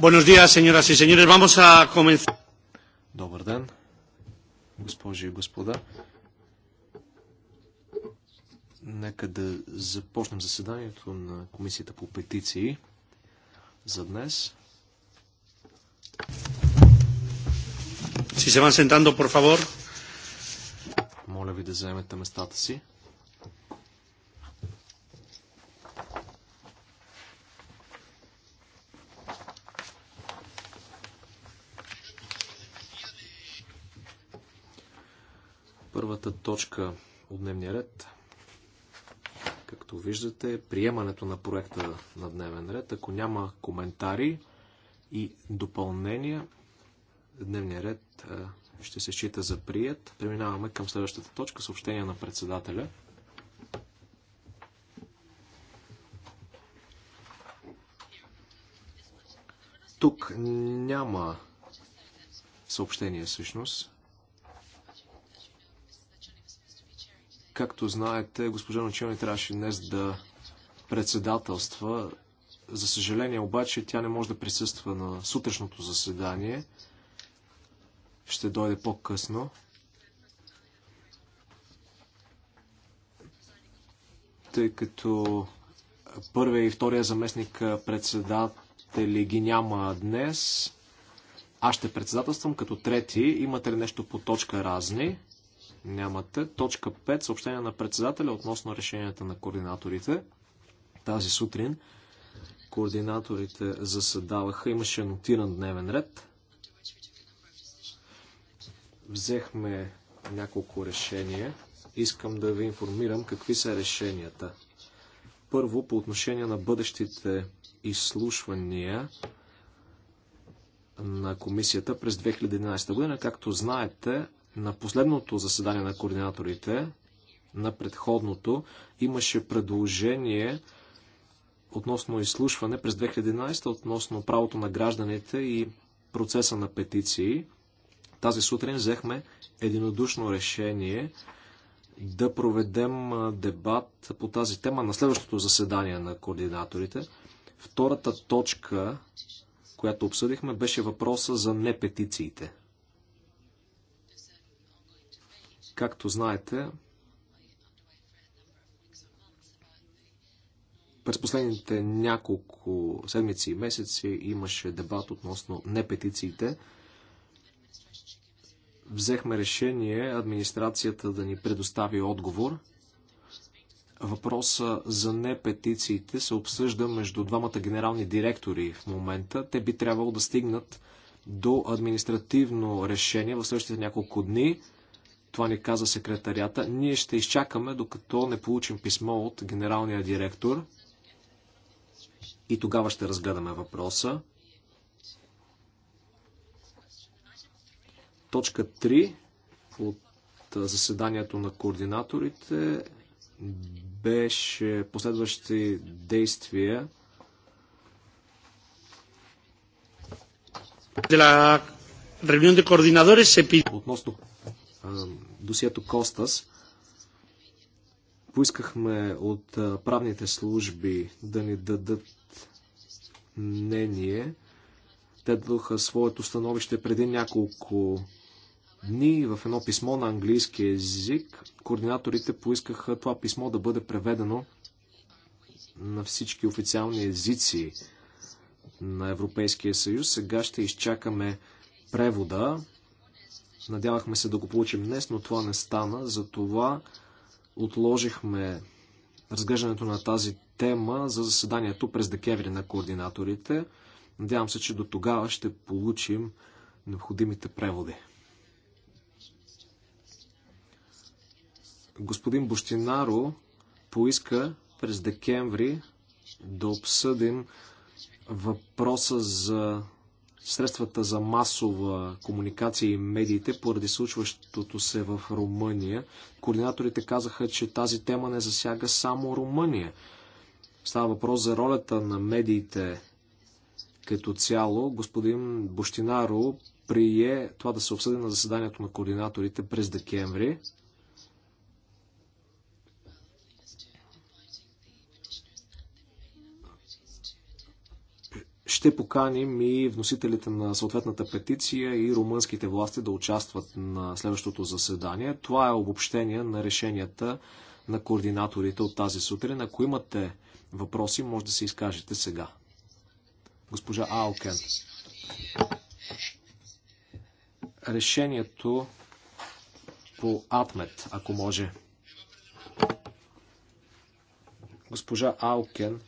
Buenos días, señoras y señores. Vamos a comenzar. Добър ден, госпожи и господа. Нека да започнем заседанието на Комисията по петиции за днес. Си се van sentando, por favor. Моля ви да заемете местата си. Първата точка от дневния ред, както виждате, приемането на проекта на дневен ред. Ако няма коментари и допълнения, дневния ред е, ще се счита за прият. Преминаваме към следващата точка, съобщение на председателя. Тук няма съобщение всъщност. Както знаете, госпожа Начални трябваше днес да председателства. За съжаление обаче тя не може да присъства на сутрешното заседание. Ще дойде по-късно. Тъй като първия и втория заместник председатели ги няма днес, аз ще председателствам като трети. Имате ли нещо по точка разни? Нямате. Точка 5. Съобщение на председателя относно решенията на координаторите. Тази сутрин координаторите заседаваха. Имаше нотиран дневен ред. Взехме няколко решения. Искам да ви информирам какви са решенията. Първо, по отношение на бъдещите изслушвания на комисията през 2011 година. Както знаете, на последното заседание на координаторите, на предходното, имаше предложение относно изслушване през 2011 относно правото на гражданите и процеса на петиции. Тази сутрин взехме единодушно решение да проведем дебат по тази тема на следващото заседание на координаторите. Втората точка, която обсъдихме, беше въпроса за непетициите. Както знаете, през последните няколко седмици и месеци имаше дебат относно не петициите. Взехме решение администрацията да ни предостави отговор. Въпроса за непетициите се обсъжда между двамата генерални директори в момента. Те би трябвало да стигнат до административно решение в следващите няколко дни това ни каза секретарията, ние ще изчакаме докато не получим писмо от генералния директор и тогава ще разгледаме въпроса. Точка 3 от заседанието на координаторите беше последващи действия de la reunión de coordinadores se pide. Относно досието Костас. Поискахме от правните служби да ни дадат мнение. Те дадоха своето становище преди няколко дни в едно писмо на английски език. Координаторите поискаха това писмо да бъде преведено на всички официални езици на Европейския съюз. Сега ще изчакаме превода Надявахме се да го получим днес, но това не стана. Затова отложихме разглеждането на тази тема за заседанието през декември на координаторите. Надявам се, че до тогава ще получим необходимите преводи. Господин Бощинаро поиска през декември да обсъдим въпроса за средствата за масова комуникация и медиите поради случващото се в Румъния. Координаторите казаха, че тази тема не засяга само Румъния. Става въпрос за ролята на медиите като цяло. Господин Бощинаро прие това да се обсъди на заседанието на координаторите през декември. Ще поканим и вносителите на съответната петиция и румънските власти да участват на следващото заседание. Това е обобщение на решенията на координаторите от тази сутрин. Ако имате въпроси, може да се изкажете сега. Госпожа Алкен. Решението по Атмет, ако може. Госпожа Алкен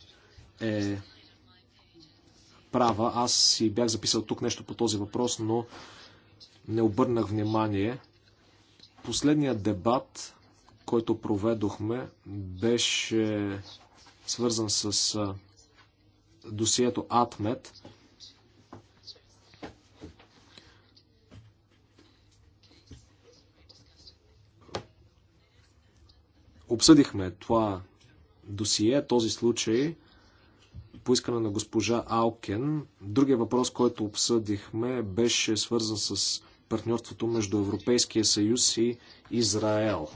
е права. Аз си бях записал тук нещо по този въпрос, но не обърнах внимание. Последният дебат, който проведохме, беше свързан с досието Атмет. Обсъдихме това досие, този случай поискане на госпожа Алкен. Другия въпрос, който обсъдихме, беше свързан с партньорството между Европейския съюз и Израел.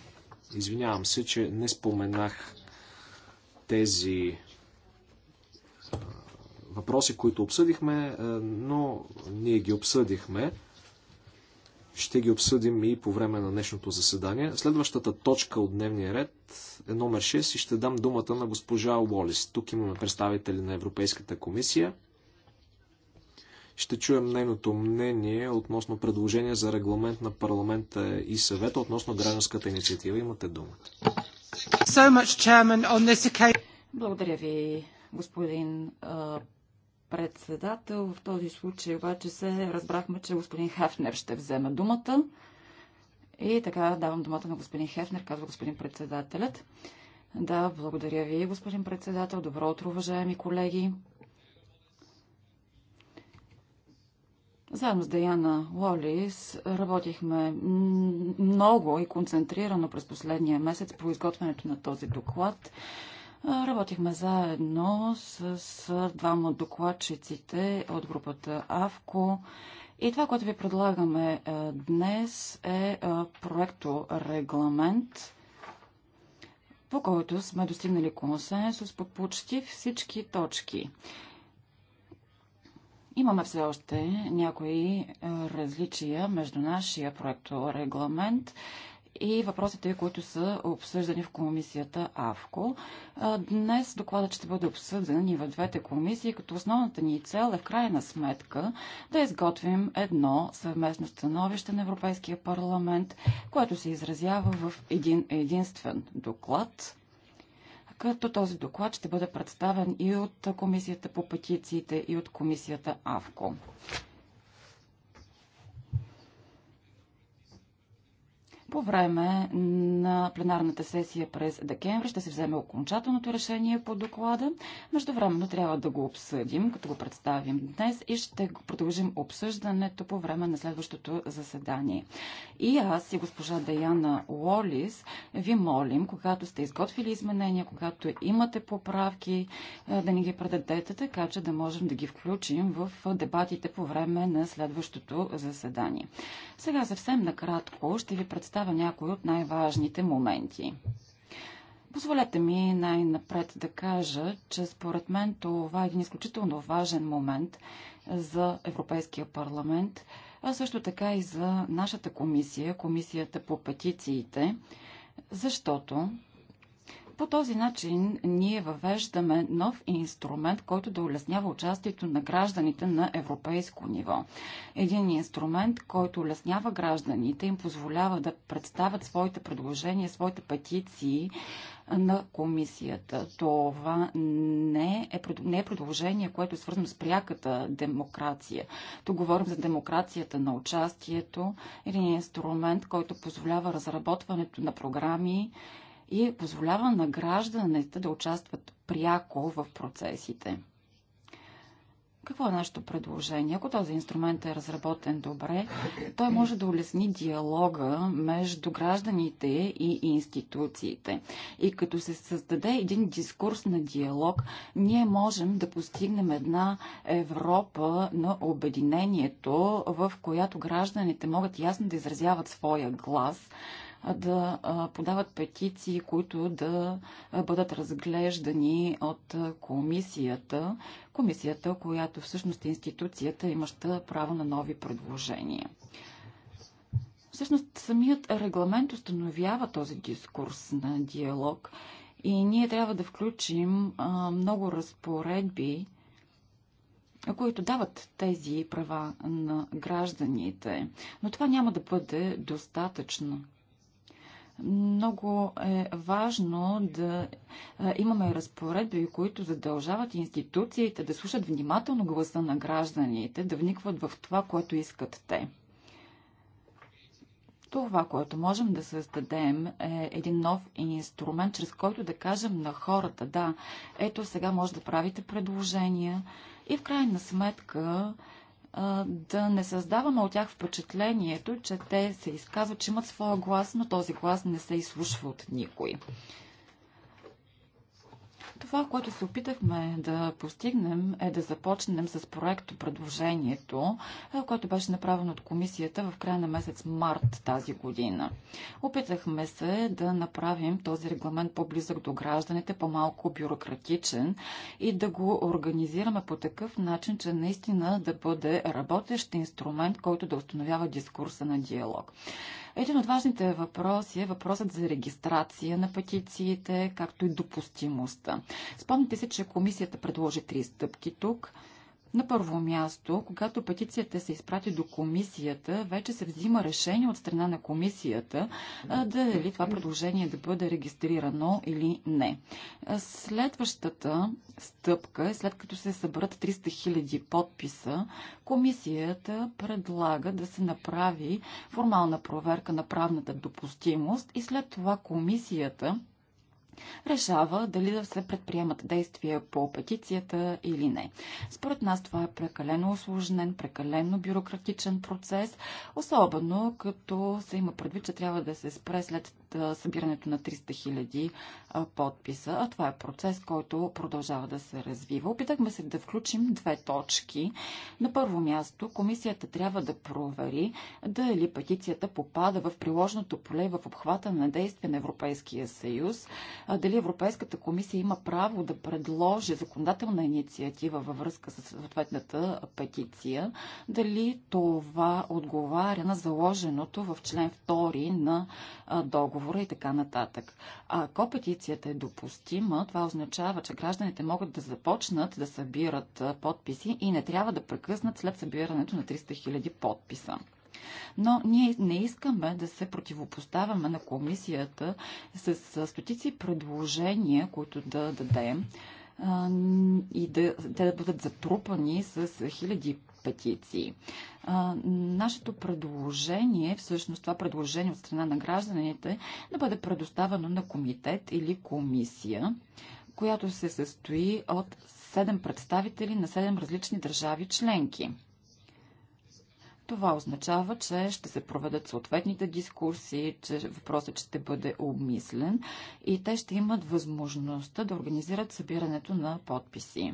Извинявам се, че не споменах тези въпроси, които обсъдихме, но ние ги обсъдихме. Ще ги обсъдим и по време на днешното заседание. Следващата точка от дневния ред е номер 6 и ще дам думата на госпожа Уолис. Тук имаме представители на Европейската комисия. Ще чуем нейното мнение относно предложение за регламент на парламента и съвета относно гражданската инициатива. Имате думата. Благодаря ви, господин председател. В този случай обаче се разбрахме, че господин Хефнер ще вземе думата. И така давам думата на господин Хефнер, казва господин председателят. Да, благодаря ви, господин председател. Добро утро, уважаеми колеги. Заедно с Даяна Лолис работихме много и концентрирано през последния месец по изготвянето на този доклад. Работихме заедно с, двама от докладчиците от групата АВКО. И това, което ви предлагаме е, днес е, е проекто регламент, по който сме достигнали консенсус по почти всички точки. Имаме все още някои е, различия между нашия проекто регламент и въпросите, които са обсъждани в комисията АВКО. Днес докладът ще бъде обсъден и в двете комисии, като основната ни цел е в крайна сметка да изготвим едно съвместно становище на Европейския парламент, което се изразява в един единствен доклад като този доклад ще бъде представен и от Комисията по петициите и от Комисията АВКО. По време на пленарната сесия през декември ще се вземе окончателното решение по доклада. Междувременно трябва да го обсъдим, като го представим днес и ще продължим обсъждането по време на следващото заседание. И аз и госпожа Даяна Лолис ви молим, когато сте изготвили изменения, когато имате поправки, е, да ни ги предадете, така че да можем да ги включим в дебатите по време на следващото заседание. Сега съвсем накратко ще ви представим представя някои от най-важните моменти. Позволете ми най-напред да кажа, че според мен това е един изключително важен момент за Европейския парламент, а също така и за нашата комисия, комисията по петициите, защото по този начин ние въвеждаме нов инструмент, който да улеснява участието на гражданите на европейско ниво. Един инструмент, който улеснява гражданите, им позволява да представят своите предложения, своите петиции на комисията. Това не е, не е предложение, което е свързано с пряката демокрация. Тук говорим за демокрацията на участието, един инструмент, който позволява разработването на програми, и позволява на гражданите да участват пряко в процесите. Какво е нашето предложение? Ако този инструмент е разработен добре, той може да улесни диалога между гражданите и институциите. И като се създаде един дискурс на диалог, ние можем да постигнем една Европа на обединението, в която гражданите могат ясно да изразяват своя глас – да подават петиции, които да бъдат разглеждани от комисията, комисията, която всъщност е институцията, имаща право на нови предложения. Всъщност самият регламент установява този дискурс на диалог и ние трябва да включим много разпоредби, които дават тези права на гражданите. Но това няма да бъде достатъчно. Много е важно да имаме разпоредби, които задължават институциите да слушат внимателно гласа на гражданите, да вникват в това, което искат те. Това, което можем да създадем е един нов инструмент, чрез който да кажем на хората, да, ето сега може да правите предложения и в крайна сметка да не създаваме от тях впечатлението, че те се изказват, че имат своя глас, но този глас не се изслушва от никой. Това, което се опитахме да постигнем е да започнем с проекто предложението, е, което беше направено от комисията в края на месец март тази година. Опитахме се да направим този регламент по-близък до гражданите, по-малко бюрократичен и да го организираме по такъв начин, че наистина да бъде работещ инструмент, който да установява дискурса на диалог. Един от важните въпроси е въпросът за регистрация на петициите, както и допустимостта. Спомните се, че комисията предложи три стъпки тук – на първо място, когато петицията се изпрати до комисията, вече се взима решение от страна на комисията дали това предложение да бъде регистрирано или не. Следващата стъпка е след като се съберат 300 000 подписа, комисията предлага да се направи формална проверка на правната допустимост и след това комисията решава дали да се предприемат действия по петицията или не. Според нас това е прекалено осложнен, прекалено бюрократичен процес, особено като се има предвид, че трябва да се спре след събирането на 300 хиляди подписа. А това е процес, който продължава да се развива. Опитахме се да включим две точки. На първо място, комисията трябва да провери дали петицията попада в приложното поле в обхвата на действие на Европейския съюз, дали Европейската комисия има право да предложи законодателна инициатива във връзка с съответната петиция, дали това отговаря на заложеното в член 2 на договор договора и така нататък. А ако петицията е допустима, това означава, че гражданите могат да започнат да събират подписи и не трябва да прекъснат след събирането на 300 000 подписа. Но ние не искаме да се противопоставяме на комисията с стотици предложения, които да дадем и да, те да бъдат затрупани с хиляди петиции. нашето предложение, всъщност това предложение от страна на гражданите, да бъде предоставено на комитет или комисия, която се състои от 7 представители на 7 различни държави членки. Това означава, че ще се проведат съответните дискурси, че въпросът ще бъде обмислен и те ще имат възможността да организират събирането на подписи.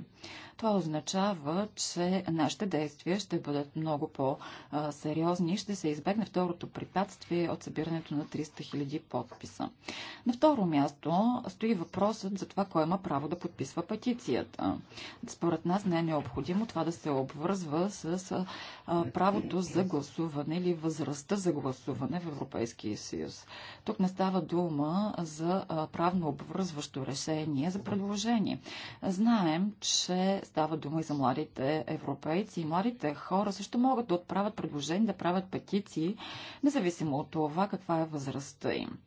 Това означава, че нашите действия ще бъдат много по-сериозни и ще се избегне второто препятствие от събирането на 300 000 подписа. На второ място стои въпросът за това, кой има право да подписва петицията. Според нас не е необходимо това да се обвързва с правото за гласуване или възрастта за гласуване в Европейския съюз. Тук не става дума за правно обвързващо решение за предложение. Знаем, че става дума и за младите европейци и младите хора също могат да отправят предложения, да правят петиции, независимо от това каква е възрастта им.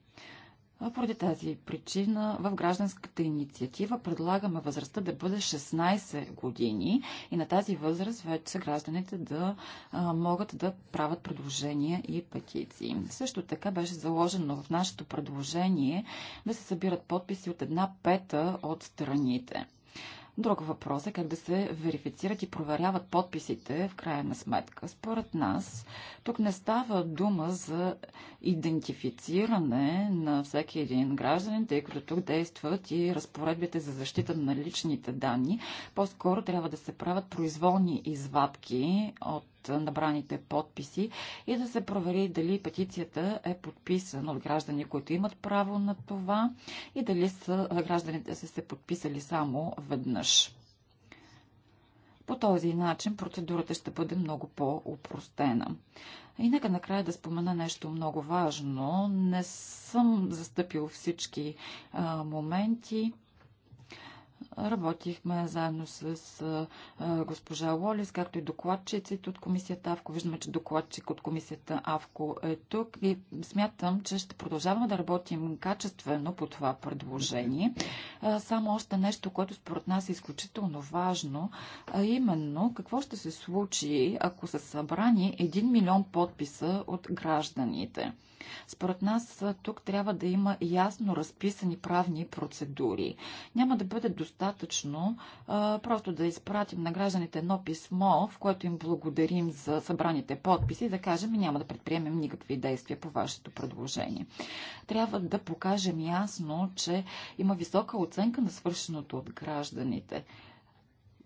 Поради тази причина в гражданската инициатива предлагаме възрастта да бъде 16 години и на тази възраст вече гражданите да а, могат да правят предложения и петиции. Също така беше заложено в нашето предложение да се събират подписи от една пета от страните. Друг въпрос е как да се верифицират и проверяват подписите в крайна сметка. Според нас, тук не става дума за идентифициране на всеки един гражданин, тъй като тук действат и разпоредбите за защита на личните данни. По-скоро трябва да се правят произволни извадки от набраните подписи и да се провери дали петицията е подписана от граждани, които имат право на това и дали са, гражданите са се подписали само веднъж. По този начин процедурата ще бъде много по-упростена. И нека накрая да спомена нещо много важно. Не съм застъпил всички а, моменти. Работихме заедно с госпожа Лолис, както и докладчиците от комисията АВКО. Виждаме, че докладчик от комисията АВКО е тук и смятам, че ще продължаваме да работим качествено по това предложение. Само още нещо, което според нас е изключително важно, а именно какво ще се случи, ако са събрани 1 милион подписа от гражданите. Според нас тук трябва да има ясно разписани правни процедури. Няма да бъде достатъчно а, просто да изпратим на гражданите едно писмо, в което им благодарим за събраните подписи и да кажем няма да предприемем никакви действия по вашето предложение. Трябва да покажем ясно, че има висока оценка на свършеното от гражданите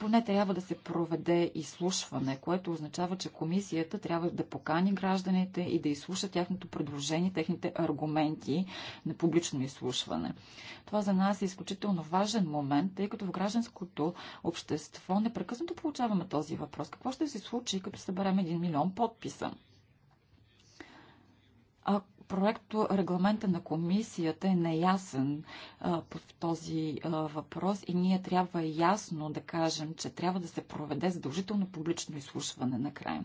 поне трябва да се проведе изслушване, което означава, че комисията трябва да покани гражданите и да изслуша тяхното предложение, техните аргументи на публично изслушване. Това за нас е изключително важен момент, тъй като в гражданското общество непрекъснато получаваме този въпрос. Какво ще се случи, като съберем един милион подписа? А проекто регламента на комисията е неясен а, по този а, въпрос и ние трябва ясно да кажем, че трябва да се проведе задължително публично изслушване накрая.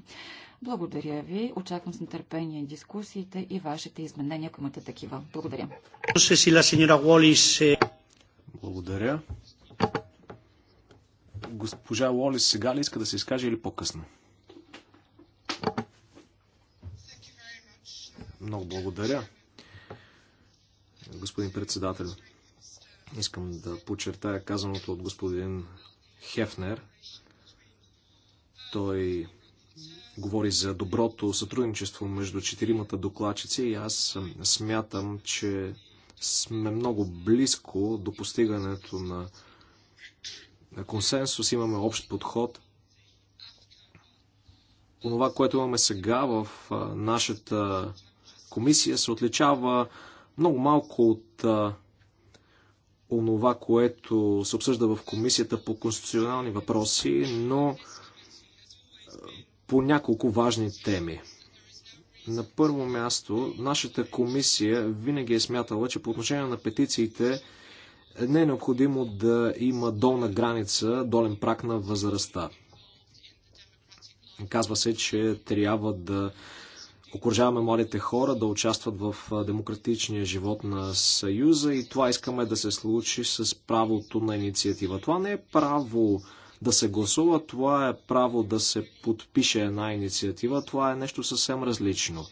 Благодаря ви. Очаквам с нетърпение дискусиите и вашите изменения, ако имате такива. Благодаря. Eh, Благодаря. Госпожа Уолис сега ли иска да се изкаже или по-късно? Много благодаря, господин председател. Искам да подчертая казаното от господин Хефнер. Той говори за доброто сътрудничество между четиримата докладчици и аз смятам, че сме много близко до постигането на консенсус, имаме общ подход. Онова, което имаме сега в нашата комисия се отличава много малко от а, онова, което се обсъжда в комисията по конституционални въпроси, но по няколко важни теми. На първо място, нашата комисия винаги е смятала, че по отношение на петициите не е необходимо да има долна граница, долен прак на възрастта. Казва се, че трябва да окоръжаваме младите хора да участват в демократичния живот на Съюза и това искаме да се случи с правото на инициатива. Това не е право да се гласува, това е право да се подпише една инициатива, това е нещо съвсем различно.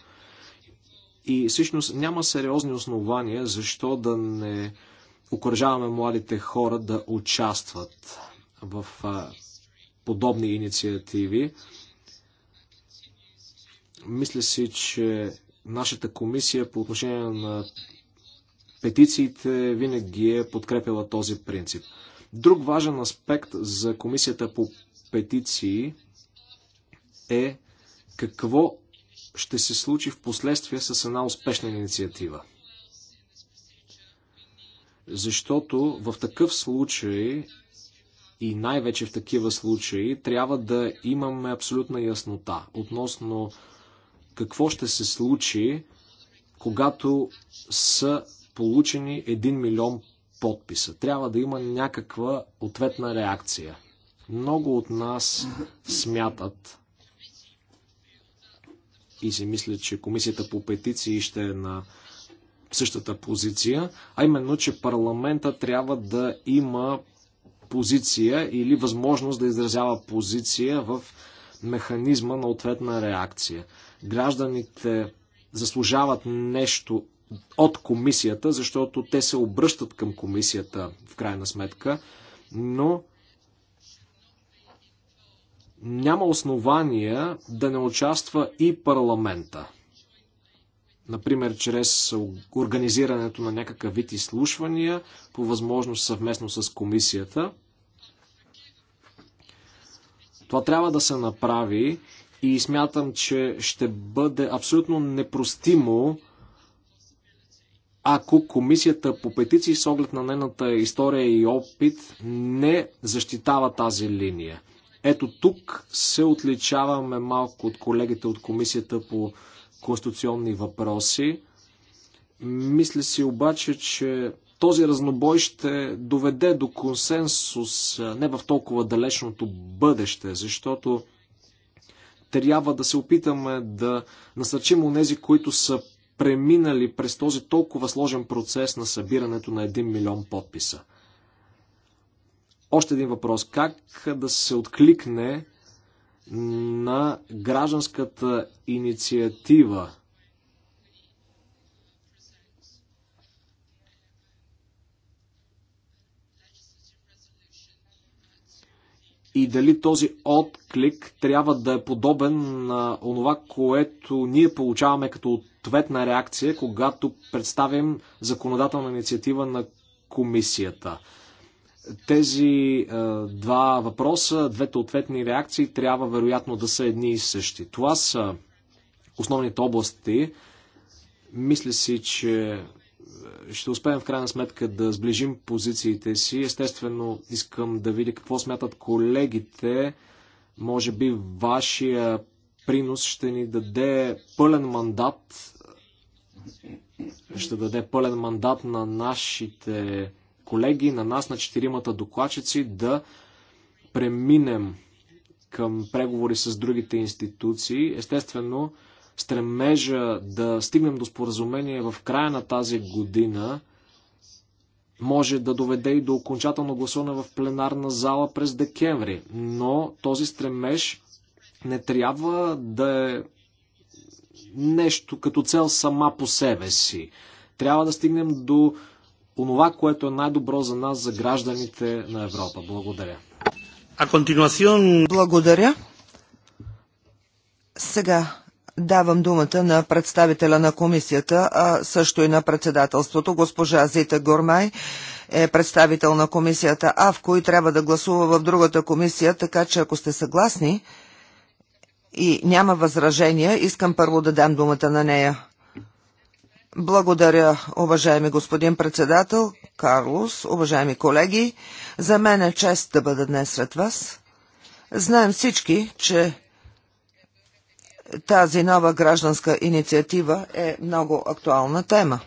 И всъщност няма сериозни основания защо да не окоръжаваме младите хора да участват в подобни инициативи. Мисля си, че нашата комисия по отношение на петициите винаги е подкрепила този принцип. Друг важен аспект за комисията по петиции е какво ще се случи в последствие с една успешна инициатива. Защото в такъв случай и най-вече в такива случаи трябва да имаме абсолютна яснота относно какво ще се случи, когато са получени 1 милион подписа. Трябва да има някаква ответна реакция. Много от нас смятат и си мисля, че комисията по петиции ще е на същата позиция, а именно, че парламента трябва да има позиция или възможност да изразява позиция в механизма на ответна реакция. Гражданите заслужават нещо от комисията, защото те се обръщат към комисията в крайна сметка, но няма основания да не участва и парламента. Например, чрез организирането на някакъв вид изслушвания, по възможност съвместно с комисията – това трябва да се направи и смятам, че ще бъде абсолютно непростимо, ако комисията по петиции с оглед на нейната история и опит не защитава тази линия. Ето тук се отличаваме малко от колегите от комисията по конституционни въпроси. Мисля си обаче, че този разнобой ще доведе до консенсус не в толкова далечното бъдеще, защото трябва да се опитаме да насърчим нези, които са преминали през този толкова сложен процес на събирането на 1 милион подписа. Още един въпрос. Как да се откликне на гражданската инициатива и дали този отклик трябва да е подобен на онова, което ние получаваме като ответна реакция, когато представим законодателна инициатива на комисията. Тези е, два въпроса, двете ответни реакции трябва вероятно да са едни и същи. Това са основните области. Мисля си, че ще успеем в крайна сметка да сближим позициите си. Естествено, искам да видя какво смятат колегите. Може би вашия принос ще ни даде пълен мандат. Ще даде пълен мандат на нашите колеги, на нас, на четиримата докладчици да преминем към преговори с другите институции. Естествено, стремежа да стигнем до споразумение в края на тази година може да доведе и до окончателно гласуване в пленарна зала през декември. Но този стремеж не трябва да е нещо като цел сама по себе си. Трябва да стигнем до онова, което е най-добро за нас, за гражданите на Европа. Благодаря. А континуацион... Благодаря. Сега Давам думата на представителя на комисията, а също и на председателството. Госпожа Зита Гормай е представител на комисията АВКО и трябва да гласува в другата комисия, така че ако сте съгласни и няма възражения, искам първо да дам думата на нея. Благодаря, уважаеми господин председател, Карлос, уважаеми колеги. За мен е чест да бъда днес сред вас. Знаем всички, че тази нова гражданска инициатива е много актуална тема.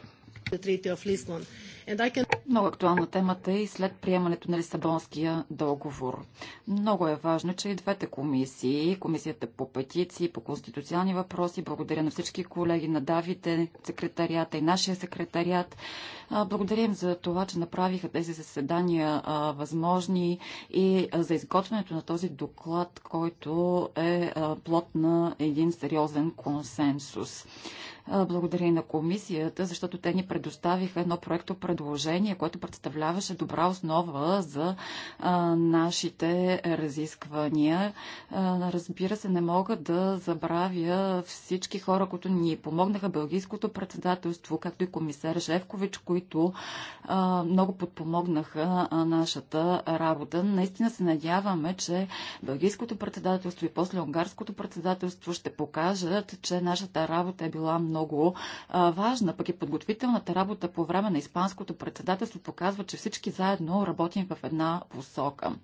Много актуална темата е и след приемането на Лисабонския договор. Много е важно, че и двете комисии, комисията по петиции, по конституционни въпроси, благодаря на всички колеги, на Давите, секретарията и нашия секретарият, благодаря им за това, че направиха тези заседания възможни и за изготвянето на този доклад, който е плод на един сериозен консенсус. Благодаря и на комисията, защото те ни предоставиха едно проекто предложение, което представляваше добра основа за нашите разисквания. Разбира се, не мога да забравя всички хора, които ни помогнаха, Белгийското председателство, както и комисар Жевкович, които много подпомогнаха нашата работа. Наистина се надяваме, че Белгийското председателство и после Унгарското председателство ще покажат, че нашата работа е била много много а, важна. Пък и подготвителната работа по време на Испанското председателство показва, че всички заедно работим в една посока.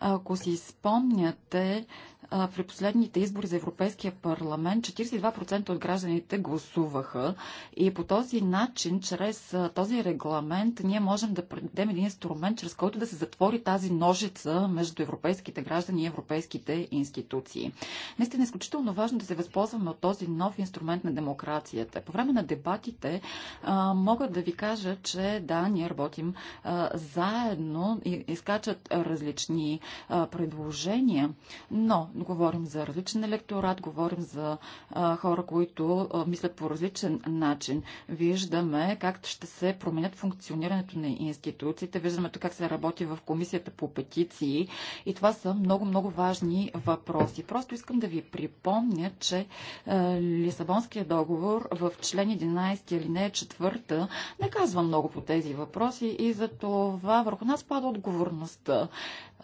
Ако си спомняте, при последните избори за Европейския парламент 42% от гражданите гласуваха и по този начин, чрез този регламент, ние можем да предадем един инструмент, чрез който да се затвори тази ножица между европейските граждани и европейските институции. Наистина е изключително важно да се възползваме от този нов инструмент на демокрацията. По време на дебатите а, мога да ви кажа, че да, ние работим а, заедно и изкачат различни а, предложения, но Говорим за различен електорат, говорим за а, хора, които а, мислят по различен начин. Виждаме как ще се променят функционирането на институциите, виждаме как се работи в комисията по петиции и това са много-много важни въпроси. Просто искам да ви припомня, че а, Лисабонския договор в член 11 или не 4 не казва много по тези въпроси и за това върху нас пада отговорността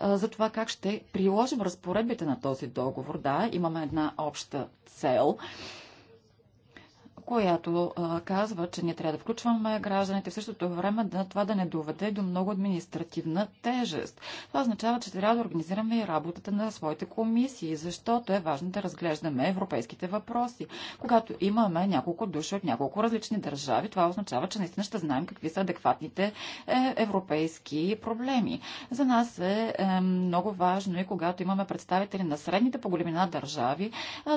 за това как ще приложим разпоредбите на този договор. Да, имаме една обща цел която а, казва, че ние трябва да включваме гражданите в същото време да това да не доведе до много административна тежест. Това означава, че трябва да организираме и работата на своите комисии, защото е важно да разглеждаме европейските въпроси. Когато имаме няколко души от няколко различни държави, това означава, че наистина ще знаем какви са адекватните е, европейски проблеми. За нас е, е много важно и когато имаме представители на средните по големина държави,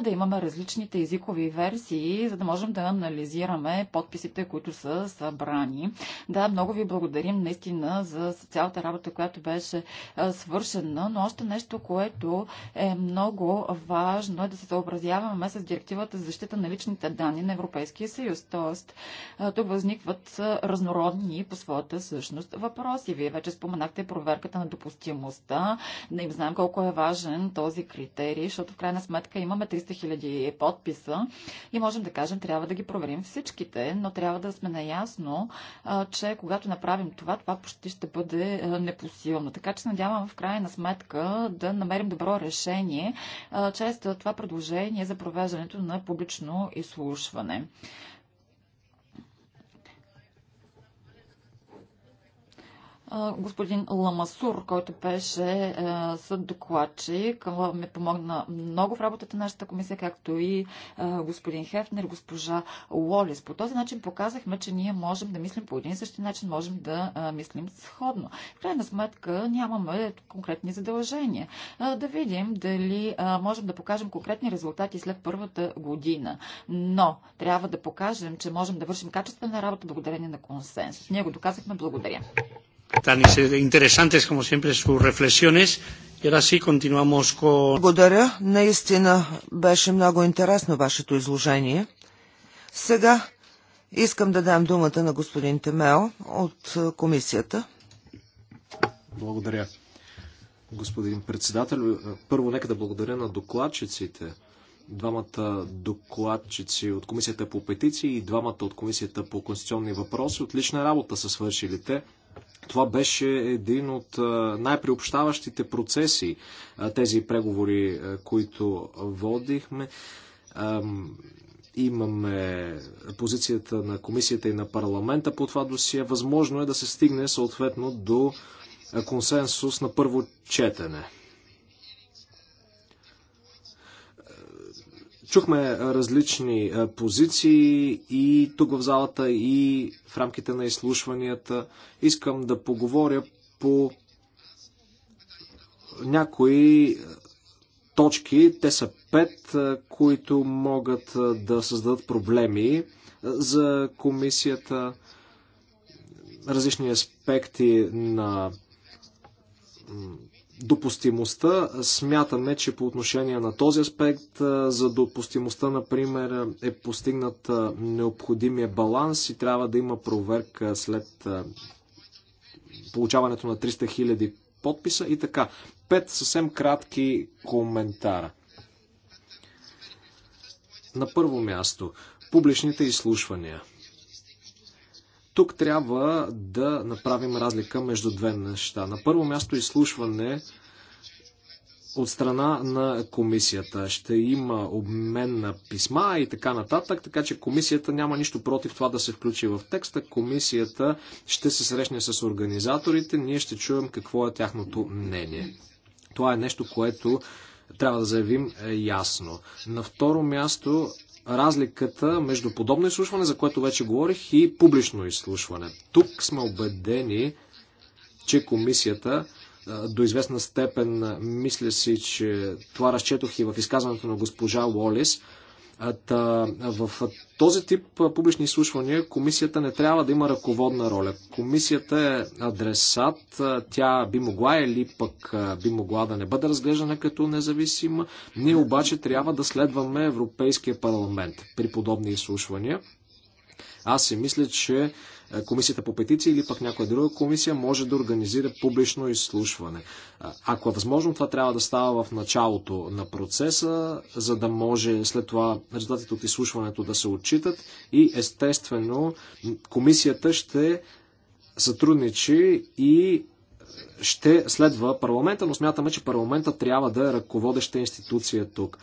да имаме различните езикови версии, за да можем да да анализираме подписите, които са събрани. Да, много ви благодарим наистина за цялата работа, която беше свършена, но още нещо, което е много важно е да се съобразяваме с директивата за защита на личните данни на Европейския съюз. Тоест, тук възникват разнородни по своята същност въпроси. Вие вече споменахте проверката на допустимостта. Не им знаем колко е важен този критерий, защото в крайна сметка имаме 300 000 подписа и можем да кажем, трябва да ги проверим всичките, но трябва да сме наясно, че когато направим това, това почти ще бъде непосилно. Така че надявам в крайна сметка да намерим добро решение чрез това предложение за провеждането на публично изслушване. господин Ламасур, който беше съд докладчик, ме помогна много в работата на нашата комисия, както и господин Хефнер, госпожа Уолис. По този начин показахме, че ние можем да мислим по един и същи начин, можем да мислим сходно. В крайна сметка нямаме конкретни задължения. Да видим дали можем да покажем конкретни резултати след първата година. Но трябва да покажем, че можем да вършим качествена работа благодарение на консенсус. Ние го доказахме. Благодаря. Tan interesantes como siempre sus reflexiones. И ahora sí, continuamos con... Благодаря. Наистина беше много интересно вашето изложение. Сега искам да дам думата на господин Темел от е, комисията. Благодаря. Господин председател, е, първо нека да благодаря на докладчиците. Двамата докладчици от Комисията по петиции и двамата от Комисията по конституционни въпроси. Отлична работа са свършили те. Това беше един от най-приобщаващите процеси, тези преговори, които водихме. Имаме позицията на комисията и на парламента по това досие. Възможно е да се стигне съответно до консенсус на първо четене Чухме различни позиции и тук в залата, и в рамките на изслушванията. Искам да поговоря по някои точки, те са пет, които могат да създадат проблеми за комисията, различни аспекти на допустимостта. Смятаме, че по отношение на този аспект за допустимостта, например, е постигнат необходимия баланс и трябва да има проверка след получаването на 300 000 подписа и така. Пет съвсем кратки коментара. На първо място, публичните изслушвания – тук трябва да направим разлика между две неща. На първо място изслушване от страна на комисията. Ще има обмен на писма и така нататък, така че комисията няма нищо против това да се включи в текста. Комисията ще се срещне с организаторите, ние ще чуем какво е тяхното мнение. Това е нещо, което трябва да заявим е, ясно. На второ място разликата между подобно изслушване, за което вече говорих, и публично изслушване. Тук сме убедени, че комисията до известна степен мисля си, че това разчетох и в изказването на госпожа Уолис, Та, в този тип публични изслушвания комисията не трябва да има ръководна роля. Комисията е адресат, тя би могла или пък би могла да не бъде разглеждана като независима. Ние обаче трябва да следваме Европейския парламент при подобни изслушвания. Аз си мисля, че е, комисията по петиции или пък някоя друга комисия може да организира публично изслушване. Ако е възможно, това трябва да става в началото на процеса, за да може след това резултатите от изслушването да се отчитат и естествено комисията ще сътрудничи и ще следва парламента, но смятаме, че парламента трябва да е ръководеща институция тук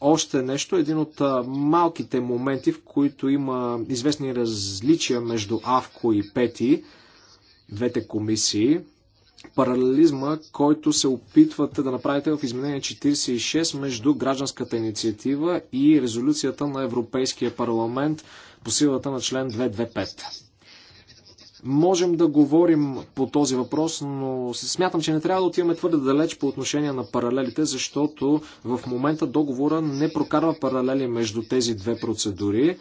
още нещо, един от малките моменти, в които има известни различия между АВКО и ПЕТИ, двете комисии, паралелизма, който се опитвате да направите в изменение 46 между гражданската инициатива и резолюцията на Европейския парламент по силата на член 225. Можем да говорим по този въпрос, но смятам, че не трябва да отиваме твърде далеч по отношение на паралелите, защото в момента договора не прокарва паралели между тези две процедури.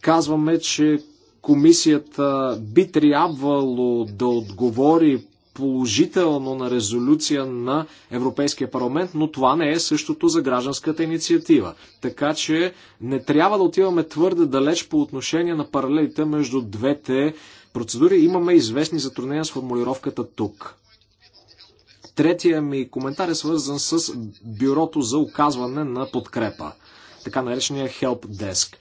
Казваме, че комисията би трябвало да отговори положително на резолюция на Европейския парламент, но това не е същото за гражданската инициатива. Така че не трябва да отиваме твърде далеч по отношение на паралелите между двете процедури. Имаме известни затруднения с формулировката тук. Третия ми коментар е свързан с бюрото за оказване на подкрепа, така наречения Help Desk.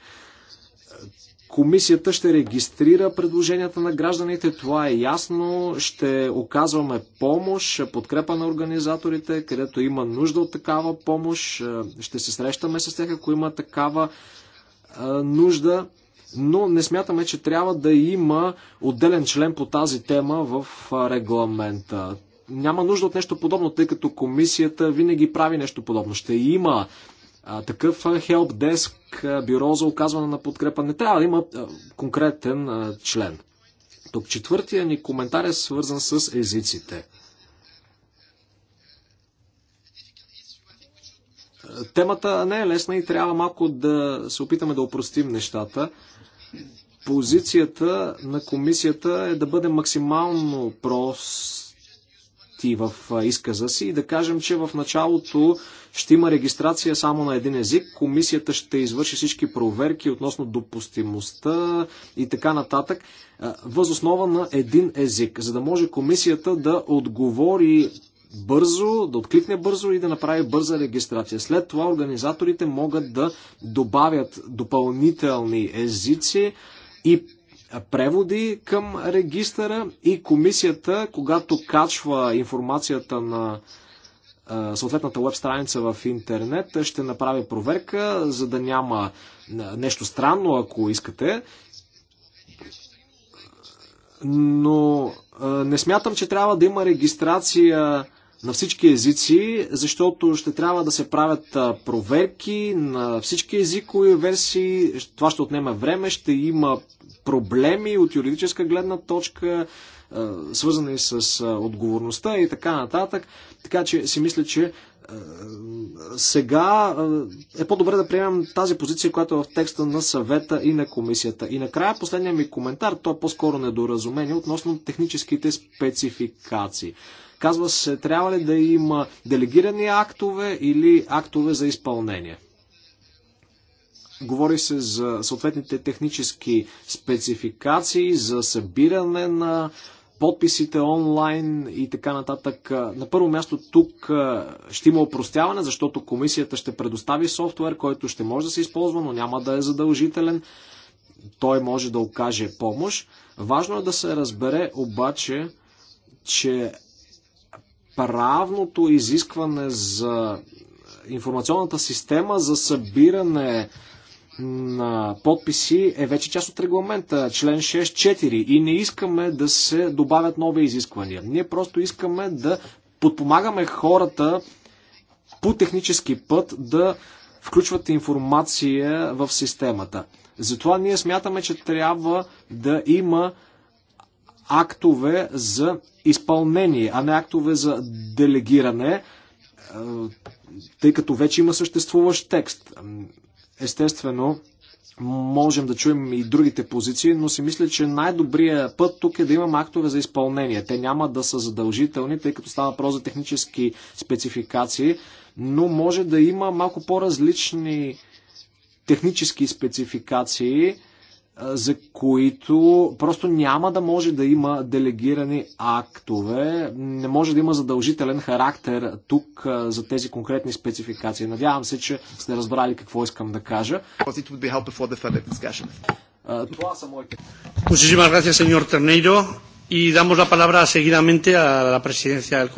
Комисията ще регистрира предложенията на гражданите, това е ясно. Ще оказваме помощ, подкрепа на организаторите, където има нужда от такава помощ. Ще се срещаме с тях, ако има такава нужда. Но не смятаме, че трябва да има отделен член по тази тема в регламента. Няма нужда от нещо подобно, тъй като комисията винаги прави нещо подобно. Ще има такъв хелпдеск, бюро за оказване на подкрепа, не трябва да има конкретен член. Тук четвъртия ни коментар е свързан с езиците. Темата не е лесна и трябва малко да се опитаме да опростим нещата. Позицията на комисията е да бъде максимално прост пункти в изказа си и да кажем, че в началото ще има регистрация само на един език. Комисията ще извърши всички проверки относно допустимостта и така нататък възоснова на един език, за да може комисията да отговори бързо, да откликне бързо и да направи бърза регистрация. След това организаторите могат да добавят допълнителни езици и преводи към регистъра и комисията, когато качва информацията на съответната веб страница в интернет, ще направи проверка, за да няма нещо странно, ако искате. Но не смятам, че трябва да има регистрация на всички езици, защото ще трябва да се правят проверки на всички езикови версии. Това ще отнема време, ще има проблеми от юридическа гледна точка, свързани с отговорността и така нататък. Така че си мисля, че сега е по-добре да приемем тази позиция, която е в текста на съвета и на комисията. И накрая последният ми коментар, то е по-скоро недоразумение относно техническите спецификации. Казва се, трябва ли да има делегирани актове или актове за изпълнение. Говори се за съответните технически спецификации, за събиране на подписите онлайн и така нататък. На първо място тук ще има опростяване, защото комисията ще предостави софтуер, който ще може да се използва, но няма да е задължителен. Той може да окаже помощ. Важно е да се разбере обаче, че правното изискване за информационната система за събиране на подписи е вече част от регламента, член 6.4 и не искаме да се добавят нови изисквания. Ние просто искаме да подпомагаме хората по технически път да включват информация в системата. Затова ние смятаме, че трябва да има актове за изпълнение, а не актове за делегиране, е, тъй като вече има съществуващ текст. Естествено, можем да чуем и другите позиции, но си мисля, че най-добрият път тук е да имам актове за изпълнение. Те няма да са задължителни, тъй като става въпрос за технически спецификации, но може да има малко по-различни технически спецификации, за които просто няма да може да има делегирани актове, не може да има задължителен характер тук за тези конкретни спецификации. Надявам се, че сте разбрали какво искам да кажа.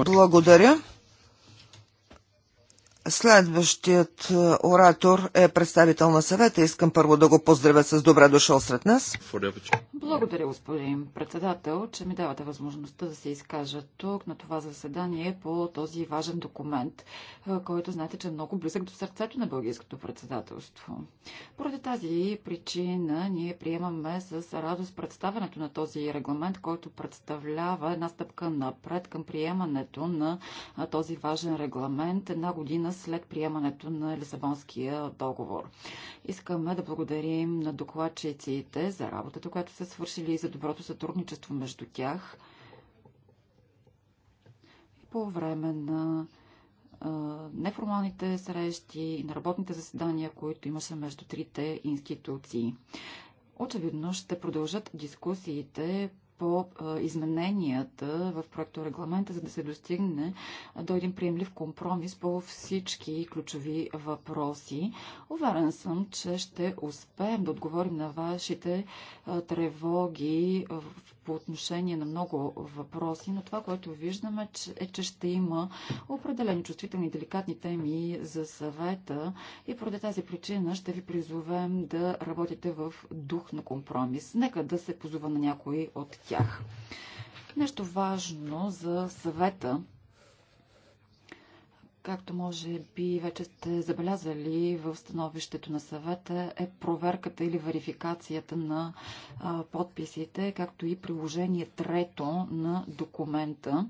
Благодаря. Следващият е, оратор е представител на съвета. Искам първо да го поздравя с добре дошъл сред нас. Благодаря, господин председател, че ми давате възможността да се изкажа тук на това заседание по този важен документ, е, който знаете, че е много близък до сърцето на българското председателство. Поради тази причина ние приемаме с радост представенето на този регламент, който представлява една стъпка напред към приемането на този важен регламент една година след приемането на Лисабонския договор. Искаме да благодарим на докладчиците за работата, която са свършили и за доброто сътрудничество между тях и по време на неформалните срещи и на работните заседания, които имаше между трите институции. Очевидно ще продължат дискусиите по измененията в проекто регламента, за да се достигне до един приемлив компромис по всички ключови въпроси. Уверен съм, че ще успеем да отговорим на вашите тревоги в по отношение на много въпроси, но това, което виждаме, е, че ще има определени чувствителни и деликатни теми за съвета и поради тази причина ще ви призовем да работите в дух на компромис. Нека да се позова на някои от тях. Нещо важно за съвета Както може би вече сте забелязали в становището на съвета е проверката или верификацията на а, подписите, както и приложение трето на документа.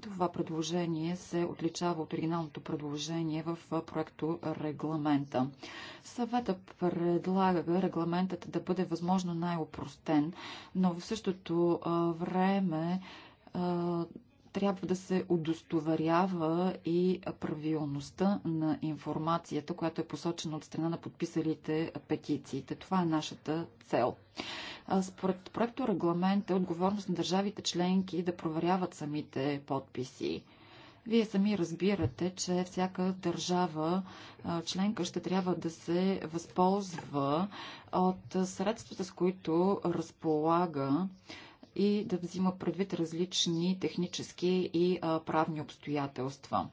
Това предложение се отличава от оригиналното предложение в проекто регламента. Съвета предлага регламентът да бъде възможно най-опростен, но в същото време трябва да се удостоверява и правилността на информацията, която е посочена от страна на подписалите петициите. Това е нашата цел. Според проекто регламент е отговорност на държавите членки да проверяват самите подписи. Вие сами разбирате, че всяка държава членка ще трябва да се възползва от средствата, с които разполага и да взима предвид различни технически и правни обстоятелства.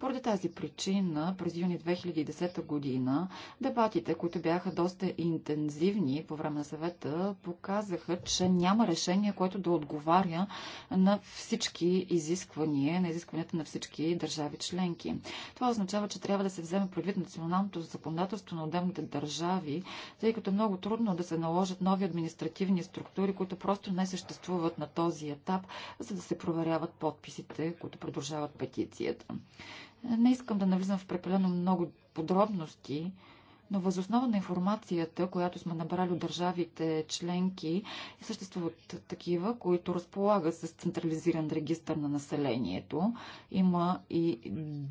Поради тази причина през юни 2010 година дебатите, които бяха доста интензивни по време на съвета, показаха, че няма решение, което да отговаря на всички изисквания, на изискванията на всички държави членки. Това означава, че трябва да се вземе предвид националното законодателство на отделните държави, тъй като е много трудно да се наложат нови административни структури, които просто не съществуват на този етап, за да се проверяват подписите, които продължават петицията. Не искам да навлизам в прекалено много подробности, но възоснова на информацията, която сме набрали от държавите членки, съществуват такива, които разполагат с централизиран регистр на населението. Има и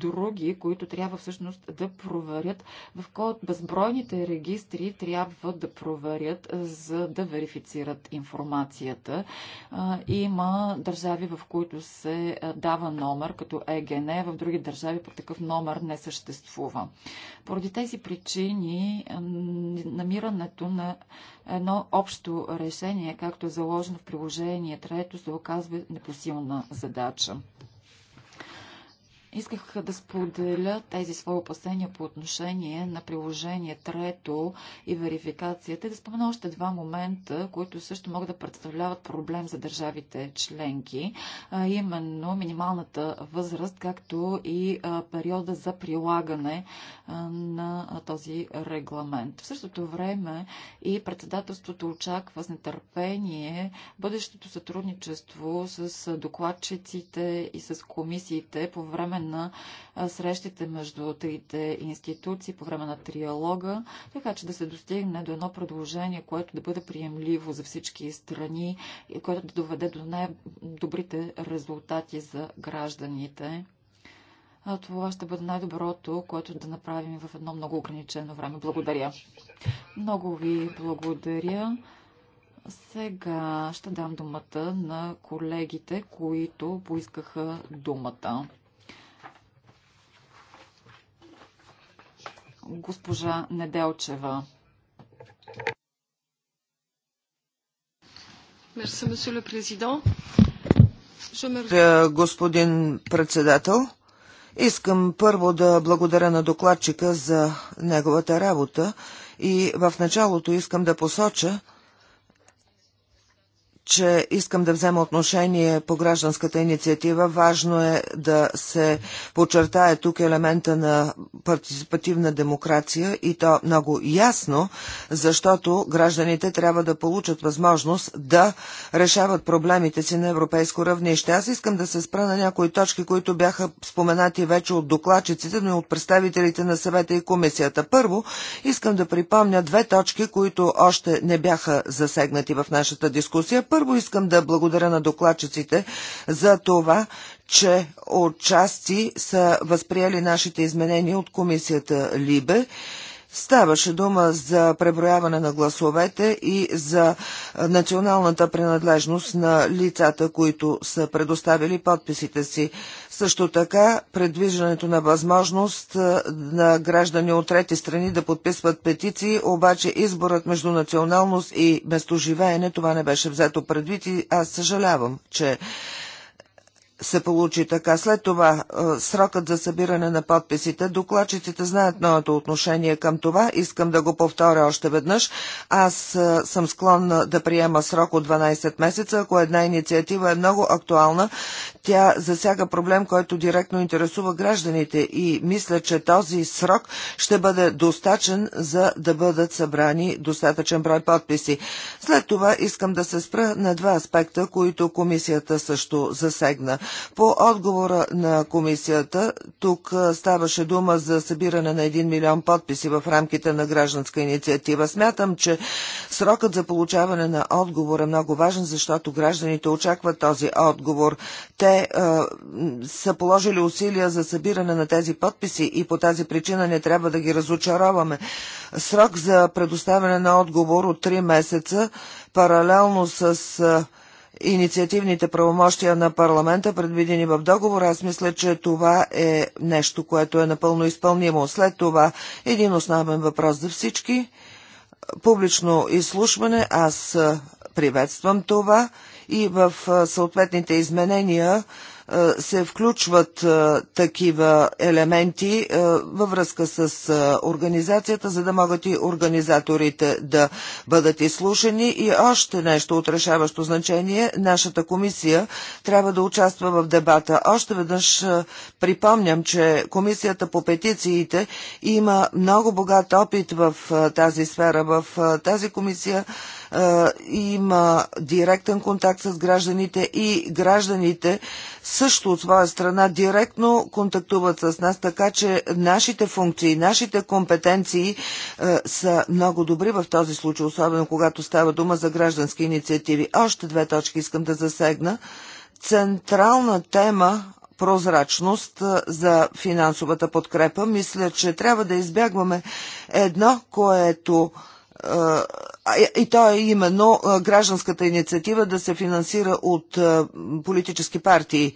други, които трябва всъщност да проверят в кой от безбройните регистри трябва да проверят, за да верифицират информацията. Има държави, в които се дава номер като ЕГН, в други държави по такъв номер не съществува. Поради тези причини ни намирането на едно общо решение, както е заложено в приложение 3, се оказва непосилна задача. Исках да споделя тези свои опасения по отношение на приложение трето и верификацията и да спомена още два момента, които също могат да представляват проблем за държавите членки, а именно минималната възраст, както и периода за прилагане на този регламент. В същото време и председателството очаква с нетърпение бъдещото сътрудничество с докладчиците и с комисиите по време на срещите между трите институции, по време на триалога, така че да се достигне до едно предложение, което да бъде приемливо за всички страни и което да доведе до най-добрите резултати за гражданите. А това ще бъде най-доброто, което да направим в едно много ограничено време. Благодаря. Много ви благодаря. Сега ще дам думата на колегите, които поискаха думата. госпожа Неделчева. Е, господин председател, искам първо да благодаря на докладчика за неговата работа и в началото искам да посоча, че искам да взема отношение по гражданската инициатива. Важно е да се подчертае тук елемента на партиципативна демокрация и то много ясно, защото гражданите трябва да получат възможност да решават проблемите си на европейско равнище. Аз искам да се спра на някои точки, които бяха споменати вече от докладчиците, но и от представителите на съвета и комисията. Първо, искам да припомня две точки, които още не бяха засегнати в нашата дискусия. Първо искам да благодаря на докладчиците за това, че отчасти са възприели нашите изменения от комисията Либе. Ставаше дума за преброяване на гласовете и за националната принадлежност на лицата, които са предоставили подписите си. Също така предвиждането на възможност на граждани от трети страни да подписват петиции, обаче изборът между националност и местоживеене това не беше взето предвид и аз съжалявам, че се получи така. След това е, срокът за събиране на подписите, докладчиците знаят моето отношение към това. Искам да го повторя още веднъж. Аз е, съм склонна да приема срок от 12 месеца. Ако една инициатива е много актуална, тя засяга проблем, който директно интересува гражданите и мисля, че този срок ще бъде достатъчен за да бъдат събрани достатъчен брой подписи. След това искам да се спра на два аспекта, които комисията също засегна. По отговора на комисията, тук ставаше дума за събиране на 1 милион подписи в рамките на гражданска инициатива. Смятам, че срокът за получаване на отговор е много важен, защото гражданите очакват този отговор. Те е, са положили усилия за събиране на тези подписи и по тази причина не трябва да ги разочароваме. Срок за предоставяне на отговор от 3 месеца паралелно с инициативните правомощия на парламента, предвидени в договора, аз мисля, че това е нещо, което е напълно изпълнимо. След това един основен въпрос за всички. Публично изслушване, аз приветствам това и в съответните изменения се включват такива елементи във връзка с организацията, за да могат и организаторите да бъдат изслушани. И още нещо от решаващо значение, нашата комисия трябва да участва в дебата. Още веднъж припомням, че комисията по петициите има много богат опит в тази сфера. В тази комисия има директен контакт с гражданите и гражданите също от своя страна директно контактуват с нас, така че нашите функции, нашите компетенции са много добри в този случай, особено когато става дума за граждански инициативи. Още две точки искам да засегна. Централна тема прозрачност за финансовата подкрепа. Мисля, че трябва да избягваме едно, което и то е именно гражданската инициатива да се финансира от политически партии.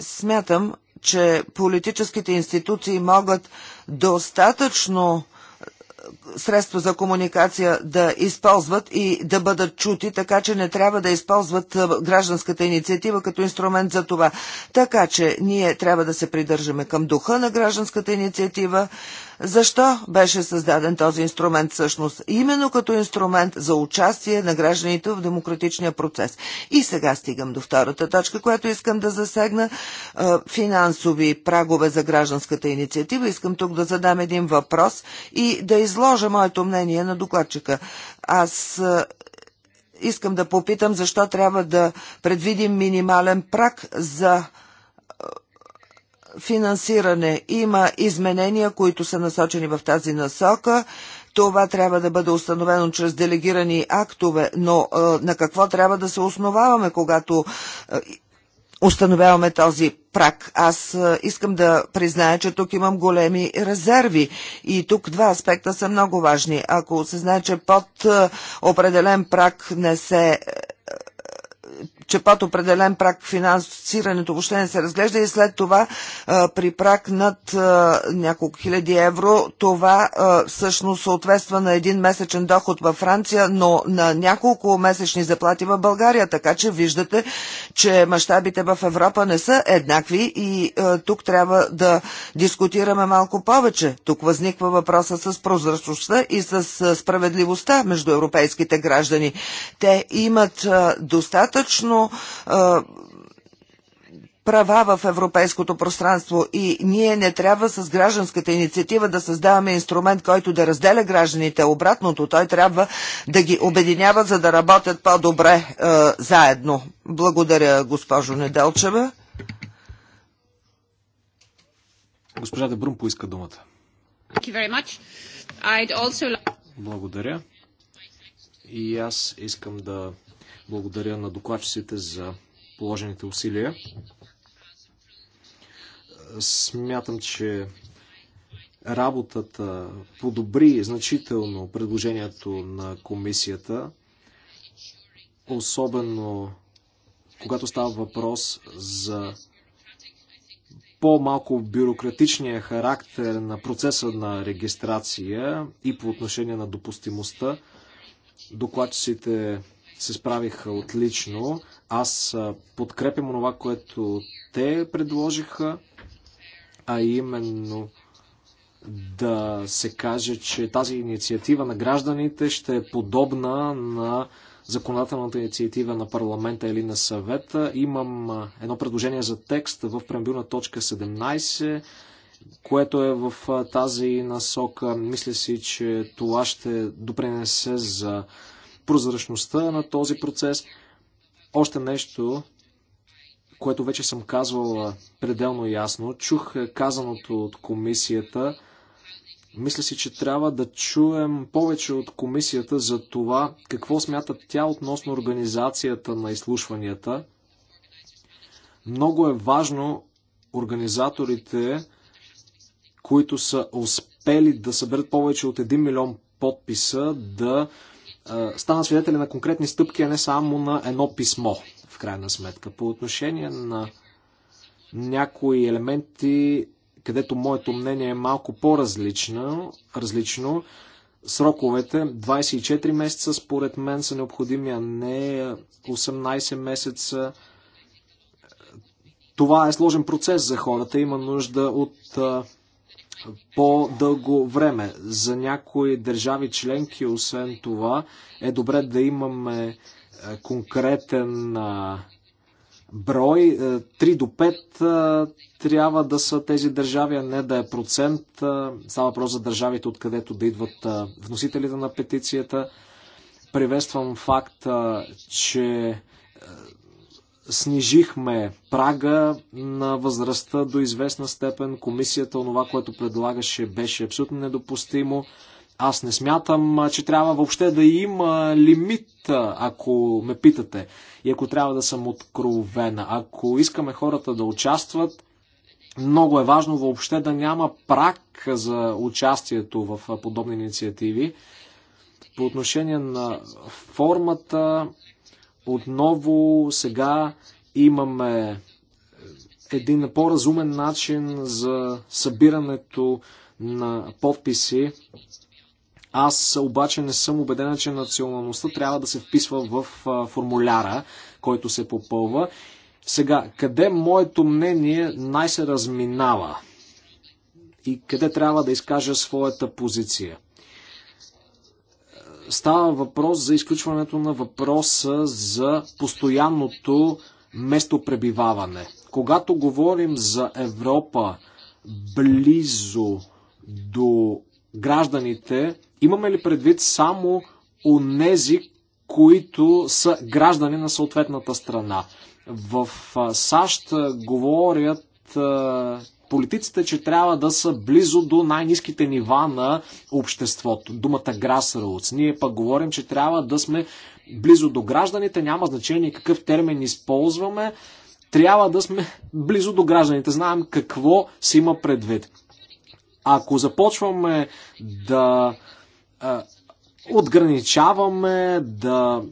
Смятам, че политическите институции могат достатъчно средства за комуникация да използват и да бъдат чути, така че не трябва да използват гражданската инициатива като инструмент за това. Така че ние трябва да се придържаме към духа на гражданската инициатива, защо беше създаден този инструмент всъщност? Именно като инструмент за участие на гражданите в демократичния процес. И сега стигам до втората точка, която искам да засегна. Е, финансови прагове за гражданската инициатива. Искам тук да задам един въпрос и да изложа моето мнение на докладчика. Аз е, искам да попитам защо трябва да предвидим минимален праг за финансиране. Има изменения, които са насочени в тази насока. Това трябва да бъде установено чрез делегирани актове, но а, е, на какво трябва да се основаваме, когато а, е, установяваме този прак. Аз а, е, искам да призная, че тук имам големи резерви и тук два аспекта са много важни. Ако се знае, че под определен прак не се че под определен прак финансирането въобще не се разглежда и след това при прак над няколко хиляди евро това всъщност съответства на един месечен доход във Франция, но на няколко месечни заплати в България. Така че виждате, че мащабите в Европа не са еднакви и тук трябва да дискутираме малко повече. Тук възниква въпроса с прозрачността и с справедливостта между европейските граждани. Те имат достатъчно основно права в европейското пространство и ние не трябва с гражданската инициатива да създаваме инструмент, който да разделя гражданите. Обратното, той трябва да ги обединява, за да работят по-добре е, заедно. Благодаря, госпожо Неделчева. Госпожа Дебрун поиска думата. Благодаря. И аз искам да благодаря на докладчиците за положените усилия. Смятам, че работата подобри значително предложението на комисията, особено когато става въпрос за по-малко бюрократичния характер на процеса на регистрация и по отношение на допустимостта. Докладчиците се справиха отлично. Аз подкрепям това, което те предложиха, а именно да се каже, че тази инициатива на гражданите ще е подобна на законодателната инициатива на парламента или на съвета. Имам едно предложение за текст в преамбюлна точка 17, което е в тази насока. Мисля си, че това ще допринесе за прозрачността на този процес. Още нещо, което вече съм казвал пределно ясно. Чух казаното от комисията. Мисля си, че трябва да чуем повече от комисията за това какво смята тя относно организацията на изслушванията. Много е важно организаторите, които са успели да съберат повече от 1 милион подписа, да Стана свидетели на конкретни стъпки, а не само на едно писмо, в крайна сметка. По отношение на някои елементи, където моето мнение е малко по-различно, различно, сроковете 24 месеца според мен са необходими, а не 18 месеца. Това е сложен процес за хората. Има нужда от по-дълго време. За някои държави членки, освен това, е добре да имаме е, конкретен брой. 3 е, до 5 е, трябва да са тези държави, а не да е процент. Става въпрос за държавите, откъдето да идват вносителите на петицията. Приветствам факта, че снижихме прага на възрастта до известна степен. Комисията, онова, което предлагаше, беше абсолютно недопустимо. Аз не смятам, че трябва въобще да има лимит, ако ме питате. И ако трябва да съм откровена. Ако искаме хората да участват, много е важно въобще да няма прак за участието в подобни инициативи. По отношение на формата, отново сега имаме един по-разумен начин за събирането на подписи. Аз обаче не съм убедена, че националността трябва да се вписва в формуляра, който се попълва. Сега, къде моето мнение най-се разминава и къде трябва да изкажа своята позиция? Става въпрос за изключването на въпроса за постоянното местопребиваване. Когато говорим за Европа близо до гражданите, имаме ли предвид само онези, които са граждани на съответната страна? В САЩ говорят, политиците, че трябва да са близо до най-низките нива на обществото. Думата grassroots. Ние пък говорим, че трябва да сме близо до гражданите, няма значение какъв термин използваме, трябва да сме близо до гражданите. Знаем какво си има предвид. Ако започваме да отграничаваме, да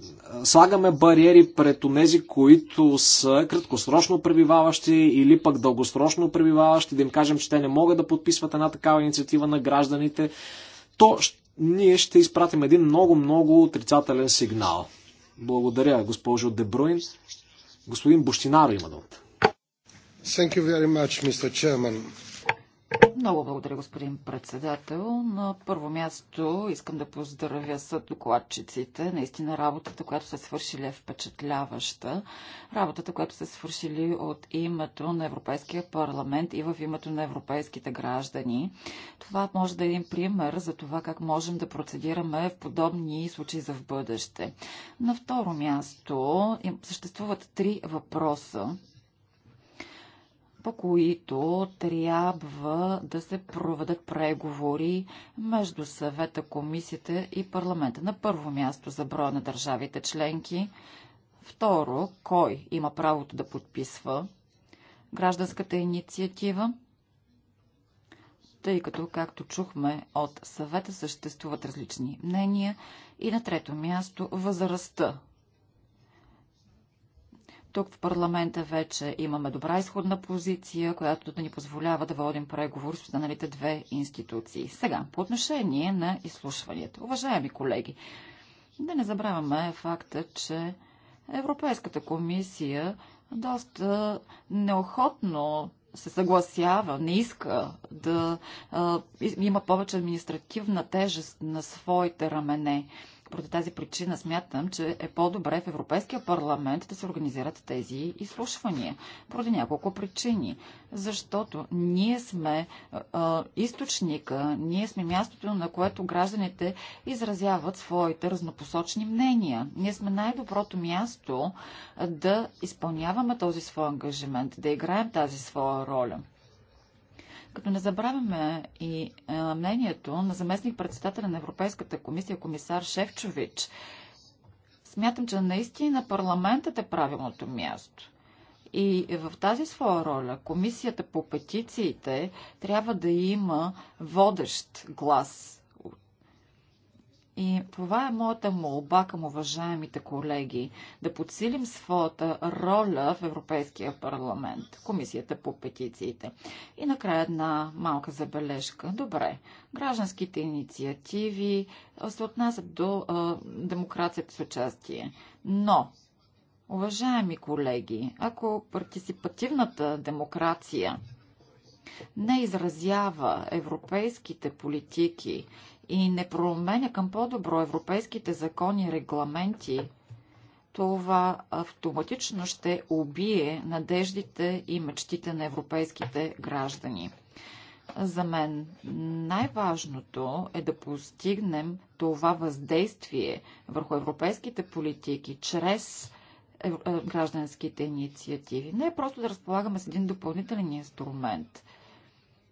слагаме бариери пред онези, които са краткосрочно пребиваващи или пък дългосрочно пребиваващи, да им кажем, че те не могат да подписват една такава инициатива на гражданите, то ние ще изпратим един много-много отрицателен сигнал. Благодаря, госпожо Дебруин. Господин Бощинаро има думата. Thank you very much, Mr. Chairman. Много благодаря, господин председател. На първо място искам да поздравя съд докладчиците. Наистина работата, която са свършили е впечатляваща. Работата, която са свършили от името на Европейския парламент и в името на европейските граждани. Това може да е един пример за това как можем да процедираме в подобни случаи за в бъдеще. На второ място съществуват три въпроса, по които трябва да се проведат преговори между съвета, комисията и парламента. На първо място за броя на държавите членки. Второ, кой има правото да подписва гражданската инициатива тъй като, както чухме от съвета, съществуват различни мнения. И на трето място възрастта тук в парламента вече имаме добра изходна позиция, която да ни позволява да водим преговор с останалите две институции. Сега, по отношение на изслушванията. Уважаеми колеги, да не забравяме факта, че Европейската комисия доста неохотно се съгласява, не иска да а, има повече административна тежест на своите рамене. Поради тази причина смятам, че е по-добре в Европейския парламент да се организират тези изслушвания. Поради няколко причини. Защото ние сме а, източника, ние сме мястото, на което гражданите изразяват своите разнопосочни мнения. Ние сме най-доброто място да изпълняваме този свой ангажимент, да играем тази своя роля. Като не забравяме и е, мнението на заместник председателя на Европейската комисия, комисар Шевчович, смятам, че наистина парламентът е правилното място. И в тази своя роля комисията по петициите трябва да има водещ глас и това е моята молба към уважаемите колеги да подсилим своята роля в Европейския парламент, Комисията по петициите. И накрая една малка забележка. Добре, гражданските инициативи се отнасят до а, демокрацията с участие. Но, уважаеми колеги, ако партиципативната демокрация не изразява европейските политики и не променя към по-добро европейските закони и регламенти, това автоматично ще убие надеждите и мечтите на европейските граждани. За мен най-важното е да постигнем това въздействие върху европейските политики чрез е, гражданските инициативи. Не е просто да разполагаме с един допълнителен инструмент –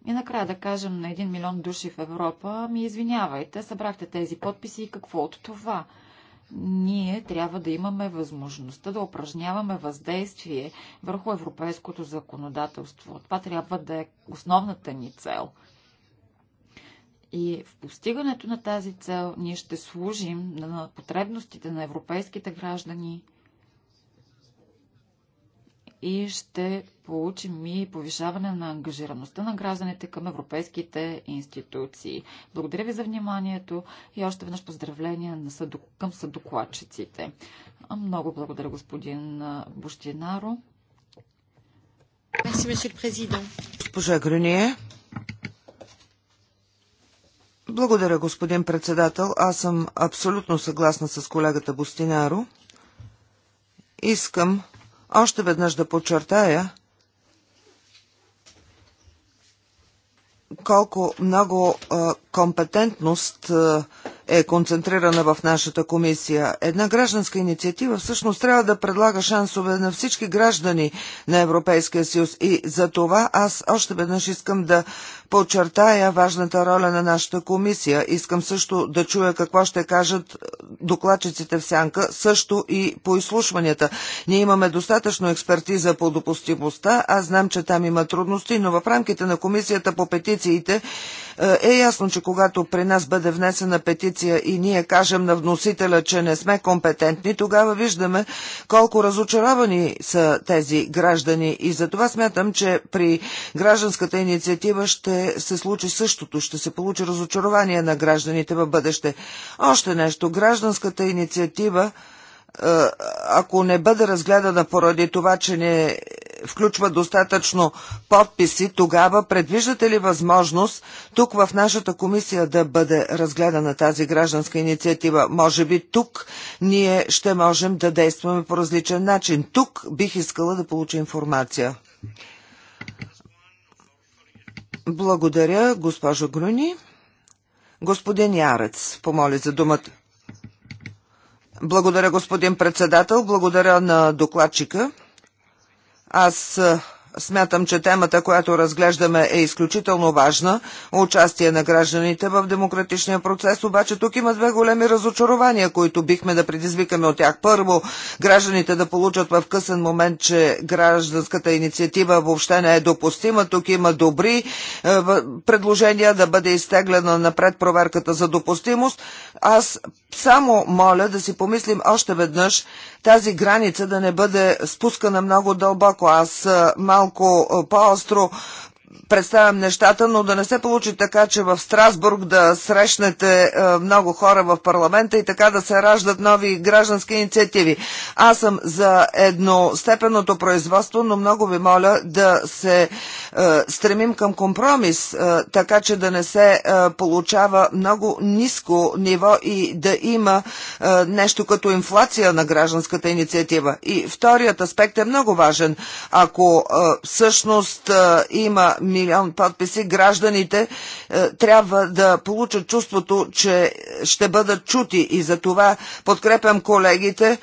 и накрая да кажем на един милион души в Европа, ми извинявайте, събрахте тези подписи и какво от това? Ние трябва да имаме възможността да упражняваме въздействие върху европейското законодателство. Това трябва да е основната ни цел. И в постигането на тази цел ние ще служим на потребностите на европейските граждани – и ще получим и повишаване на ангажираността на гражданите към европейските институции. Благодаря ви за вниманието и още веднъж поздравления на съдо... към съдокладчиците. Много благодаря, господин Буштинаро. Merci, monsieur le président. Госпожа Грюние. Благодаря, господин председател. Аз съм абсолютно съгласна с колегата Бустинаро. Искам още веднъж да подчертая, колко много а, компетентност а, е концентрирана в нашата комисия. Една гражданска инициатива всъщност трябва да предлага шансове на всички граждани на Европейския съюз и за това аз още веднъж искам да подчертая важната роля на нашата комисия. Искам също да чуя какво ще кажат докладчиците в сянка, също и по изслушванията. Ние имаме достатъчно експертиза по допустимостта. Аз знам, че там има трудности, но в рамките на комисията по петициите е, е ясно, че когато при нас бъде внесена петиция, позиция и ние кажем на вносителя, че не сме компетентни, тогава виждаме колко разочаровани са тези граждани. И за това смятам, че при гражданската инициатива ще се случи същото, ще се получи разочарование на гражданите в бъдеще. Още нещо, гражданската инициатива е, ако не бъде разгледана поради това, че не включва достатъчно подписи, тогава предвиждате ли възможност тук в нашата комисия да бъде разгледана тази гражданска инициатива? Може би тук ние ще можем да действаме по различен начин. Тук бих искала да получа информация. Благодаря, госпожо Груни. Господин Ярец помоли за думата. Благодаря, господин председател. Благодаря на докладчика. Аз Смятам, че темата, която разглеждаме е изключително важна. Участие на гражданите в демократичния процес, обаче тук има две големи разочарования, които бихме да предизвикаме от тях. Първо, гражданите да получат в късен момент, че гражданската инициатива въобще не е допустима. Тук има добри е, предложения да бъде изтеглена напред проверката за допустимост. Аз само моля да си помислим още веднъж тази граница да не бъде спускана много дълбоко. Аз е, мал малко по-остро представям нещата, но да не се получи така, че в Страсбург да срещнете е, много хора в парламента и така да се раждат нови граждански инициативи. Аз съм за едностепенното производство, но много ви моля да се е, стремим към компромис, е, така че да не се получава много ниско ниво и да има нещо като инфлация на гражданската инициатива. И вторият аспект е много важен. Ако всъщност има милион подписи, гражданите е, трябва да получат чувството, че ще бъдат чути и за това подкрепям колегите, е,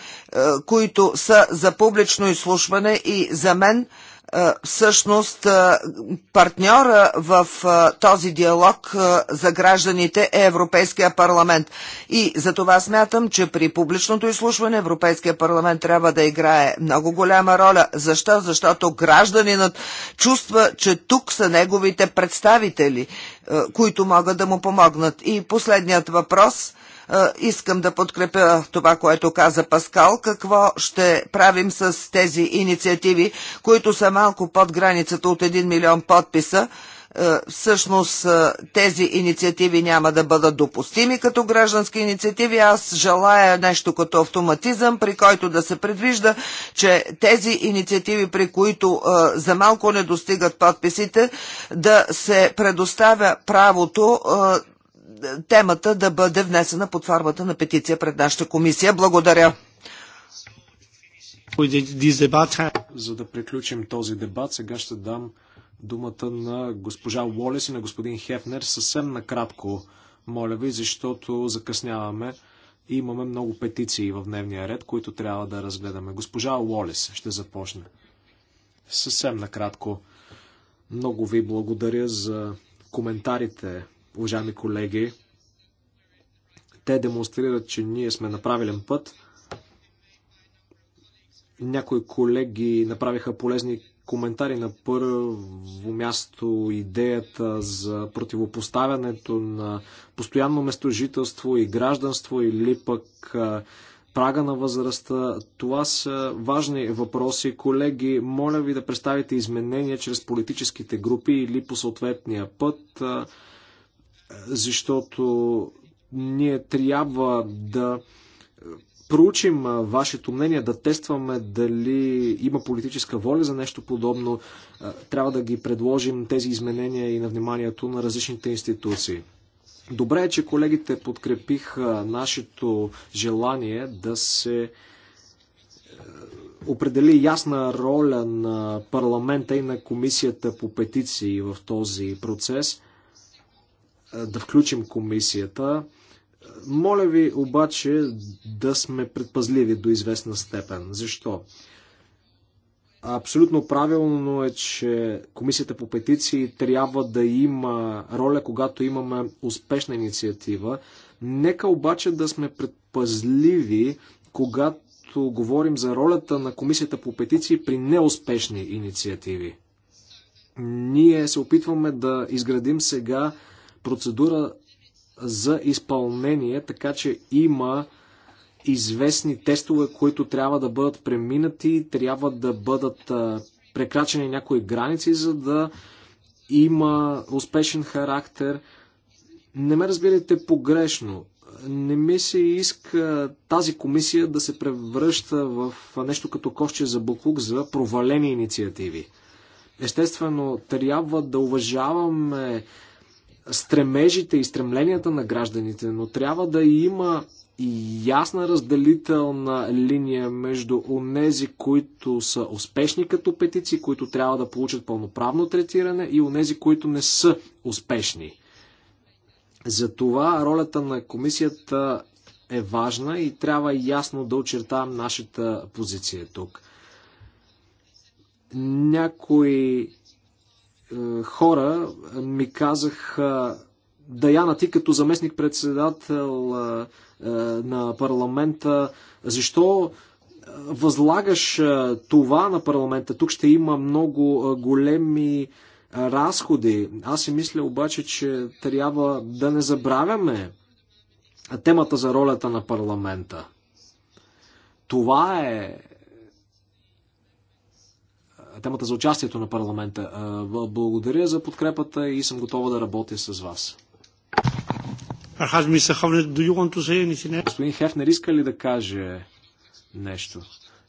които са за публично изслушване и за мен – е, всъщност е, партньора в е, този диалог за гражданите е Европейския парламент. И за това смятам, че при публичното изслушване Европейския парламент трябва да играе много голяма роля. Защо? Защото гражданинът чувства, че тук са неговите представители, които могат да му помогнат. И последният въпрос – искам да подкрепя това, което каза Паскал. Какво ще правим с тези инициативи, които са малко под границата от 1 милион подписа? всъщност тези инициативи няма да бъдат допустими като граждански инициативи. Аз желая нещо като автоматизъм, при който да се предвижда, че тези инициативи, при които за малко не достигат подписите, да се предоставя правото темата да бъде внесена под формата на петиция пред нашата комисия. Благодаря. За да приключим този дебат, сега ще дам думата на госпожа Уолес и на господин Хефнер съвсем накратко, моля ви, защото закъсняваме и имаме много петиции в дневния ред, които трябва да разгледаме. Госпожа Уолес ще започне. Съвсем накратко. Много ви благодаря за коментарите уважаеми колеги. Те демонстрират, че ние сме на правилен път. Някои колеги направиха полезни коментари на първо място идеята за противопоставянето на постоянно местожителство и гражданство или пък прага на възрастта. Това са важни въпроси. Колеги, моля ви да представите изменения чрез политическите групи или по съответния път защото ние трябва да проучим вашето мнение, да тестваме дали има политическа воля за нещо подобно. Трябва да ги предложим тези изменения и на вниманието на различните институции. Добре е, че колегите подкрепиха нашето желание да се определи ясна роля на парламента и на комисията по петиции в този процес – е, да включим комисията. Моля ви обаче да сме предпазливи до известна степен. Защо? Абсолютно правилно е, че Комисията по петиции трябва да има роля, когато имаме успешна инициатива. Нека обаче да сме предпазливи, когато говорим за ролята на Комисията по петиции при неуспешни инициативи. Ние се опитваме да изградим сега процедура за изпълнение, така че има известни тестове, които трябва да бъдат преминати, трябва да бъдат прекрачени някои граници, за да има успешен характер. Не ме разбирайте погрешно. Не ми се иска тази комисия да се превръща в нещо като кошче за буклук за провалени инициативи. Естествено, трябва да уважаваме стремежите и стремленията на гражданите, но трябва да има и ясна разделителна линия между онези, които са успешни като петиции, които трябва да получат пълноправно третиране и онези, които не са успешни. Затова ролята на комисията е важна и трябва ясно да очертаем нашата позиция тук. Някои е, хора ми казаха е, Даяна, ти като заместник-председател е, на парламента, защо възлагаш това на парламента? Тук ще има много големи разходи. Аз си мисля обаче, че трябва да не забравяме темата за ролята на парламента. Това е темата за участието на парламента. Е, благодаря за подкрепата и съм готова да работя с вас. Господин Хефнер, иска ли да каже нещо?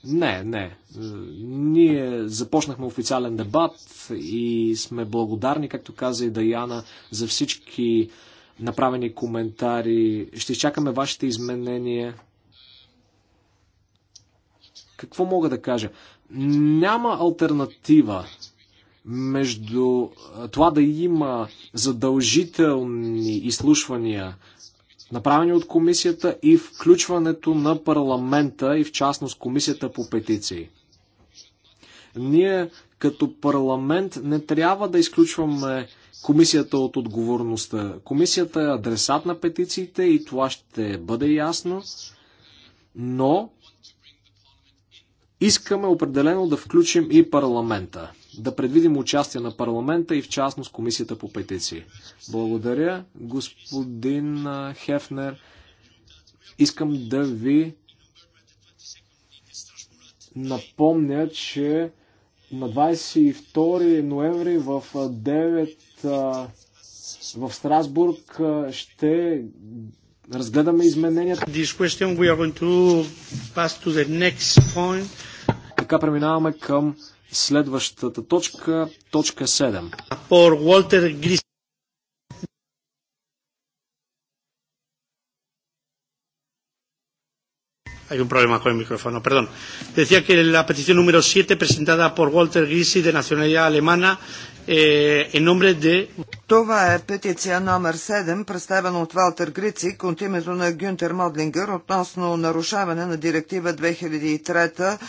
Не, не. Е, ние започнахме официален дебат и сме благодарни, както каза и Даяна, за всички направени коментари. Ще изчакаме вашите изменения. Какво мога да кажа? Няма альтернатива между това да има задължителни изслушвания, направени от комисията и включването на парламента и в частност комисията по петиции. Ние като парламент не трябва да изключваме комисията от отговорността. Комисията е адресат на петициите и това ще бъде ясно, но Искаме определено да включим и парламента. Да предвидим участие на парламента и в частност комисията по петиции. Благодаря, господин Хефнер. Искам да ви напомня, че на 22 ноември в 9 в Страсбург ще разгледаме измененията. Така преминаваме към следващата точка, точка 7. Пор Уолтер Грис. Hay un problema con el micrófono, perdón. Decía que la petición número 7, presentada por Walter Grisi, de nacionalidad alemana, eh, en nombre de... Това е петиция номер 7, представена от Валтер Грици, от името на Гюнтер Модлингер относно нарушаване на директива 2003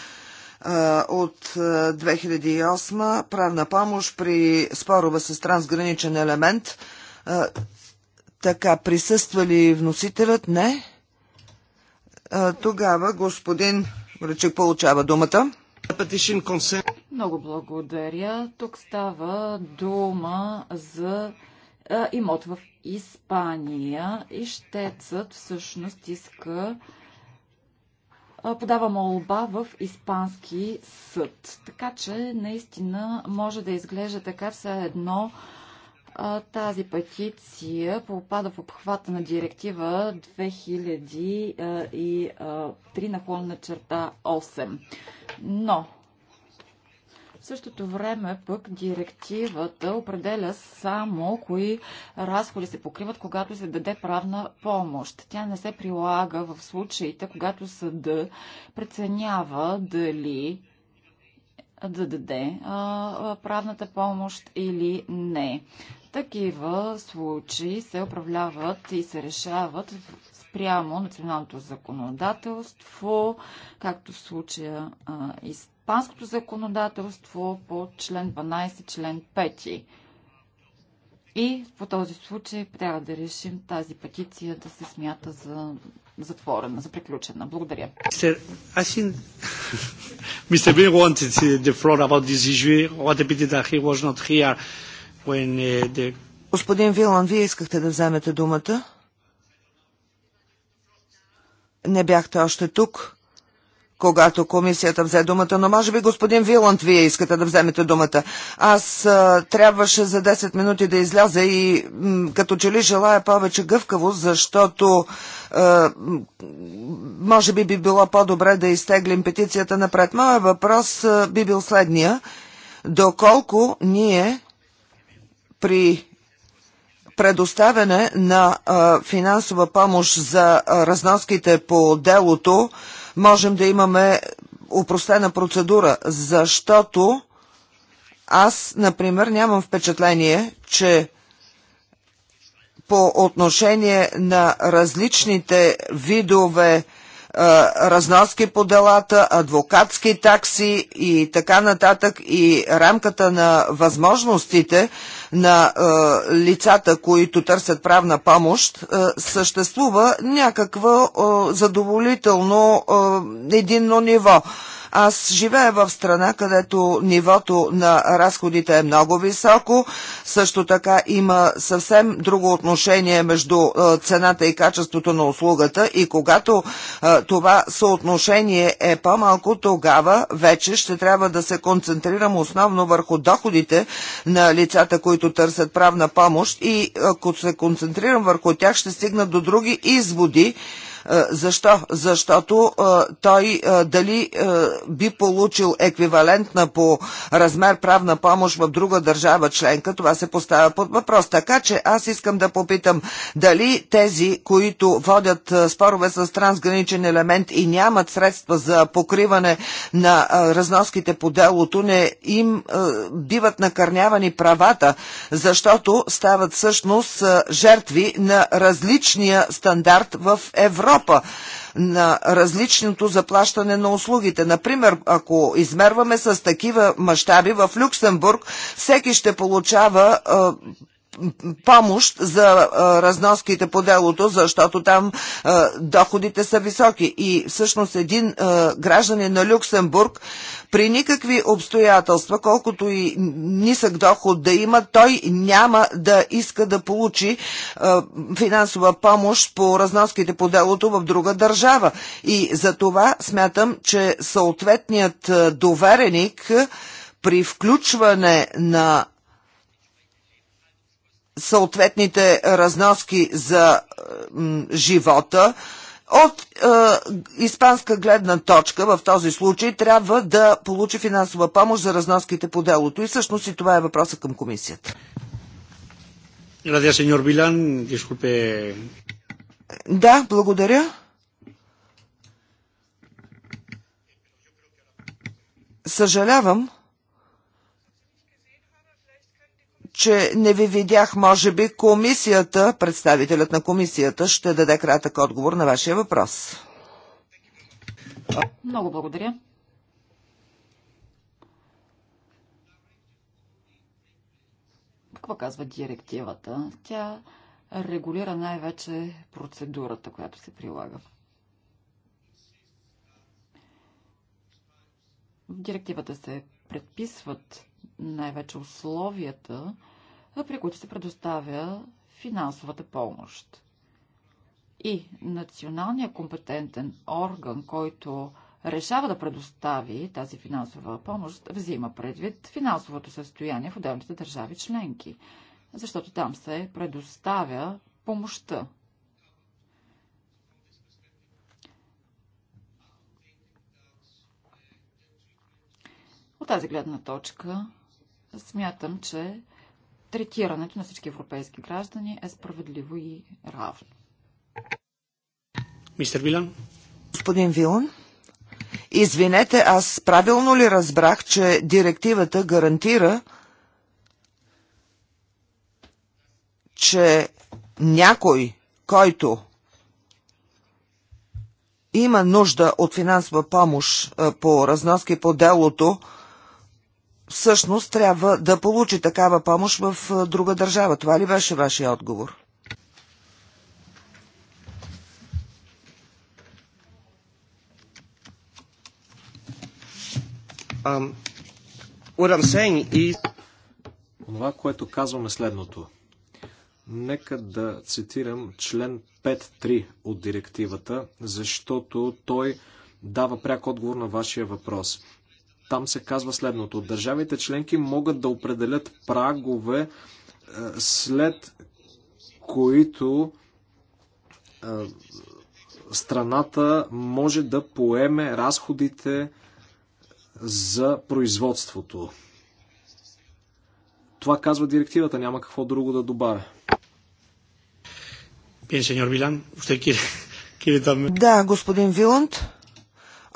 от 2008 правна помощ при спорове с трансграничен елемент. Така, присъства ли вносителят? Не. Тогава господин Речик получава думата. Много благодаря. Тук става дума за имот в Испания. и щецът всъщност иска подава молба в Испански съд. Така че наистина може да изглежда така все едно тази петиция попада в обхвата на директива 2003 на черта 8. Но в същото време пък директивата определя само кои разходи се покриват, когато се даде правна помощ. Тя не се прилага в случаите, когато съда преценява дали да даде а, правната помощ или не. Такива случаи се управляват и се решават спрямо националното законодателство, както в случая а, и с Панското законодателство по член 12, член 5. И по този случай трябва да решим тази петиция да се смята за затворена, за приключена. Благодаря. Мистер, Бин, Mr. Bill wanted the floor about this issue. What a pity that he was not here when uh, the... Господин Вилан, вие искахте да вземете думата? Не бяхте още тук когато комисията взе думата, но може би господин Виланд, вие искате да вземете думата. Аз а, трябваше за 10 минути да изляза и м, като че ли желая повече гъвкаво, защото а, може би би било по-добре да изтеглим петицията напред. Моя въпрос а, би бил следния. Доколко ние при предоставяне на а, финансова помощ за а, разноските по делото, а, можем да имаме упростена процедура, защото аз, например, нямам впечатление, че по отношение на различните видове разноски по делата, адвокатски такси и така нататък и рамката на възможностите на лицата, които търсят правна помощ, съществува някакво задоволително единно ниво. Аз живея в страна, където нивото на разходите е много високо. Също така има съвсем друго отношение между е, цената и качеството на услугата и когато е, това съотношение е по-малко, тогава вече ще трябва да се концентрирам основно върху доходите на лицата, които търсят правна помощ и ако се концентрирам върху тях, ще стигна до други изводи, е, защо? Защото е, той е, дали би получил еквивалентна по размер правна помощ в друга държава членка, това се поставя под въпрос. Така че аз искам да попитам дали тези, които водят спорове с трансграничен елемент и нямат средства за покриване на разноските по делото, не им биват накърнявани правата, защото стават всъщност жертви на различния стандарт в Европа. Европа на различното заплащане на услугите. Например, ако измерваме с такива мащаби в Люксембург, всеки ще получава помощ за а, разноските по делото, защото там а, доходите са високи. И всъщност един а, гражданин на Люксембург при никакви обстоятелства, колкото и нисък доход да има, той няма да иска да получи а, финансова помощ по разноските по делото в друга държава. И за това смятам, че съответният довереник при включване на съответните разноски за живота, от е, испанска гледна точка в този случай трябва да получи финансова помощ за разноските по делото. И всъщност и това е въпроса към комисията. Да, благодаря. Съжалявам. че не ви видях. Може би комисията, представителят на комисията, ще даде кратък отговор на вашия въпрос. Много благодаря. Какво казва директивата? Тя регулира най-вече процедурата, която се прилага. В директивата се предписват най-вече условията, при които се предоставя финансовата помощ. И националният компетентен орган, който решава да предостави тази финансова помощ, взима предвид финансовото състояние в отделните държави членки, защото там се предоставя помощта. От тази гледна точка смятам, че третирането на всички европейски граждани е справедливо и равно. Мистер Вилан? Господин Вилан? Извинете, аз правилно ли разбрах, че директивата гарантира, че някой, който има нужда от финансова помощ по разноски по делото, всъщност трябва да получи такава помощ в друга държава. Това ли беше вашия отговор? Um, is... Това, което казваме следното. Нека да цитирам член 5.3 от директивата, защото той дава пряк отговор на вашия въпрос. Там се казва следното. Държавите членки могат да определят прагове, е, след които е, страната може да поеме разходите за производството. Това казва директивата, няма какво друго да добавя. Да, господин Виланд.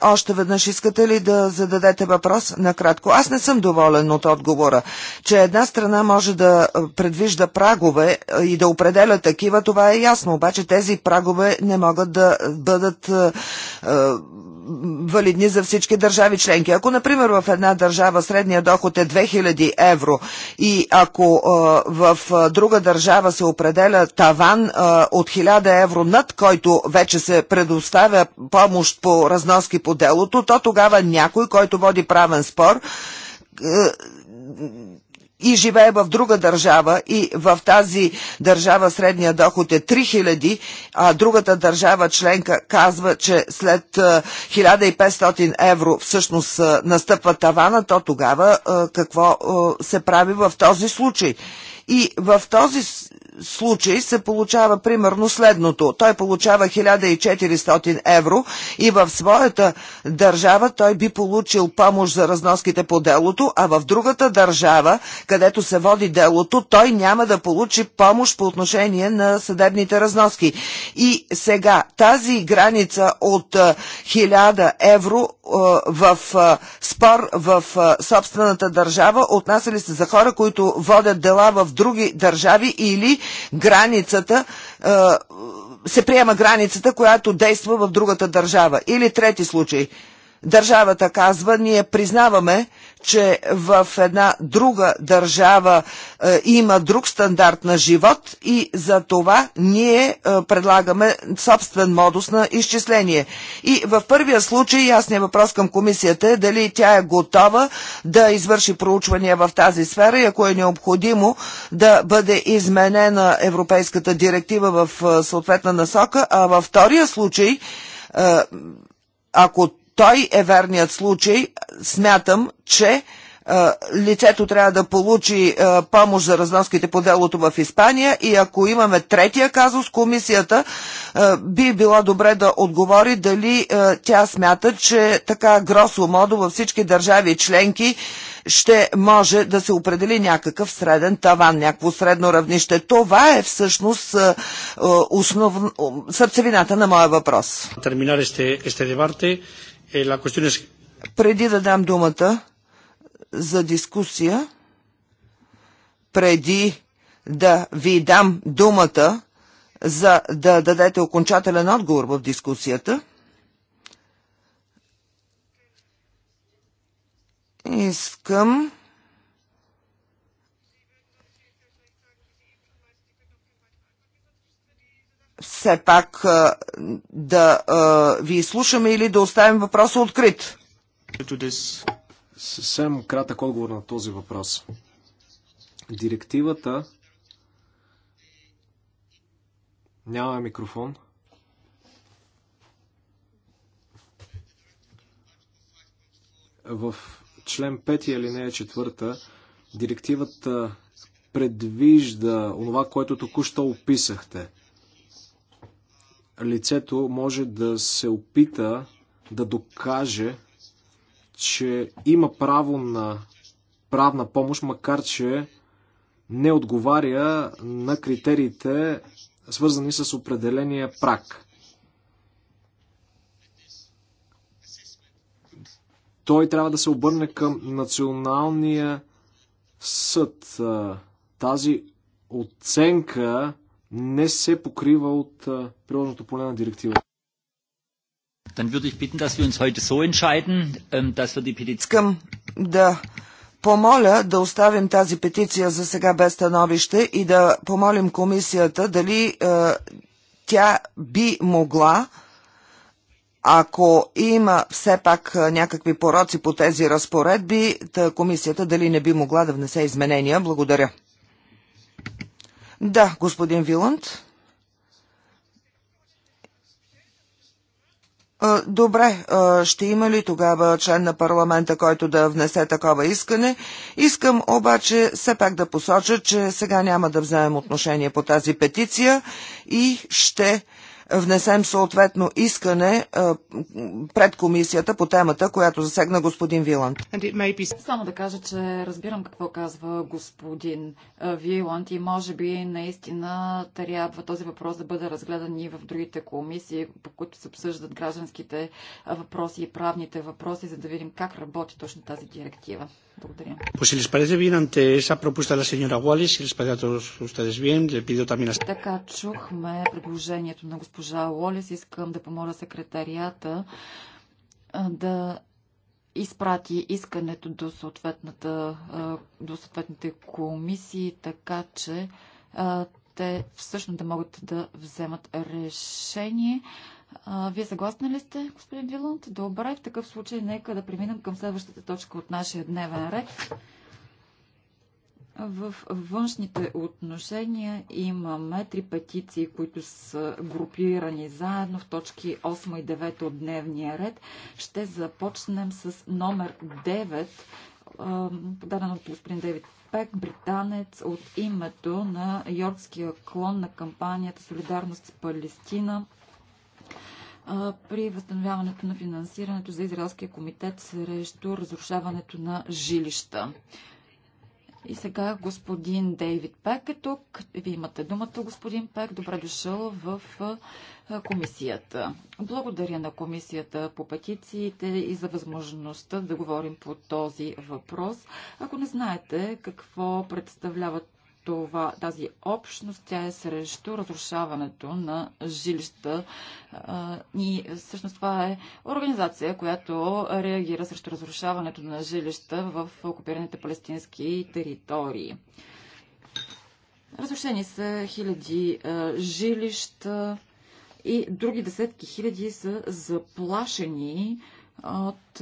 Още веднъж искате ли да зададете въпрос? Накратко, аз не съм доволен от отговора, че една страна може да предвижда прагове и да определя такива, това е ясно, обаче тези прагове не могат да бъдат валидни за всички държави членки. Ако, например, в една държава средния доход е 2000 евро и ако е, в друга държава се определя таван е, от 1000 евро, над който вече се предоставя помощ по разноски по делото, то тогава някой, който води правен спор, е, и живее в друга държава и в тази държава средния доход е 3000, а другата държава членка казва, че след 1500 е, евро всъщност е, настъпва тавана, то тогава какво се прави в този случай? И в този случай се получава примерно следното. Той получава 1400 евро и в своята държава той би получил помощ за разноските по делото, а в другата държава, където се води делото, той няма да получи помощ по отношение на съдебните разноски. И сега тази граница от 1000 евро в спор в собствената държава отнася ли се за хора, които водят дела в други държави или границата се приема границата, която действа в другата държава. Или трети случай. Държавата казва, ние признаваме че в една друга държава е, има друг стандарт на живот и за това ние е, предлагаме собствен модус на изчисление. И в първия случай ясният въпрос към комисията е дали тя е готова да извърши проучвания в тази сфера и ако е необходимо да бъде изменена европейската директива в е, съответна насока, а във втория случай е, ако той е верният случай. Смятам, че е, лицето трябва да получи е, помощ за разноските по делото в Испания и ако имаме третия казус, комисията е, би била добре да отговори дали тя смята, че така гросо модо във всички държави членки ще може да се определи някакъв среден таван, някакво средно равнище. Това е всъщност основ... сърцевината на моя въпрос. Терминар сте, este е, преди да дам думата за дискусия, преди да ви дам думата, за да дадете окончателен отговор в дискусията, искам все пак да ви изслушаме или да оставим въпроса открит? Съвсем кратък отговор на този въпрос. Директивата няма микрофон. В член 5 алинея 4 директивата предвижда онова, което току-що описахте – лицето може да се опита да докаже, че има право на правна помощ, макар че не отговаря на критериите, свързани с определения прак. Той трябва да се обърне към Националния съд. Тази оценка не се покрива от приложното поле на директивата. Искам да помоля да оставим тази петиция за сега без становище и да помолим комисията дали е, тя би могла, ако има все пак е, някакви пороци по тези разпоредби, комисията дали не би могла да внесе изменения. Благодаря. Да, господин Виланд. Добре, ще има ли тогава член на парламента, който да внесе такова искане? Искам обаче все пак да посоча, че сега няма да вземем отношение по тази петиция и ще внесем съответно искане пред комисията по темата, която засегна господин Виланд. Само да кажа, че разбирам какво казва господин Виланд и може би наистина трябва този въпрос да бъде разгледан и в другите комисии, по които се обсъждат гражданските въпроси и правните въпроси, за да видим как работи точно тази директива. Благодаря. Така чухме предложението на госпожа Уолис. Искам да помоля секретарията да изпрати искането до, до съответните комисии, така че те всъщност да могат да вземат решение. А, вие съгласни ли сте, господин Виланд? Добре, в такъв случай нека да преминем към следващата точка от нашия дневен ред. В външните отношения имаме три петиции, които са групирани заедно в точки 8 и 9 от дневния ред. Ще започнем с номер 9, подаден от господин Дейвид Пек, британец, от името на йоркския клон на кампанията Солидарност с Палестина – при възстановяването на финансирането за Израелския комитет срещу разрушаването на жилища. И сега господин Дейвид Пек е тук. Вие имате думата, господин Пек. Добре дошъл в комисията. Благодаря на комисията по петициите и за възможността да говорим по този въпрос. Ако не знаете какво представляват това, тази общност, тя е срещу разрушаването на жилища. И всъщност това е организация, която реагира срещу разрушаването на жилища в окупираните палестински територии. Разрушени са хиляди жилища и други десетки хиляди са заплашени от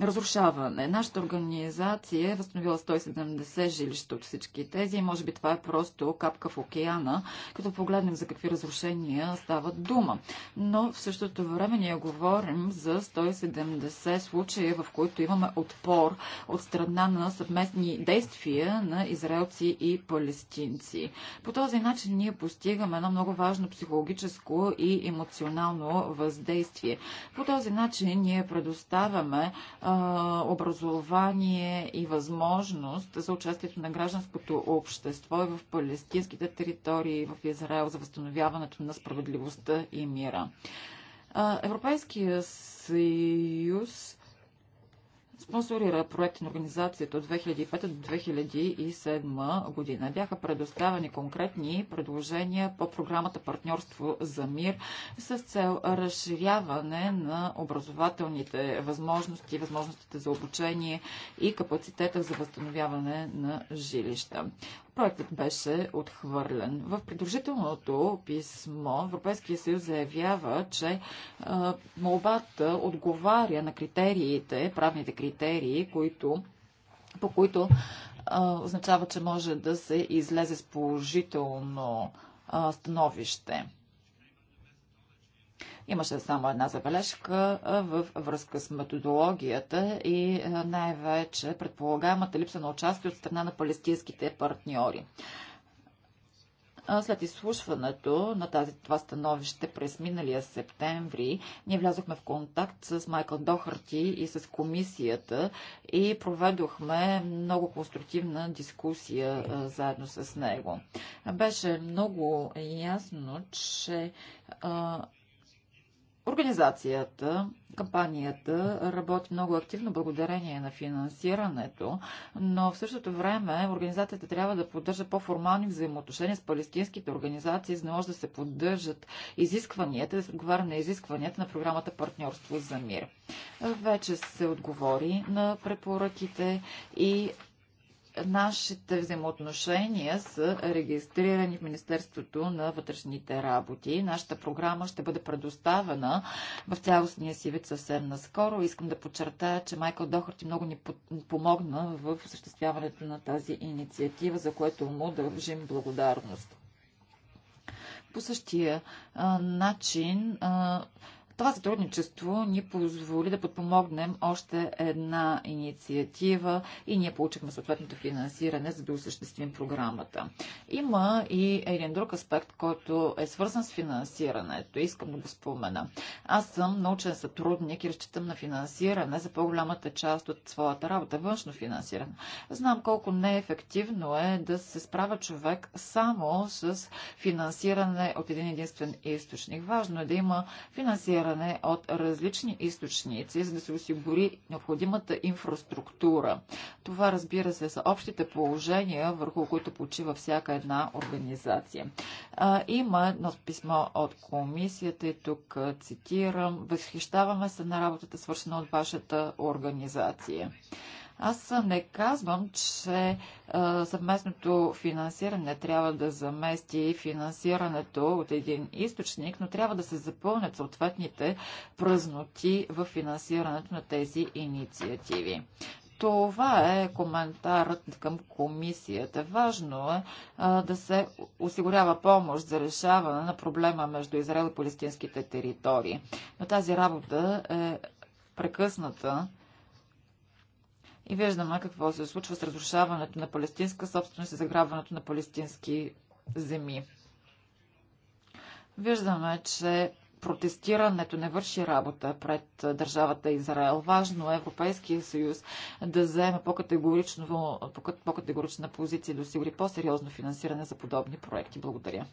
разрушаване. Нашата организация е възстановила 170 жилища от всички тези и може би това е просто капка в океана, като погледнем за какви разрушения става дума. Но в същото време ние говорим за 170 случая, в които имаме отпор от страна на съвместни действия на израелци и палестинци. По този начин ние постигаме едно много важно психологическо и емоционално въздействие. По този начин ние предоставяме образование и възможност за участието на гражданското общество и в палестинските територии в Израел за възстановяването на справедливостта и мира. Европейския съюз спонсорира проект на организацията от 2005 до 2007 година. Бяха предоставени конкретни предложения по програмата Партньорство за мир с цел разширяване на образователните възможности, възможностите за обучение и капацитета за възстановяване на жилища. Проектът беше отхвърлен. В предложителното писмо Европейския съюз заявява, че а, молбата отговаря на критериите, правните критерии, които, по които а, означава, че може да се излезе с положително а, становище. Имаше само една забележка в връзка с методологията и най-вече предполагаемата липса на участие от страна на палестинските партньори. След изслушването на тази, това становище през миналия септември, ние влязохме в контакт с Майкъл Дохарти и с комисията и проведохме много конструктивна дискусия а, заедно с него. Беше много ясно, че а, Организацията, кампанията работи много активно благодарение на финансирането, но в същото време организацията трябва да поддържа по-формални взаимоотношения с палестинските организации, за да може да се поддържат изискванията, да се отговаря на изискванията на програмата Партньорство за мир. Вече се отговори на препоръките и Нашите взаимоотношения са регистрирани в Министерството на вътрешните работи. Нашата програма ще бъде предоставена в цялостния си вид съвсем наскоро. Искам да подчертая, че Майкъл Дохарти много ни помогна в осъществяването на тази инициатива, за което му дължим благодарност. По същия а, начин а, това сътрудничество ни позволи да подпомогнем още една инициатива и ние получихме съответното финансиране, за да осъществим програмата. Има и един друг аспект, който е свързан с финансирането. Искам да го спомена. Аз съм научен сътрудник и разчитам на финансиране за по-голямата част от своята работа, външно финансиране. Знам колко неефективно е да се справя човек само с финансиране от един единствен източник. Важно е да има финансиране финансиране от различни източници, за да се осигури необходимата инфраструктура. Това, разбира се, са общите положения, върху които почива всяка една организация. А, има едно писмо от комисията и тук цитирам. Възхищаваме се на работата, свършена от вашата организация. Аз не казвам, че съвместното финансиране трябва да замести финансирането от един източник, но трябва да се запълнят съответните празноти в финансирането на тези инициативи. Това е коментарът към комисията. Важно е а, да се осигурява помощ за решаване на проблема между Израел и палестинските територии. Но тази работа е прекъсната и виждаме какво се случва с разрушаването на палестинска собственост и заграбването на палестински земи. Виждаме, че протестирането не върши работа пред държавата Израел. Важно е Европейския съюз да вземе по-категорична по позиция и да осигури по-сериозно финансиране за подобни проекти. Благодаря.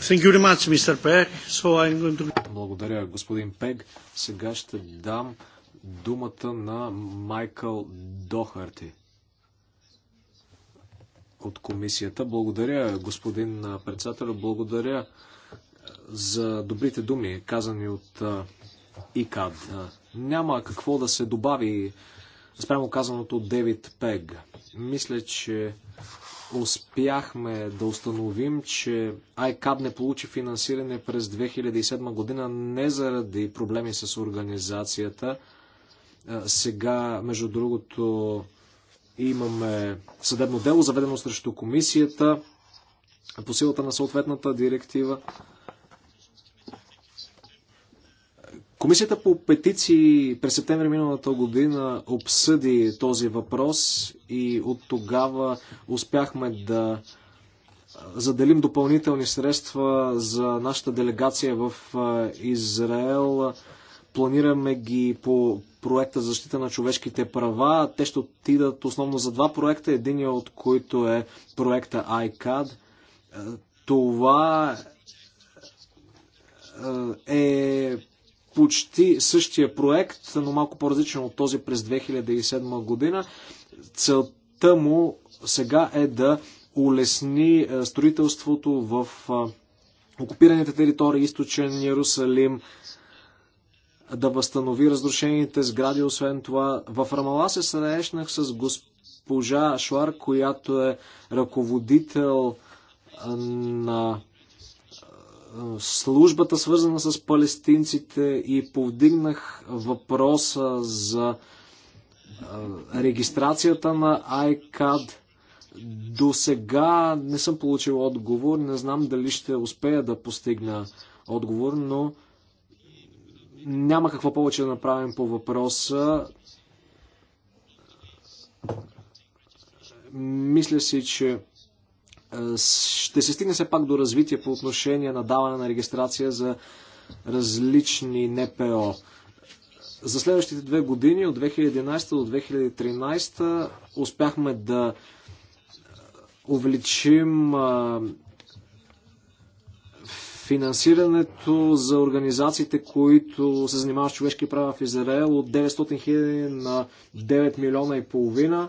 Much, so to... Благодаря, господин Пег. Сега ще дам думата на Майкъл Дохарти от комисията. Благодаря, господин председател. Благодаря за добрите думи, казани от ИКАД. Няма какво да се добави спрямо казаното от Девид Пег. Мисля, че успяхме да установим, че ICAB не получи финансиране през 2007 година не заради проблеми с организацията, е, сега, между другото, имаме съдебно дело, заведено срещу комисията по силата на съответната директива. Комисията по петиции през септември миналата година обсъди този въпрос и от тогава успяхме да е, заделим допълнителни средства за нашата делегация в е, Израел. Планираме ги по проекта защита на човешките права. Те ще отидат основно за два проекта, един от които е проекта ICAD. Това е, е почти същия проект, но малко по-различен от този през 2007 година. Целта му сега е да улесни е, строителството в е, окупираните територии, източен Иерусалим, да възстанови разрушените сгради. Освен това, в Рамала се срещнах с госпожа Шуар, която е ръководител на службата, свързана с палестинците и повдигнах въпроса за регистрацията на ICAD. До сега не съм получил отговор, не знам дали ще успея да постигна отговор, но няма какво повече да направим по въпроса. Мисля си, че е, ще се стигне все пак до развитие по отношение на даване на регистрация за различни НПО. За следващите две години, от 2011 до 2013, успяхме да увеличим е, Финансирането за организациите, които се занимават с човешки права в Израел от 900 хиляди на 9 милиона и половина.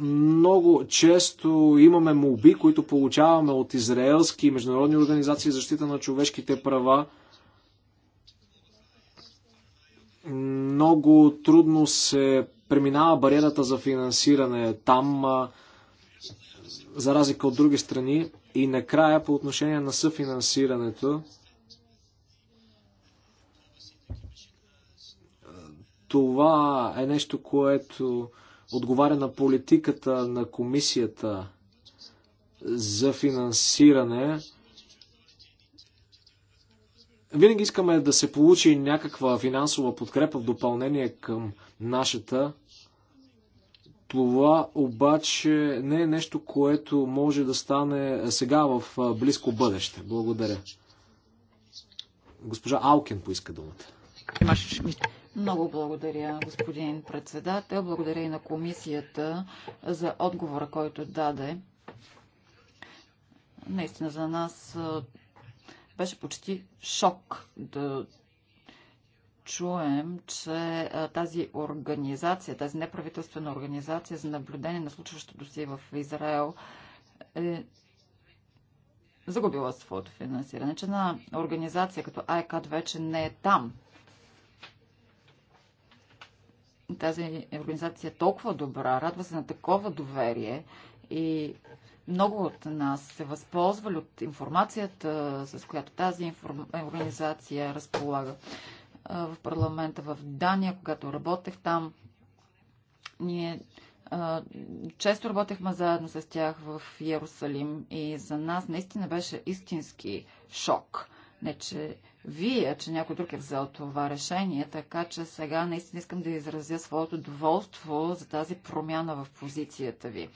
много често имаме молби, които получаваме от израелски и международни организации за защита на човешките права. Много трудно се преминава бариерата за финансиране. Там, за разлика от други страни, и накрая по отношение на съфинансирането, това е нещо, което отговаря на политиката на комисията за финансиране винаги искаме да се получи някаква финансова подкрепа в допълнение към нашата. Това обаче не е нещо, което може да стане сега в близко бъдеще. Благодаря. Госпожа Алкен поиска думата. Много благодаря, господин председател. Благодаря и на комисията за отговора, който даде. Наистина за нас беше почти шок да чуем, че тази организация, тази неправителствена организация за наблюдение на случващото си в Израел е загубила своето финансиране, че на организация като Айкад вече не е там. Тази организация е толкова добра, радва се на такова доверие и много от нас се възползвали от информацията, с която тази информ... организация разполага в парламента в Дания, когато работех там. Ние често работехме заедно с тях в Иерусалим и за нас наистина беше истински шок. Не, че вие, че някой друг е взел това решение, така че сега наистина искам да изразя своето доволство за тази промяна в позицията ви.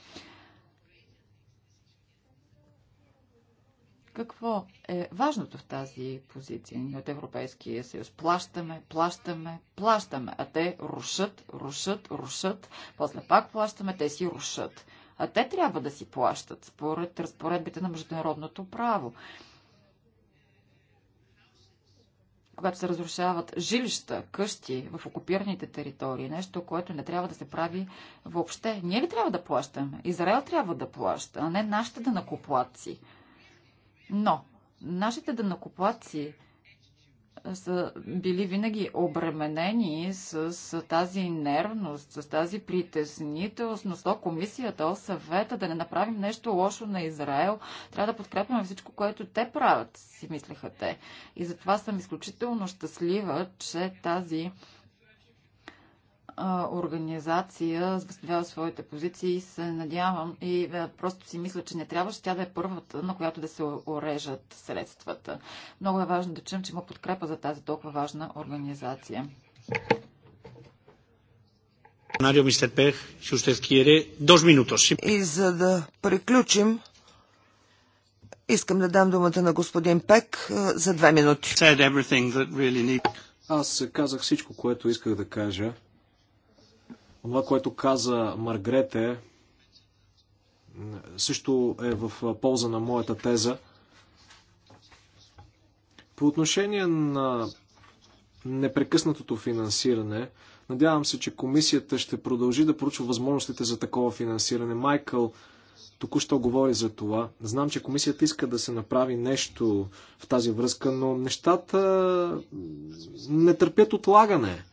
Какво е важното в тази позиция? ни от Европейския съюз плащаме, плащаме, плащаме, а те рушат, рушат, рушат, после пак плащаме, те си рушат. А те трябва да си плащат според разпоредбите на международното право. когато се разрушават жилища, къщи в окупираните територии, нещо, което не трябва да се прави въобще. Ние ли трябва да плащаме? Израел трябва да плаща, а не нашите данакоплатци. Да но нашите дънакоплаци са били винаги обременени с, с тази нервност, с тази притеснителност, но то комисията, о съвета, да не направим нещо лошо на Израел, трябва да подкрепяме всичко, което те правят, си мислеха те. И затова съм изключително щастлива, че тази организация възстановява своите позиции и се надявам и просто си мисля, че не трябваше тя да е първата, на която да се орежат средствата. Много е важно да чуем, че има подкрепа за тази толкова важна организация. И за да приключим, искам да дам думата на господин Пек за две минути. Аз казах всичко, което исках да кажа. Това, което каза Маргрете, също е в полза на моята теза. По отношение на непрекъснатото финансиране, надявам се, че комисията ще продължи да проучва възможностите за такова финансиране. Майкъл току-що говори за това. Знам, че комисията иска да се направи нещо в тази връзка, но нещата не търпят отлагане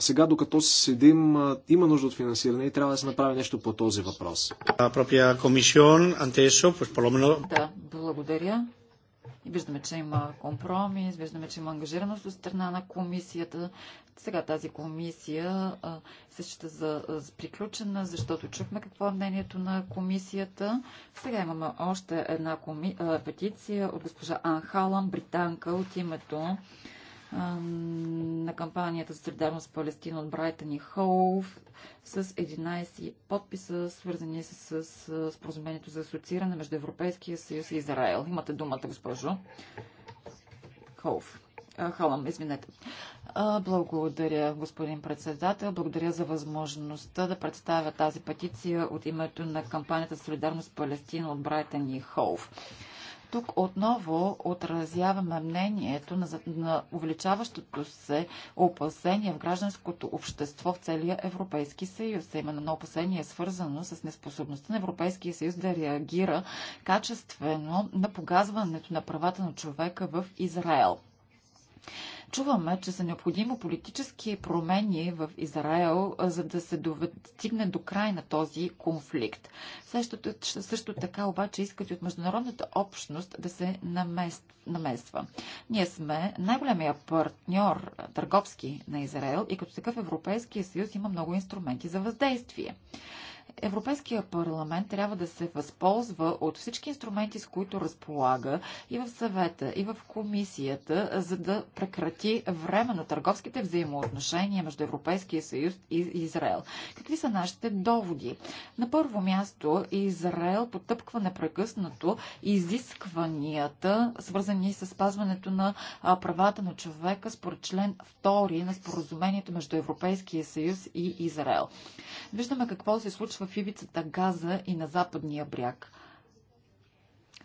сега, докато седим, има нужда от финансиране и трябва да се направи нещо по този въпрос. Да, благодаря. И виждаме, че има компромис, виждаме, че има ангажираност от страна на комисията. Сега тази комисия а, се счита за, за приключена, защото чухме какво е мнението на комисията. Сега имаме още една коми... а, петиция от госпожа Анхалан, британка, от името на кампанията за солидарност с Палестина от Брайтън и Хоув с 11 подписа, свързани с, с споразумението за асоцииране между Европейския съюз и Израел. Имате думата, госпожо. Хоув. Халам, извинете. Благодаря, господин председател. Благодаря за възможността да представя тази петиция от името на кампанията Солидарност Палестина от Брайтън и Хоув. Тук отново отразяваме мнението на, на увеличаващото се опасение в гражданското общество в целия Европейски съюз. Именно на опасение е свързано с неспособността на Европейския съюз да реагира качествено на погазването на правата на човека в Израел. Чуваме, че са необходимо политически промени в Израел, за да се достигне до край на този конфликт. Също, също така обаче искат и от международната общност да се намества. Ние сме най-големия партньор търговски на Израел и като такъв Европейския съюз има много инструменти за въздействие. Европейския парламент трябва да се възползва от всички инструменти, с които разполага и в съвета, и в комисията, за да прекрати временно търговските взаимоотношения между Европейския съюз и Израел. Какви са нашите доводи? На първо място Израел потъпква непрекъснато изискванията, свързани с спазването на правата на човека според член 2 на споразумението между Европейския съюз и Израел. Виждаме какво се случва в ивицата Газа и на западния бряг.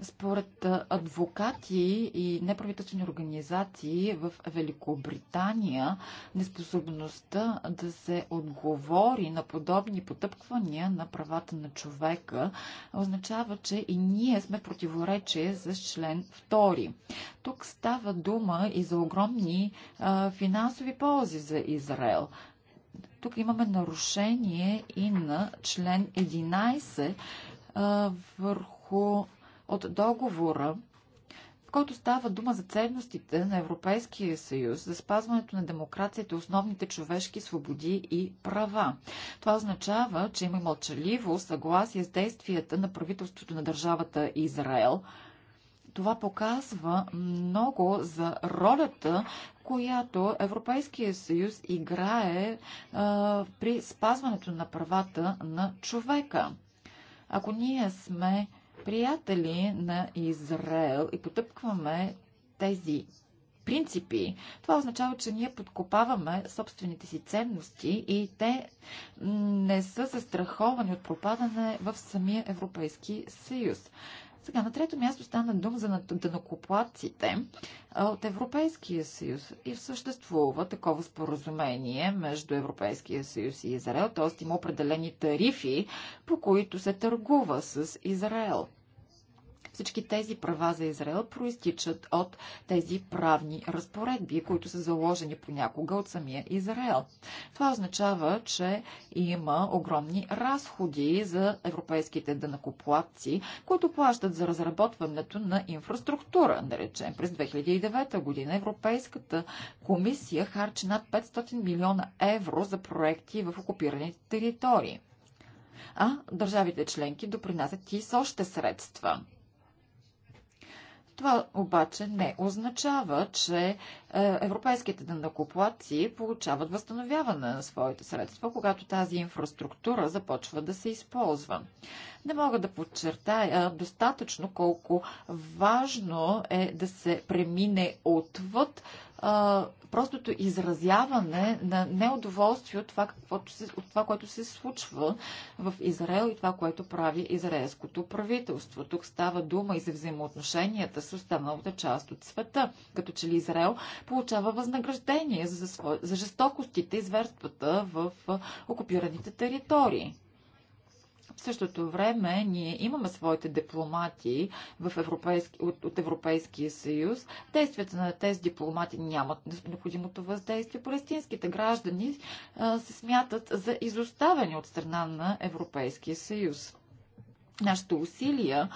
Според адвокати и неправителствени организации в Великобритания, неспособността да се отговори на подобни потъпквания на правата на човека означава, че и ние сме противоречие за член 2. Тук става дума и за огромни а, финансови ползи за Израел тук имаме нарушение и на член 11 а, върху от договора, в който става дума за ценностите на Европейския съюз, за спазването на демокрацията, основните човешки свободи и права. Това означава, че има мълчаливо съгласие с действията на правителството на държавата Израел – това показва много за ролята, която Европейския съюз играе а, при спазването на правата на човека. Ако ние сме приятели на Израел и потъпкваме тези принципи, това означава, че ние подкопаваме собствените си ценности и те не са застраховани от пропадане в самия Европейски съюз. Сега на трето място стана дума за данокоплаците от Европейския съюз. И съществува такова споразумение между Европейския съюз и Израел, т.е. има определени тарифи, по които се търгува с Израел. Всички тези права за Израел проистичат от тези правни разпоредби, които са заложени понякога от самия Израел. Това означава, че има огромни разходи за европейските дънакоплатци, които плащат за разработването на инфраструктура. Да речем, през 2009 година Европейската комисия харчи над 500 милиона евро за проекти в окупираните територии а държавите членки допринасят и с още средства. Това обаче не означава, че е, европейските данакоплаци получават възстановяване на своите средства, когато тази инфраструктура започва да се използва. Не мога да подчертая е, достатъчно колко важно е да се премине отвъд е, простото изразяване на неудоволствие от това, каквото се, от това, което се случва в Израел и това, което прави израелското правителство. Тук става дума и за взаимоотношенията с останалата част от света, като че ли Израел получава възнаграждение за, за, за жестокостите и зверствата в окупираните територии. В същото време ние имаме своите дипломати в европейски, от, от Европейския съюз. Действията на тези дипломати нямат необходимото въздействие. Палестинските граждани а, се смятат за изоставени от страна на Европейския съюз. Нашите усилия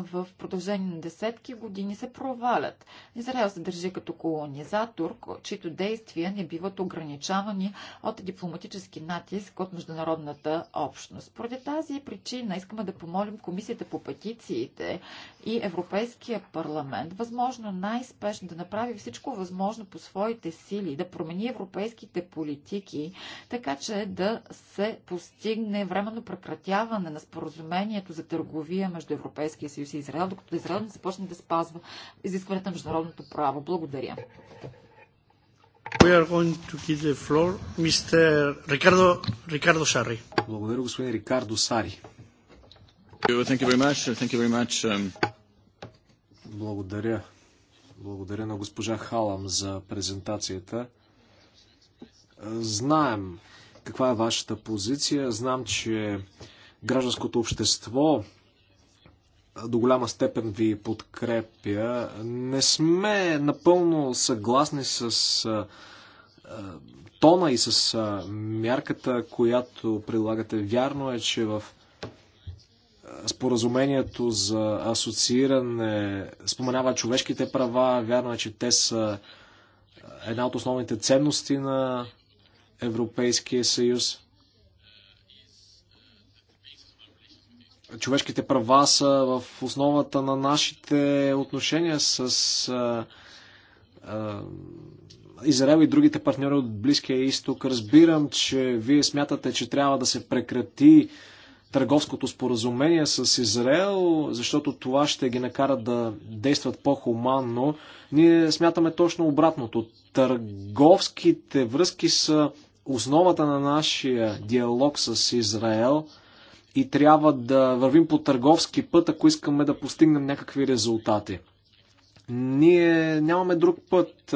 в продължение на десетки години се провалят. Израел се държи като колонизатор, чието действия не биват ограничавани от дипломатически натиск от международната общност. Поради тази причина искаме да помолим Комисията по петициите и Европейския парламент възможно най-спешно да направи всичко възможно по своите сили, да промени европейските политики, така че да се постигне временно прекратяване на споразумението за търговия между Европейския Европейския съюз и Израел, докато Израел не започне да спазва изискването на международното право. Благодаря. We are going to give the floor Mr. Ricardo, Ricardo Sari. Благодаря, господин Рикардо Сари. Thank you very much. Thank you very much. Um... Благодаря. Благодаря на госпожа Халам за презентацията. Знаем каква е вашата позиция. Знам, че гражданското общество до голяма степен ви подкрепя. Не сме напълно съгласни с тона и с мярката, която прилагате. Вярно е, че в споразумението за асоцииране споменава човешките права. Вярно е, че те са една от основните ценности на Европейския съюз. човешките права са в основата на нашите отношения с Израел и другите партньори от Близкия изток. Разбирам, че вие смятате, че трябва да се прекрати търговското споразумение с Израел, защото това ще ги накара да действат по-хуманно. Ние смятаме точно обратното. Търговските връзки са основата на нашия диалог с Израел – и трябва да вървим по търговски път, ако искаме да постигнем някакви резултати. Ние нямаме друг път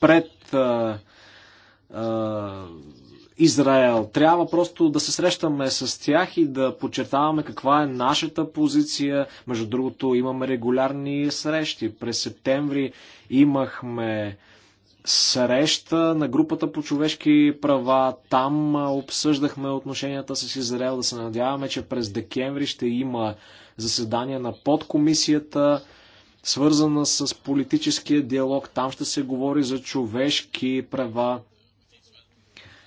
пред а, а, Израел. Трябва просто да се срещаме с тях и да подчертаваме каква е нашата позиция. Между другото, имаме регулярни срещи. През септември имахме среща на групата по човешки права. Там обсъждахме отношенията с Израел. Да се надяваме, че през декември ще има заседание на подкомисията, свързана с политическия диалог. Там ще се говори за човешки права.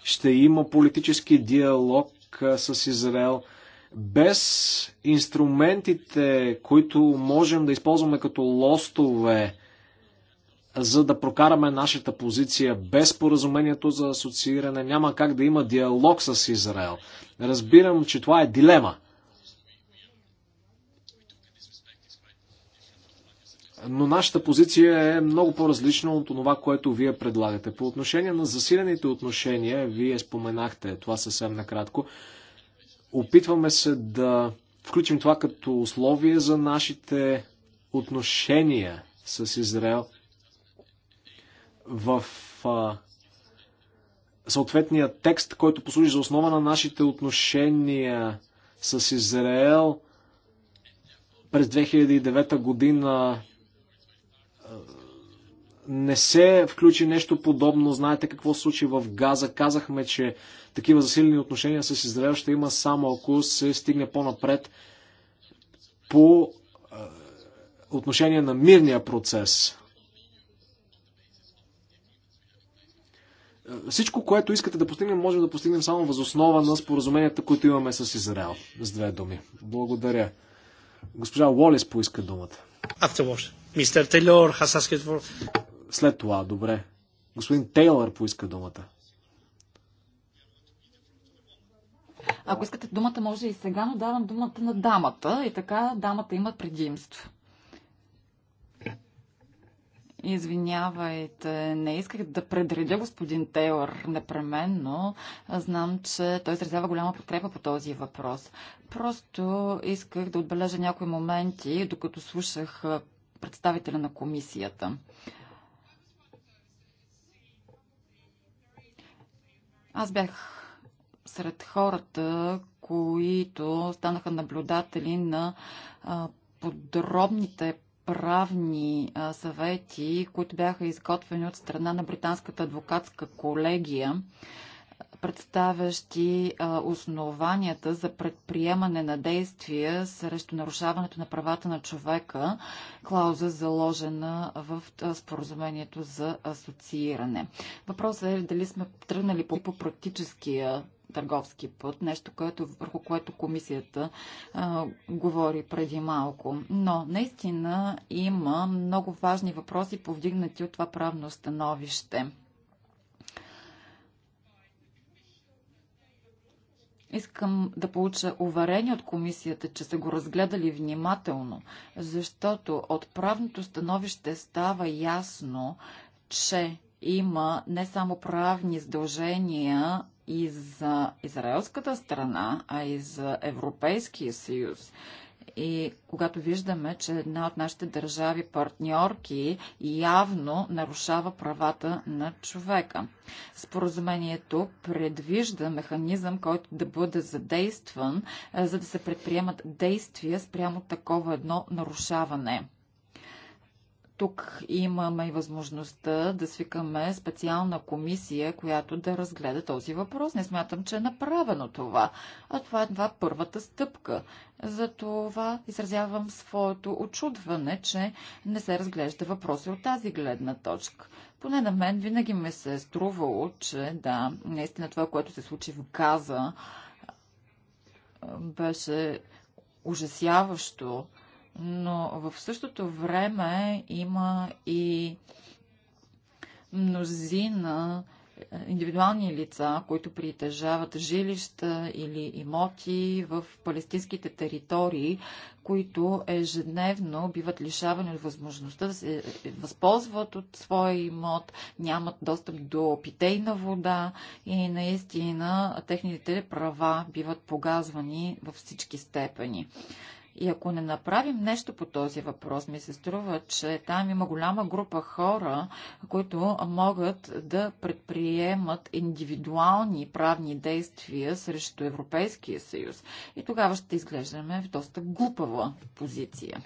Ще има политически диалог с Израел. Без инструментите, които можем да използваме като лостове, за да прокараме нашата позиция без поразумението за асоцииране. Няма как да има диалог с Израел. Разбирам, че това е дилема. Но нашата позиция е много по-различна от това, което вие предлагате. По отношение на засилените отношения, вие споменахте това съвсем накратко. Опитваме се да включим това като условие за нашите отношения с Израел в а, съответния текст, който послужи за основа на нашите отношения с Израел през 2009 година не се включи нещо подобно. Знаете какво се случи в Газа. Казахме, че такива засилени отношения с Израел ще има само ако се стигне по-напред по отношение на мирния процес. Всичко, което искате да постигнем, можем да постигнем само възоснова на споразуменията, които имаме с Израел. С две думи. Благодаря. Госпожа Уолис поиска думата. Мистер Тейлор След това, добре. Господин Тейлър поиска думата. Ако искате думата, може и сега, но давам думата на дамата и така дамата има предимство. Извинявайте, не исках да предредя господин Тейлър непременно. Знам, че той изразява голяма подкрепа по този въпрос. Просто исках да отбележа някои моменти, докато слушах представителя на комисията. Аз бях сред хората, които станаха наблюдатели на подробните правни съвети, които бяха изготвени от страна на Британската адвокатска колегия, представящи основанията за предприемане на действия срещу нарушаването на правата на човека, клауза заложена в споразумението за асоцииране. Въпросът е дали сме тръгнали по, по практическия търговски път, нещо, което, върху което комисията а, говори преди малко. Но наистина има много важни въпроси, повдигнати от това правно становище. Искам да получа уверение от комисията, че са го разгледали внимателно, защото от правното становище става ясно, че има не само правни задължения и за израелската страна, а и за Европейския съюз. И когато виждаме, че една от нашите държави партньорки явно нарушава правата на човека. Споразумението предвижда механизъм, който да бъде задействан, е, за да се предприемат действия спрямо такова едно нарушаване. Тук имаме и възможността да свикаме специална комисия, която да разгледа този въпрос. Не смятам, че е направено това, а това е едва първата стъпка. Затова изразявам своето очудване, че не се разглежда въпроси от тази гледна точка. Поне на мен винаги ми се е струвало, че да, наистина това, което се случи в каза, беше ужасяващо но в същото време има и мнозина е, индивидуални лица, които притежават жилища или имоти в палестинските територии, които ежедневно биват лишавани от възможността да се е, възползват от своя имот, нямат достъп до питейна вода и наистина техните права биват погазвани във всички степени. И ако не направим нещо по този въпрос, ми се струва, че там има голяма група хора, които могат да предприемат индивидуални правни действия срещу Европейския съюз. И тогава ще изглеждаме в доста глупава позиция.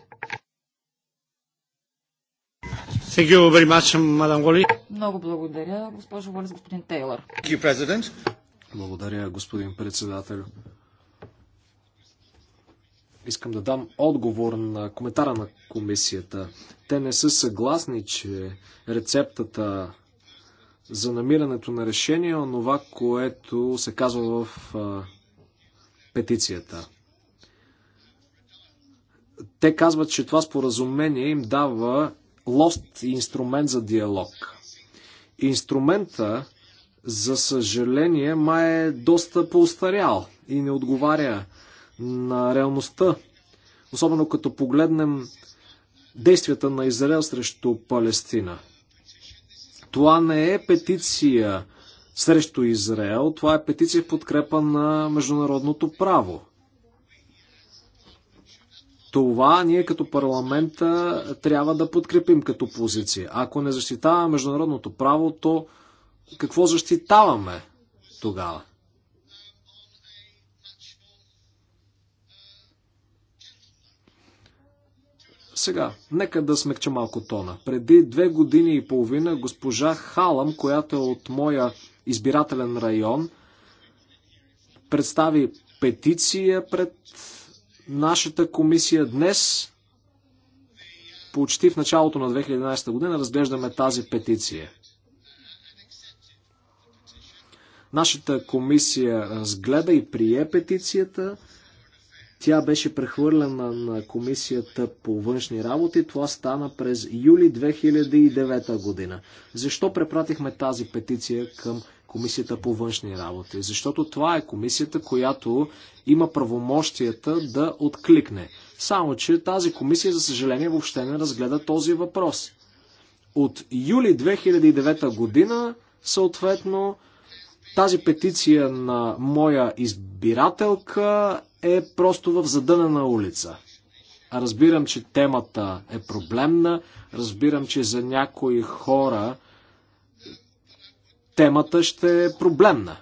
Много благодаря, госпожо Волис, господин Тейлър. Благодаря, господин председател искам да дам отговор на коментара на комисията. Те не са съгласни, че рецептата за намирането на решение е онова, което се казва в а, петицията. Те казват, че това споразумение им дава лост инструмент за диалог. Инструмента, за съжаление, май е доста поустарял и не отговаря на реалността, особено като погледнем действията на Израел срещу Палестина. Това не е петиция срещу Израел, това е петиция в подкрепа на международното право. Това ние като парламента трябва да подкрепим като позиция. Ако не защитаваме международното право, то какво защитаваме тогава? Сега, нека да смекча малко тона. Преди две години и половина госпожа Халам, която е от моя избирателен район, представи петиция пред нашата комисия днес, почти в началото на 2011 година, разглеждаме тази петиция. Нашата комисия разгледа и прие петицията – тя беше прехвърлена на Комисията по външни работи. Това стана през юли 2009 година. Защо препратихме тази петиция към Комисията по външни работи? Защото това е комисията, която има правомощията да откликне. Само, че тази комисия, за съжаление, въобще не разгледа този въпрос. От юли 2009 година, съответно, тази петиция на моя избирателка е просто в задънена улица. Разбирам, че темата е проблемна, разбирам, че за някои хора темата ще е проблемна.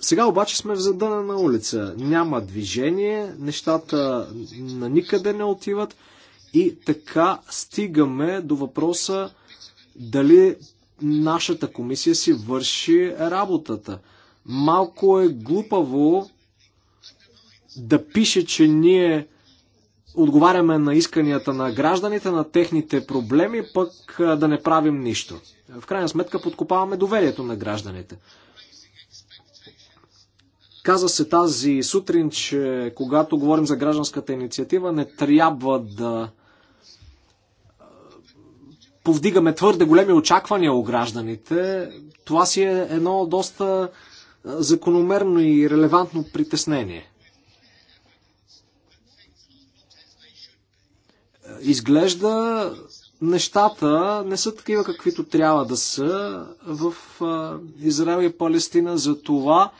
Сега обаче сме в задънена улица. Няма движение, нещата на никъде не отиват и така стигаме до въпроса дали нашата комисия си върши работата. Малко е глупаво да пише, че ние отговаряме на исканията на гражданите, на техните проблеми, пък да не правим нищо. В крайна сметка подкопаваме доверието на гражданите. Каза се тази сутрин, че когато говорим за гражданската инициатива, не трябва да повдигаме твърде големи очаквания у гражданите, това си е едно доста закономерно и релевантно притеснение. Изглежда нещата не са такива каквито трябва да са в Израел и Палестина. За това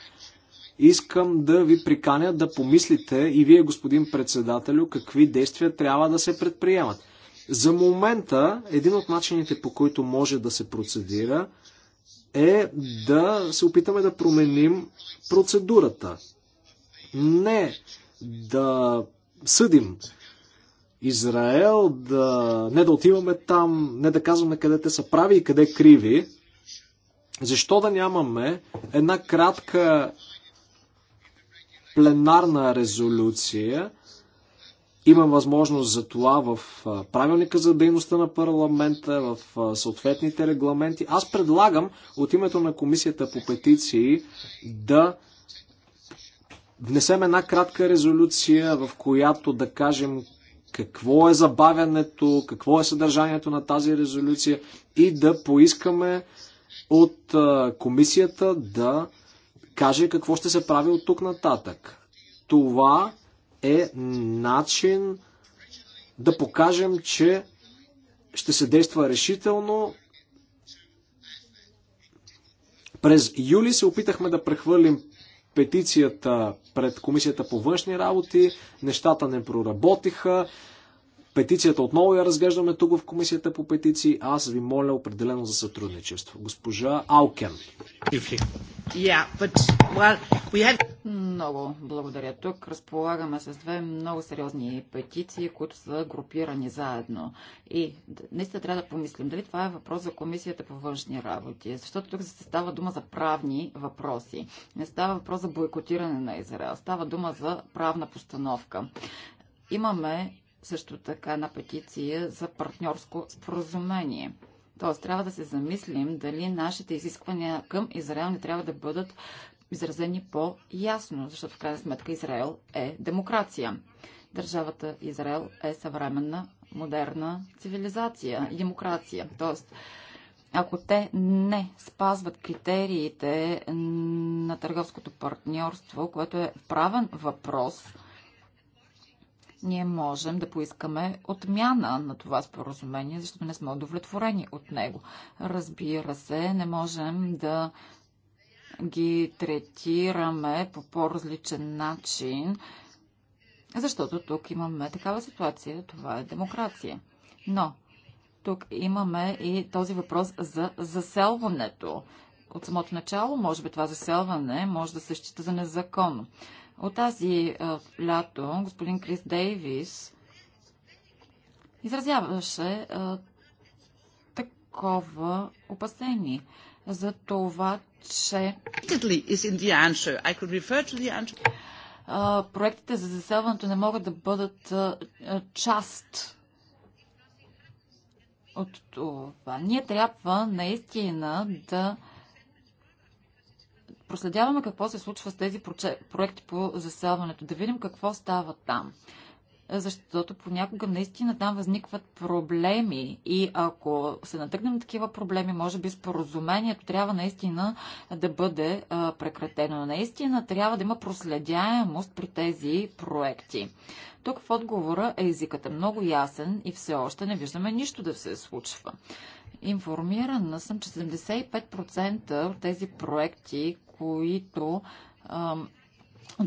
искам да ви приканя да помислите и вие, господин председателю, какви действия трябва да се предприемат. За момента, един от начините по които може да се процедира е да се опитаме да променим процедурата. Не да съдим Израел, да, не да отиваме там, не да казваме къде те са прави и къде криви. Защо да нямаме една кратка пленарна резолюция, има възможност за това в правилника за дейността на парламента, в съответните регламенти. Аз предлагам от името на комисията по петиции да внесем една кратка резолюция, в която да кажем какво е забавянето, какво е съдържанието на тази резолюция и да поискаме от комисията да каже какво ще се прави от тук нататък. Това е начин да покажем, че ще се действа решително. През юли се опитахме да прехвърлим петицията пред Комисията по външни работи, нещата не проработиха, Петицията отново я разглеждаме тук в Комисията по петиции. Аз ви моля определено за сътрудничество. Госпожа Алкен. Yeah, but, we have... Много благодаря. Тук разполагаме с две много сериозни петиции, които са групирани заедно. И наистина трябва да помислим дали това е въпрос за Комисията по външни работи, защото тук се става дума за правни въпроси. Не става въпрос за бойкотиране на Израел. Става дума за правна постановка. Имаме също така на петиция за партньорско споразумение. Тоест, трябва да се замислим дали нашите изисквания към Израел не трябва да бъдат изразени по-ясно, защото в крайна сметка Израел е демокрация. Държавата Израел е съвременна, модерна цивилизация и демокрация. Тоест, ако те не спазват критериите на търговското партньорство, което е правен въпрос, ние можем да поискаме отмяна на това споразумение, защото не сме удовлетворени от него. Разбира се, не можем да ги третираме по по-различен начин, защото тук имаме такава ситуация. Това е демокрация. Но тук имаме и този въпрос за заселването. От самото начало, може би, това заселване може да се счита за незаконно. От тази лято господин Крис Дейвис изразяваше такова опасение за това, че проектите за заселването не могат да бъдат част от това. Ние трябва наистина да проследяваме какво се случва с тези проекти по заселването, да видим какво става там. Защото понякога наистина там възникват проблеми и ако се натъкнем на такива проблеми, може би споразумението трябва наистина да бъде прекратено. Наистина трябва да има проследяемост при тези проекти. Тук в отговора е езикът е много ясен и все още не виждаме нищо да се случва. Информирана съм, че 75% от тези проекти, които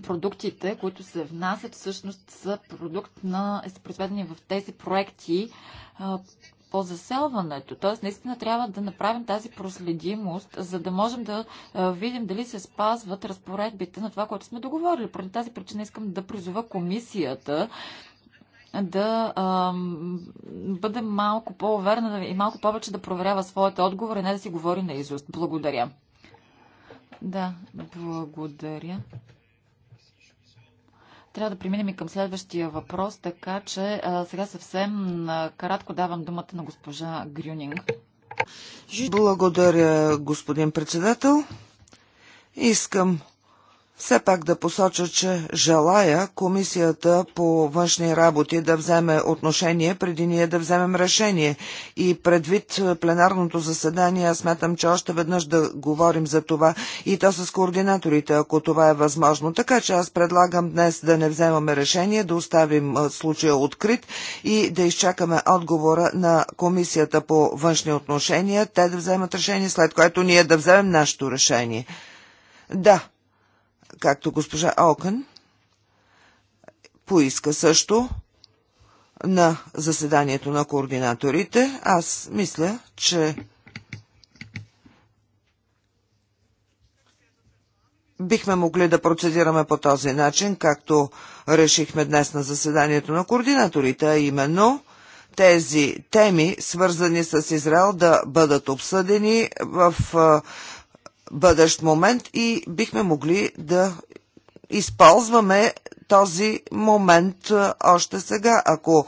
продуктите, които се внасят, всъщност са продукт на, са произведени в тези проекти по заселването. Тоест, наистина трябва да направим тази проследимост, за да можем да видим дали се спазват разпоредбите на това, което сме договорили. Поради тази причина искам да призова комисията да а, бъде малко по-уверена и малко повече да проверява своите отговори, не да си говори на изуст. Благодаря. Да, благодаря. Трябва да преминем и към следващия въпрос, така че а, сега съвсем а, кратко давам думата на госпожа Грюнинг. Благодаря, господин председател. Искам все пак да посоча, че желая Комисията по външни работи да вземе отношение преди ние да вземем решение. И предвид пленарното заседание, аз смятам, че още веднъж да говорим за това и то с координаторите, ако това е възможно. Така че аз предлагам днес да не вземаме решение, да оставим случая открит и да изчакаме отговора на Комисията по външни отношения, те да вземат решение, след което ние да вземем нашето решение. Да, както госпожа Окън поиска също на заседанието на координаторите. Аз мисля, че бихме могли да процедираме по този начин, както решихме днес на заседанието на координаторите, а именно тези теми, свързани с Израел, да бъдат обсъдени в бъдещ момент и бихме могли да използваме този момент още сега, ако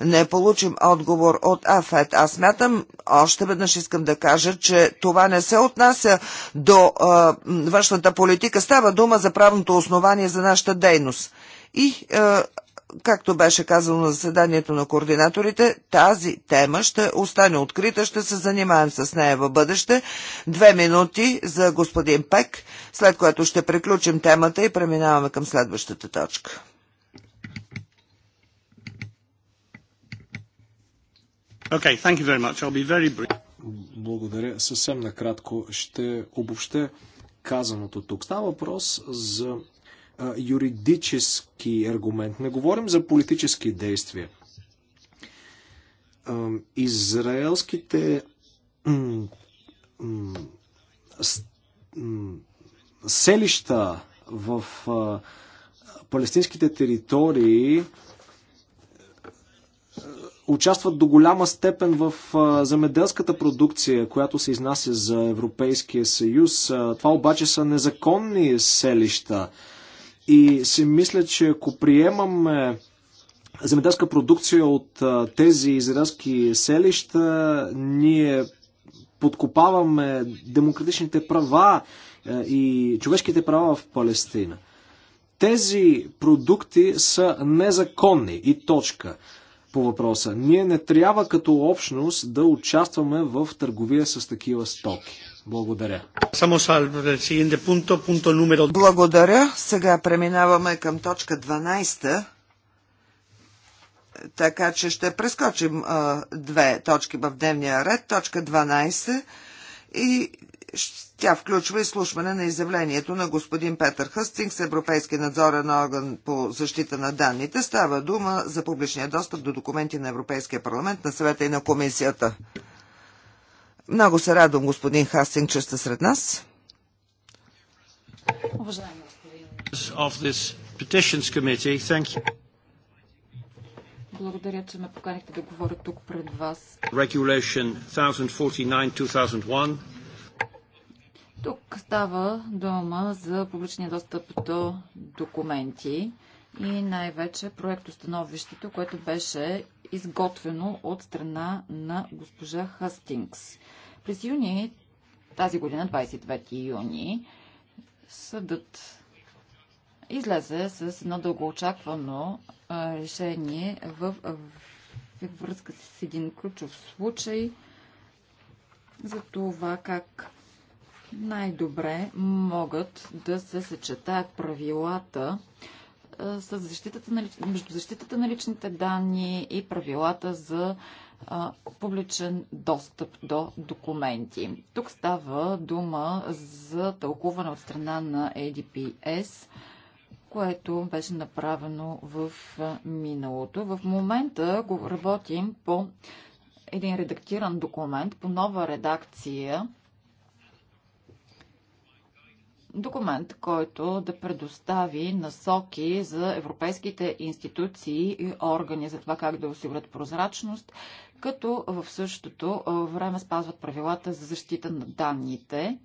не получим отговор от АФЕД. Аз смятам, още веднъж искам да кажа, че това не се отнася до а, външната политика. Става дума за правното основание за нашата дейност. И а, както беше казано на заседанието на координаторите, тази тема ще остане открита, ще се занимаем с нея в бъдеще. Две минути за господин Пек, след което ще приключим темата и преминаваме към следващата точка. Okay, thank you very much. I'll be very brief. Благодаря. Съвсем накратко ще обобще казаното тук. Става въпрос за юридически аргумент. Не говорим за политически действия. Израелските селища в палестинските територии участват до голяма степен в земеделската продукция, която се изнася за Европейския съюз. Това обаче са незаконни селища. И си мисля, че ако приемаме земеделска продукция от тези израелски селища, ние подкопаваме демократичните права и човешките права в Палестина. Тези продукти са незаконни и точка по въпроса. Ние не трябва като общност да участваме в търговия с такива стоки. Благодаря. Само пункто, пункто номеро... Благодаря. Сега преминаваме към точка 12. Така че ще прескочим а, две точки в дневния ред. Точка 12 и тя включва изслушване на изявлението на господин Петър Хъстингс, Европейски надзорен орган по защита на данните. Става дума за публичния достъп до документи на Европейския парламент, на съвета и на комисията. Много се радвам, господин Хастинг, че сте сред нас. господин. Благодаря, че ме поканихте да говоря тук пред вас. Тук става дума за публичния достъп до документи и най-вече проект установището, което беше изготвено от страна на госпожа Хастингс. През юни тази година, 29 юни, съдът излезе с едно дългоочаквано решение в, в, в връзка с един ключов случай за това как най-добре могат да се съчетаят правилата с защитата на, между защитата на личните данни и правилата за а, публичен достъп до документи. Тук става дума за тълкуване от страна на ADPS, което беше направено в миналото. В момента го работим по един редактиран документ, по нова редакция, документ, който да предостави насоки за европейските институции и органи за това как да осигурят прозрачност, като в същото време спазват правилата за защита на данните.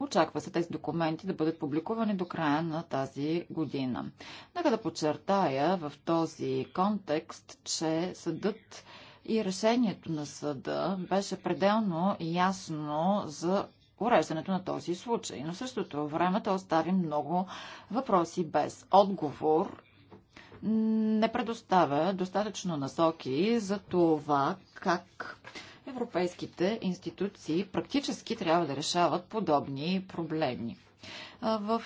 Очаква се тези документи да бъдат публикувани до края на тази година. Нека да подчертая в този контекст, че съдът и решението на съда беше пределно ясно за уреждането на този случай. Но в същото време да остави много въпроси без отговор не предоставя достатъчно насоки за това как европейските институции практически трябва да решават подобни проблеми. В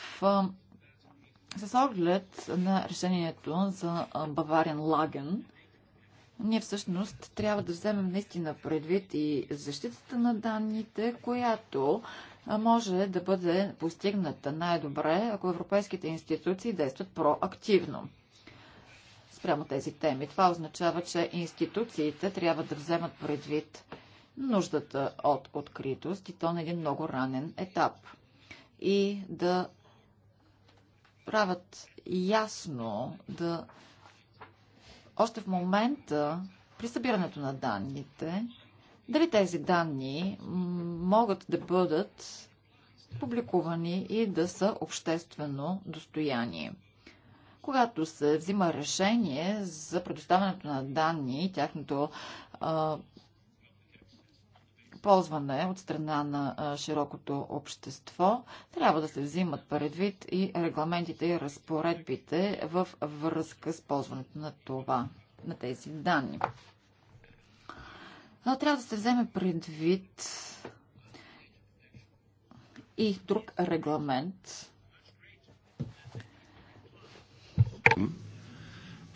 с оглед на решението за Баварен Лаген, ние всъщност трябва да вземем наистина предвид и защитата на данните, която може да бъде постигната най-добре, ако европейските институции действат проактивно спрямо тези теми. Това означава, че институциите трябва да вземат предвид нуждата от откритост и то на един много ранен етап. И да правят ясно, да още в момента при събирането на данните, дали тези данни могат да бъдат публикувани и да са обществено достояние. Когато се взима решение за предоставянето на данни и тяхното а, използване от страна на широкото общество, трябва да се взимат предвид и регламентите и разпоредбите в връзка с ползването на това, на тези данни. Но трябва да се вземе предвид и друг регламент.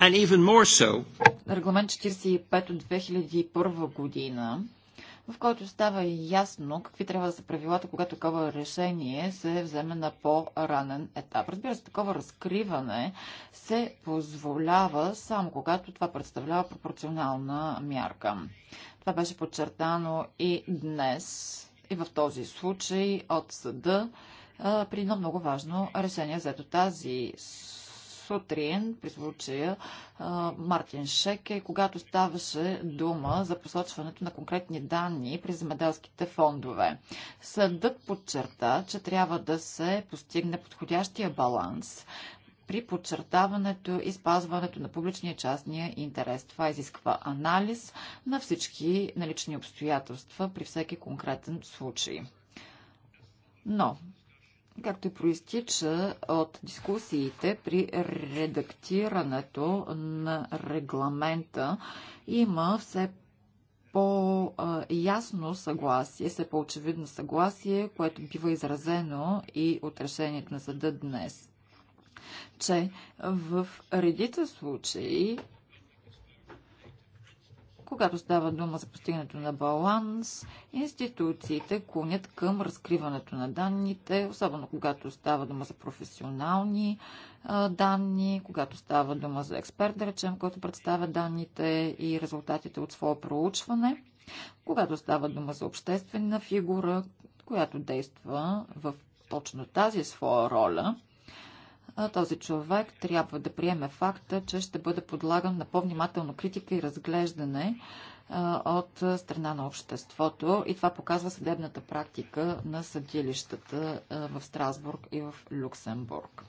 And even more so. Регламент 45 от 2001 година в който става ясно какви трябва да са правилата, когато такова решение се вземе на по-ранен етап. Разбира се, такова разкриване се позволява само когато това представлява пропорционална мярка. Това беше подчертано и днес, и в този случай от съда при едно много важно решение, заето тази сутрин, при случая Мартин Шеке, когато ставаше дума за посочването на конкретни данни при земеделските фондове. Съдът подчерта, че трябва да се постигне подходящия баланс при подчертаването и спазването на публичния частния интерес. Това изисква анализ на всички налични обстоятелства при всеки конкретен случай. Но както и проистича от дискусиите при редактирането на регламента, има все по-ясно съгласие, все по-очевидно съгласие, което бива изразено и от решението на съда днес, че в редица случаи когато става дума за постигането на баланс, институциите клонят към разкриването на данните, особено когато става дума за професионални а, данни, когато става дума за експерт, да речем, който представя данните и резултатите от свое проучване, когато става дума за обществена фигура, която действа в точно тази своя роля – този човек трябва да приеме факта, че ще бъде подлаган на по-внимателно критика и разглеждане от страна на обществото и това показва съдебната практика на съдилищата в Страсбург и в Люксембург.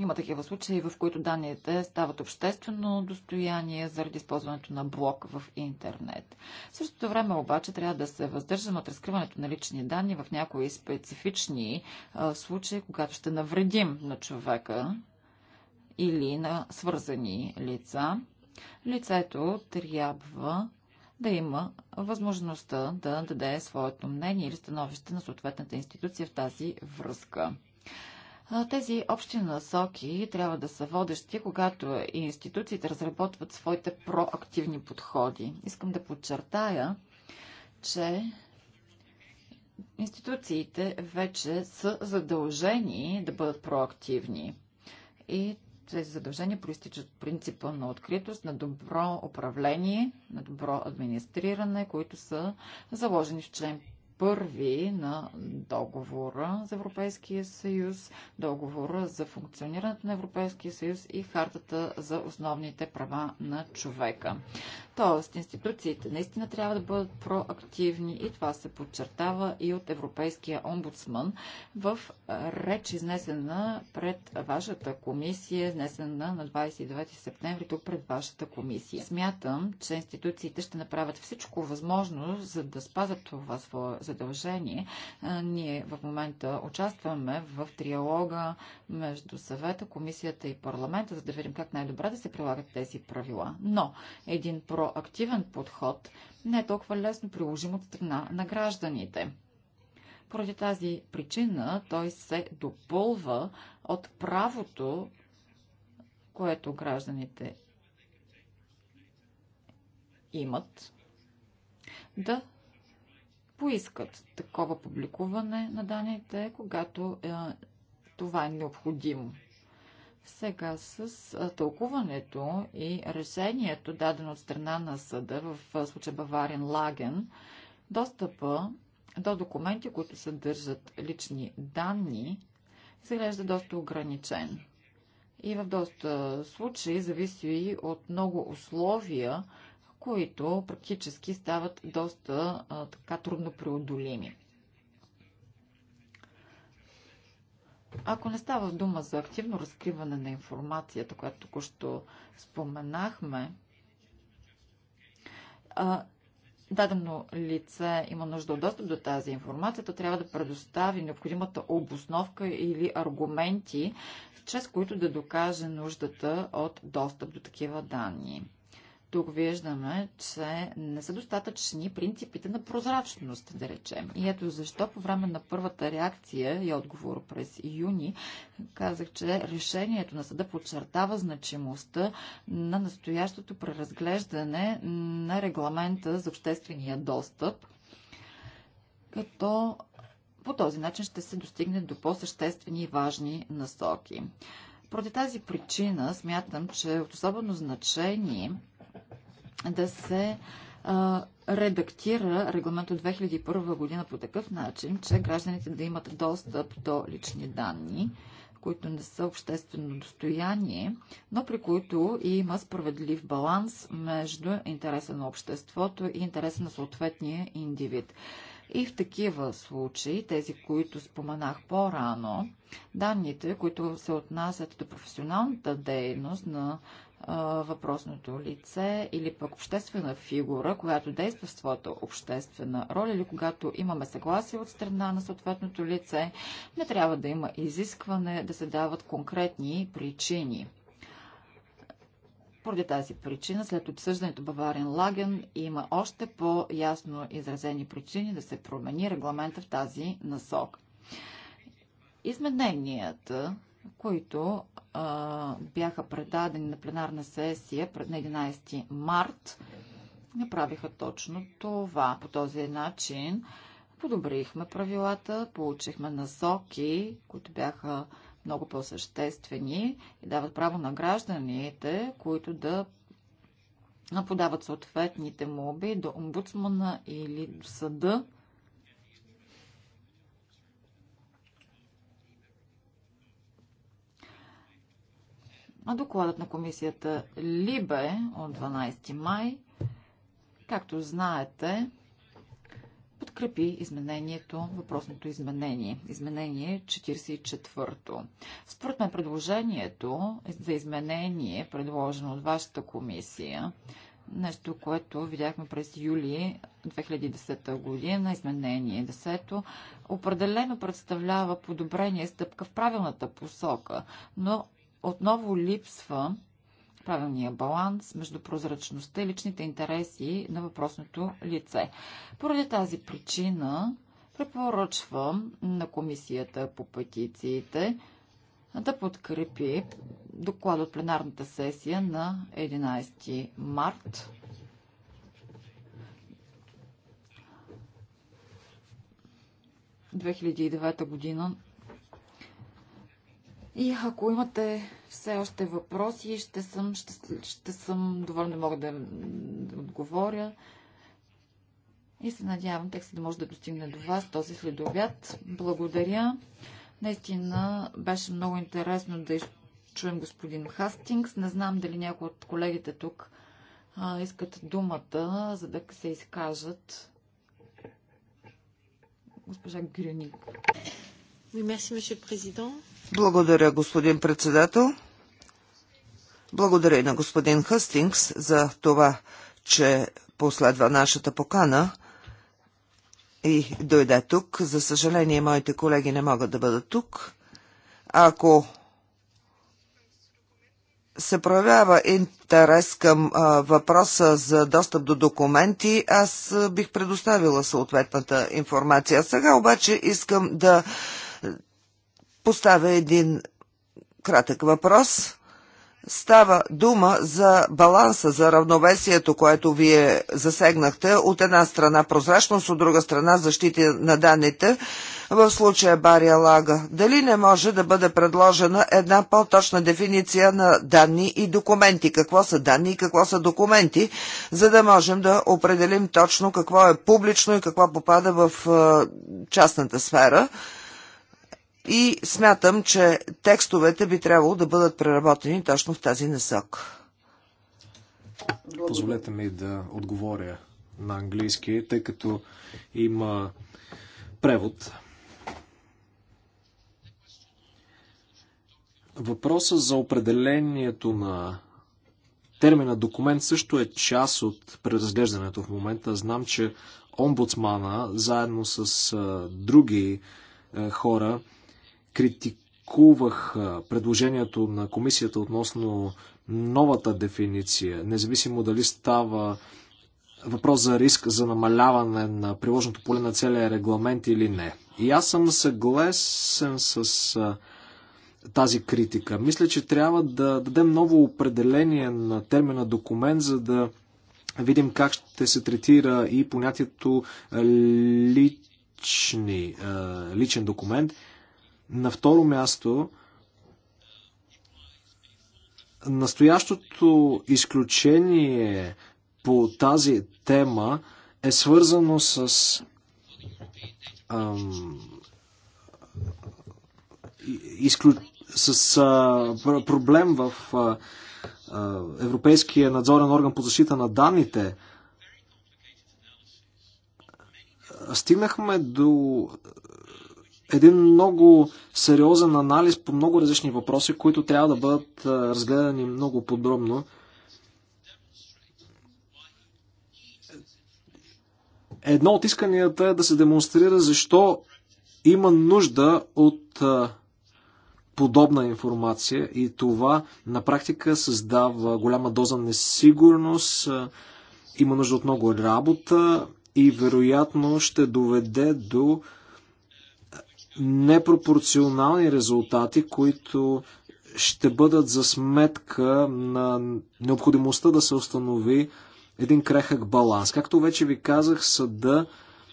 Има такива случаи, в които данните стават обществено достояние заради използването на блок в интернет. В същото време обаче трябва да се въздържаме от разкриването на лични данни в някои специфични а, случаи, когато ще навредим на човека или на свързани лица. Лицето трябва да има възможността да даде своето мнение или становище на съответната институция в тази връзка. Тези общи насоки трябва да са водещи, когато и институциите разработват своите проактивни подходи. Искам да подчертая, че институциите вече са задължени да бъдат проактивни. И тези задължения проистичат от принципа на откритост, на добро управление, на добро администриране, които са заложени в член първи на договора за Европейския съюз, договора за функционирането на Европейския съюз и хартата за основните права на човека. Тоест, институциите наистина трябва да бъдат проактивни и това се подчертава и от Европейския омбудсман в реч изнесена пред вашата комисия, изнесена на 29 септември тук пред вашата комисия. Смятам, че институциите ще направят всичко възможно, за да спазят това свое задължение. Ние в момента участваме в триалога между съвета, комисията и парламента, за да видим как най-добре да се прилагат тези правила. Но един проактивен подход не е толкова лесно приложим от страна на гражданите. Поради тази причина той се допълва от правото, което гражданите имат да поискат такова публикуване на данните, когато е, това е необходимо. Сега с тълкуването и решението, дадено от страна на съда в случая Баварен Лаген, достъпа до документи, които съдържат лични данни, изглежда доста ограничен. И в доста случаи зависи и от много условия, които практически стават доста а, така трудно преодолими. Ако не става дума за активно разкриване на информацията, която току-що споменахме, а, дадено лице има нужда от достъп до тази информация, то трябва да предостави необходимата обосновка или аргументи, чрез които да докаже нуждата от достъп до такива данни. Тук виждаме, че не са достатъчни принципите на прозрачност, да речем. И ето защо по време на първата реакция и отговор през юни казах, че решението на съда подчертава значимостта на настоящото преразглеждане на регламента за обществения достъп, като по този начин ще се достигне до по-съществени и важни насоки. Поради тази причина смятам, че от особено значение да се а, редактира регламент от 2001 година по такъв начин, че гражданите да имат достъп до лични данни, които не са обществено достояние, но при които има справедлив баланс между интереса на обществото и интереса на съответния индивид. И в такива случаи, тези, които споменах по-рано, данните, които се отнасят до професионалната дейност на въпросното лице или пък обществена фигура, която действа в своята обществена роля или когато имаме съгласие от страна на съответното лице, не трябва да има изискване да се дават конкретни причини. Поради тази причина, след обсъждането Баварен Лаген има още по-ясно изразени причини да се промени регламента в тази насок. Измененията които а, бяха предадени на пленарна сесия пред на 11 март, направиха точно това. По този начин подобрихме правилата, получихме насоки, които бяха много по-съществени и дават право на гражданите, които да подават съответните моби до омбудсмана или до съда А докладът на комисията Либе от 12 май, както знаете, подкрепи изменението, въпросното изменение. Изменение 44-то. Според мен предложението за изменение, предложено от вашата комисия, нещо, което видяхме през юли 2010 година, изменение 10 определено представлява подобрение стъпка в правилната посока, но отново липсва правилния баланс между прозрачността и личните интереси на въпросното лице. Поради тази причина препоръчвам на комисията по петициите да подкрепи доклад от пленарната сесия на 11 март. ...2009 година и ако имате все още въпроси, ще съм, ще, ще съм доволна, мога да, да отговоря. И се надявам текстът да може да достигне до вас този следовят. Благодаря. Наистина беше много интересно да чуем господин Хастингс. Не знам дали някой от колегите тук а, искат думата, за да се изкажат. Госпожа Грюник. Oui, merci, президент. Благодаря, господин председател. Благодаря и на господин Хъстингс за това, че последва нашата покана и дойде тук. За съжаление, моите колеги не могат да бъдат тук. Ако се проявява интерес към а, въпроса за достъп до документи, аз бих предоставила съответната информация. Сега обаче искам да поставя един кратък въпрос. Става дума за баланса, за равновесието, което вие засегнахте. От една страна прозрачност, от друга страна защита на данните. В случая Бария Лага, дали не може да бъде предложена една по-точна дефиниция на данни и документи? Какво са данни и какво са документи, за да можем да определим точно какво е публично и какво попада в е, частната сфера? и смятам, че текстовете би трябвало да бъдат преработени точно в тази насок. Позволете ми да отговоря на английски, тъй като има превод. Въпроса за определението на термина документ също е част от преразглеждането в момента. Знам, че омбудсмана, заедно с други хора, критикувах предложението на комисията относно новата дефиниция, независимо дали става въпрос за риск за намаляване на приложното поле на целия регламент или не. И аз съм съгласен с тази критика. Мисля, че трябва да дадем ново определение на термина документ, за да видим как ще се третира и понятието лични, личен документ. На второ място, настоящото изключение по тази тема е свързано с ам, изклю... с а, проблем в а, а, Европейския надзорен орган по защита на данните. Стигнахме до един много сериозен анализ по много различни въпроси, които трябва да бъдат разгледани много подробно. Едно от исканията е да се демонстрира защо има нужда от подобна информация и това на практика създава голяма доза несигурност, има нужда от много работа и вероятно ще доведе до непропорционални резултати, които ще бъдат за сметка на необходимостта да се установи един крехък баланс. Както вече ви казах, съда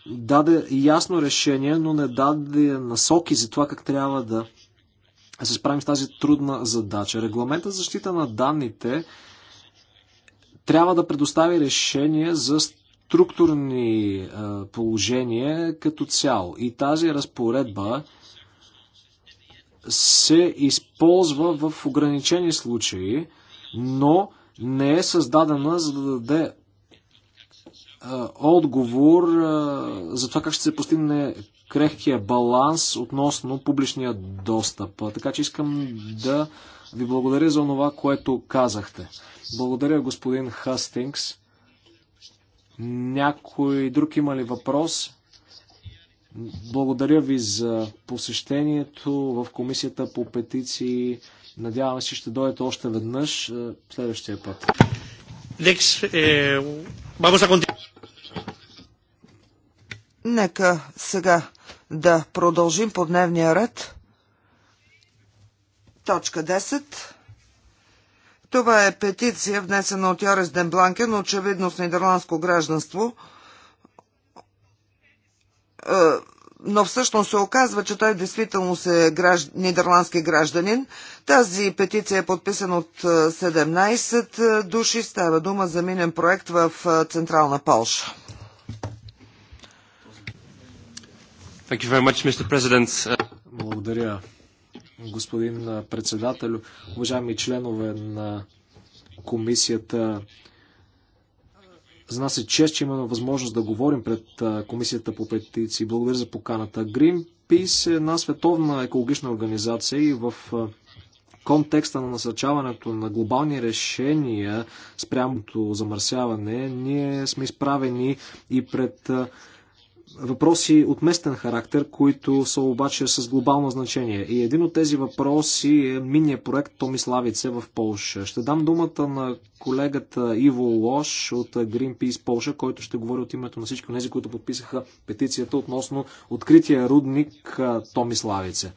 даде ясно решение, но не даде насоки за това как трябва да се справим с тази трудна задача. Регламентът за защита на данните трябва да предостави решение за структурни положения като цяло. И тази разпоредба се използва в ограничени случаи, но не е създадена за да даде отговор за това как ще се постигне крехкия баланс относно публичния достъп. Така че искам да ви благодаря за това, което казахте. Благодаря господин Хастингс. Някой друг има ли въпрос? Благодаря ви за посещението в комисията по петиции. Надявам се, ще дойдете още веднъж е, следващия път. Е, Нека сега да продължим по дневния ред. Точка 10. Това е петиция, внесена от Йорес Ден очевидно с нидерландско гражданство. Е, но всъщност се оказва, че той действително се е гражд... нидерландски гражданин. Тази петиция е подписана от 17 е, е, души. Става дума за минен проект в Централна Полша. Благодаря, господин председател, уважаеми членове на комисията. За нас е чест, че имаме възможност да говорим пред комисията по петиции. Благодаря за поканата. Greenpeace е една световна екологична организация и в контекста на насърчаването на глобални решения спрямото замърсяване, ние сме изправени и пред въпроси от местен характер, които са обаче с глобално значение. И един от тези въпроси е миния проект Томиславице в Полша. Ще дам думата на колегата Иво Лош от Greenpeace Полша, който ще говори от името на всички тези, които подписаха петицията относно открития рудник Томиславице.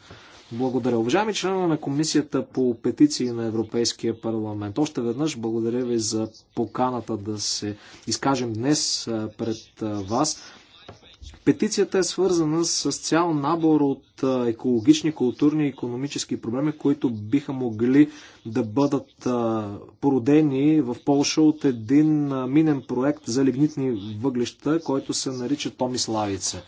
Благодаря. Уважаеми членове на Комисията по петиции на Европейския парламент, още веднъж благодаря ви за поканата да се изкажем днес пред вас. Петицията е свързана с цял набор от екологични, културни и економически проблеми, които биха могли да бъдат породени в Полша от един минен проект за лигнитни въглища, който се нарича Томиславица.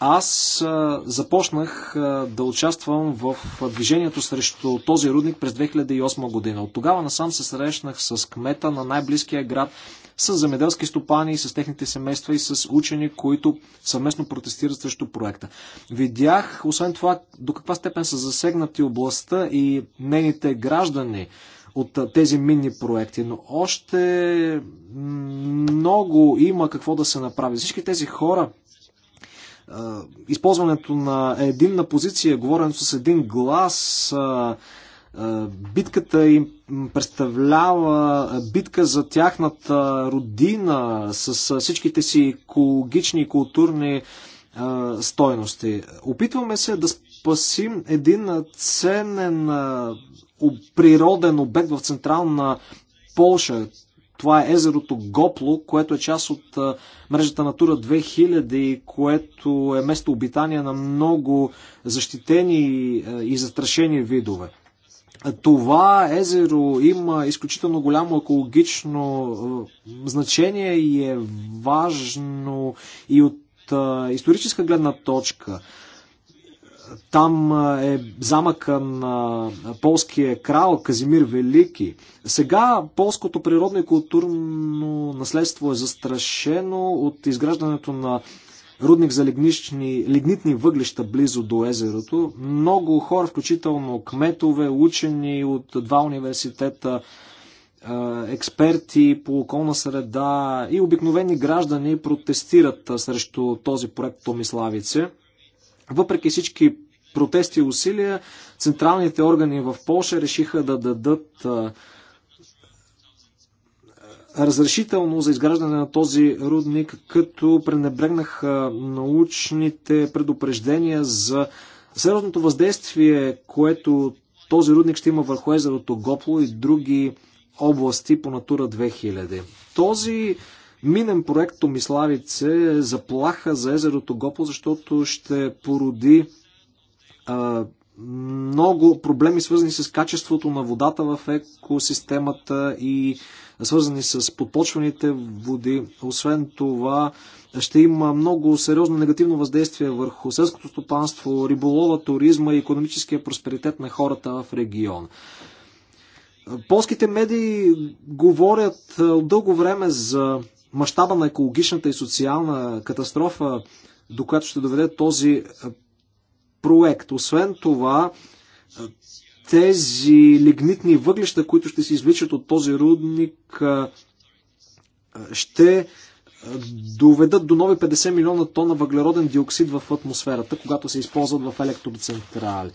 Аз започнах да участвам в движението срещу този рудник през 2008 година. От тогава насам се срещнах с кмета на най-близкия град с земеделски стопани, с техните семейства и с учени, които съвместно протестират срещу проекта. Видях, освен това, до каква степен са засегнати областта и нейните граждани от тези минни проекти, но още много има какво да се направи. Всички тези хора, използването на единна позиция, говоренето с един глас, битката им представлява битка за тяхната родина с всичките си екологични и културни стойности. Опитваме се да спасим един ценен природен обект в централна Полша. Това е езерото Гопло, което е част от мрежата Натура 2000 и което е место обитание на много защитени и застрашени видове. Това езеро има изключително голямо екологично е, значение и е важно и от е, историческа гледна точка. Там е замъка на полския крал Казимир Велики. Сега полското природно и културно наследство е застрашено от изграждането на рудник за лигнични, лигнитни въглища близо до езерото. Много хора, включително кметове, учени от два университета, експерти по околна среда и обикновени граждани протестират срещу този проект Томиславице. Въпреки всички протести и усилия, централните органи в Польша решиха да дадат разрешително за изграждане на този рудник, като пренебрегнаха научните предупреждения за сериозното въздействие, което този рудник ще има върху езерото Гопло и други области по Натура 2000. Този минен проект Томиславице е заплаха за езерото Гопло, защото ще породи а, много проблеми, свързани с качеството на водата в екосистемата и свързани с подпочваните води. Освен това, ще има много сериозно негативно въздействие върху селското стопанство, риболова, туризма и економическия просперитет на хората в регион. Полските медии говорят е, от дълго време за мащаба на екологичната и социална катастрофа, до която ще доведе този е, проект. Освен това, е, тези лигнитни въглища, които ще се извличат от този рудник, ще доведат до нови 50 милиона тона въглероден диоксид в атмосферата, когато се използват в електроцентрали.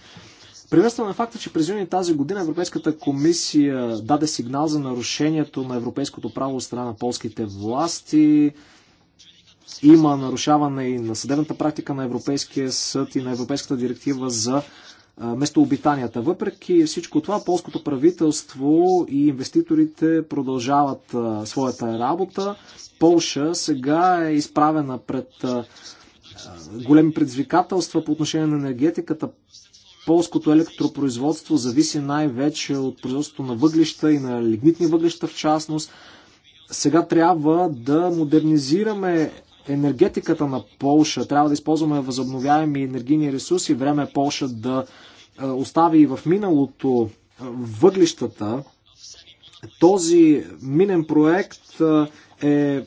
Приветстваме факта, че през юни тази година Европейската комисия даде сигнал за нарушението на европейското право от страна на полските власти. Има нарушаване и на съдебната практика на Европейския съд и на Европейската директива за местообитанията. Въпреки всичко това, полското правителство и инвеститорите продължават своята работа. Полша сега е изправена пред големи предизвикателства по отношение на енергетиката. Полското електропроизводство зависи най-вече от производството на въглища и на лигнитни въглища в частност. Сега трябва да модернизираме енергетиката на Полша. Трябва да използваме възобновяеми енергийни ресурси. Време е Полша да остави и в миналото въглищата. Този минен проект е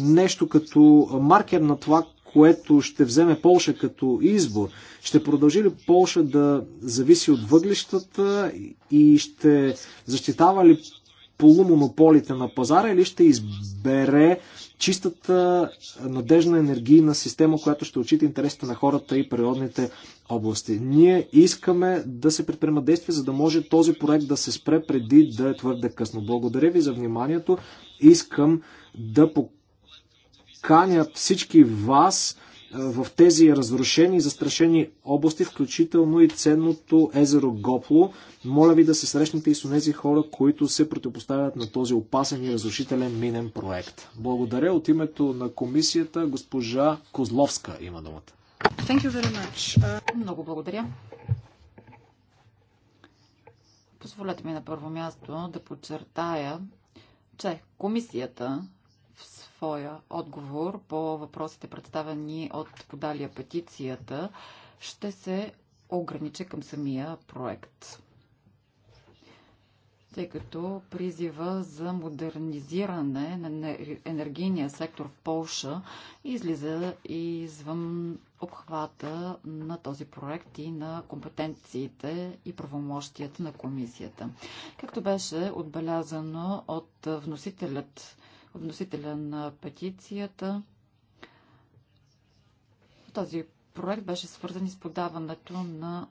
нещо като маркер на това, което ще вземе Полша като избор. Ще продължи ли Полша да зависи от въглищата и ще защитава ли полумонополите на пазара или ще избере чистата, надежна енергийна система, която ще отчита интересите на хората и природните области. Ние искаме да се предприемат действия, за да може този проект да се спре преди да е твърде късно. Благодаря ви за вниманието. Искам да поканя всички вас в тези разрушени и застрашени области, включително и ценното езеро Гопло. Моля ви да се срещнете и с тези хора, които се противопоставят на този опасен и разрушителен минен проект. Благодаря от името на комисията госпожа Козловска има думата. Thank you very much. Uh... Много благодаря. Позволете ми на първо място да подчертая, че комисията в своя отговор по въпросите, представени от подалия петицията, ще се огранича към самия проект. Тъй като призива за модернизиране на енергийния сектор в Полша излиза извън обхвата на този проект и на компетенциите и правомощията на комисията. Както беше отбелязано от вносителят вносителя на петицията. Този проект беше свързан и с подаването на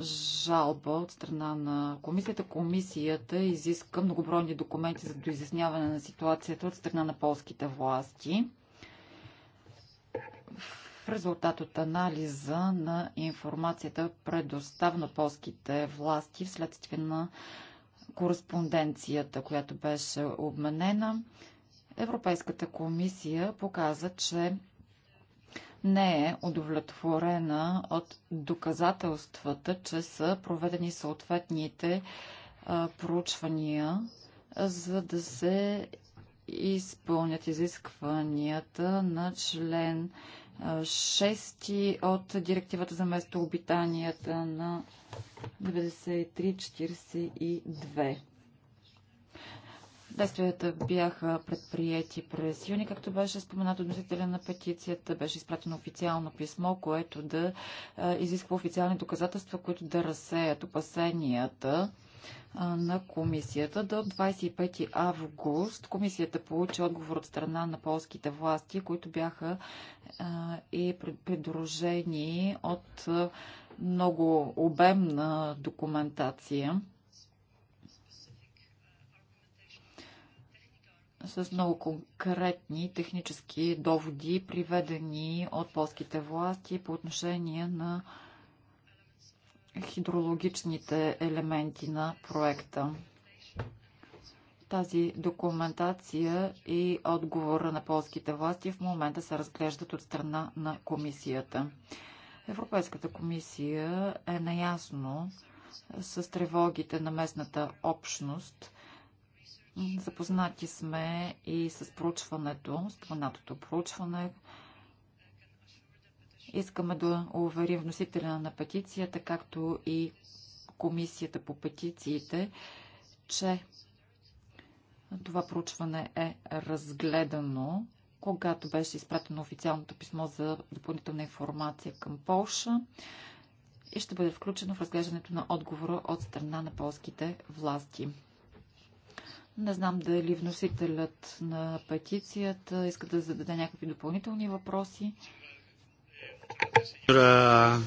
жалба от страна на комисията. Комисията изиска многобройни документи за доизясняване на ситуацията от страна на полските власти. В резултат от анализа на информацията, предоставена полските власти вследствие на кореспонденцията, която беше обменена, Европейската комисия показа, че не е удовлетворена от доказателствата, че са проведени съответните проучвания, за да се изпълнят изискванията на член 6 от директивата за местообитанията на 9342. Действията бяха предприяти през юни, както беше споменато относителя на петицията. Беше изпратено официално писмо, което да изисква официални доказателства, които да разсеят опасенията на комисията. До 25 август комисията получи отговор от страна на полските власти, които бяха и придружени от много обемна документация. с много конкретни технически доводи, приведени от полските власти по отношение на хидрологичните елементи на проекта. Тази документация и отговора на полските власти в момента се разглеждат от страна на комисията. Европейската комисия е наясно с тревогите на местната общност. Запознати сме и с проучването, споменатото проучване, Искаме да уверим вносителя на петицията, както и комисията по петициите, че това проучване е разгледано, когато беше изпратено официалното писмо за допълнителна информация към Полша и ще бъде включено в разглеждането на отговора от страна на полските власти. Не знам дали вносителят на петицията иска да зададе някакви допълнителни въпроси. Eh,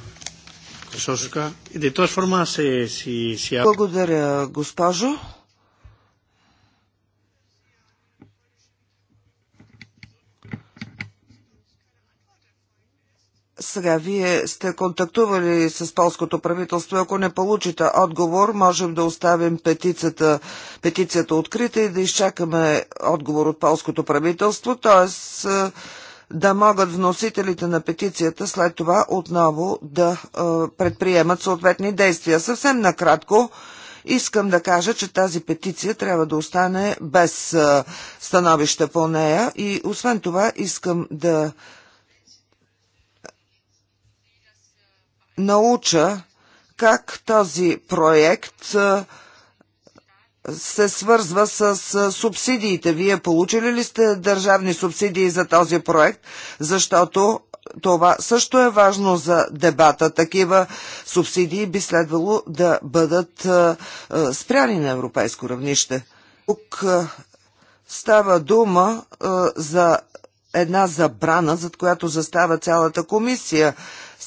Благодаря, госпожо. Сега вие сте контактували с полското правителство. Ако не получите отговор, можем да оставим петицията, петицията открита и да изчакаме отговор от полското правителство. Тоест, .е да могат вносителите на петицията след това отново да е, предприемат съответни действия. Съвсем накратко, Искам да кажа, че тази петиция трябва да остане без е, становище по нея и освен това искам да науча как този проект е, се свързва с субсидиите. Вие получили ли сте държавни субсидии за този проект? Защото това също е важно за дебата. Такива субсидии би следвало да бъдат е, е, спряни на европейско равнище. Тук е, става дума за една забрана, зад която застава цялата комисия.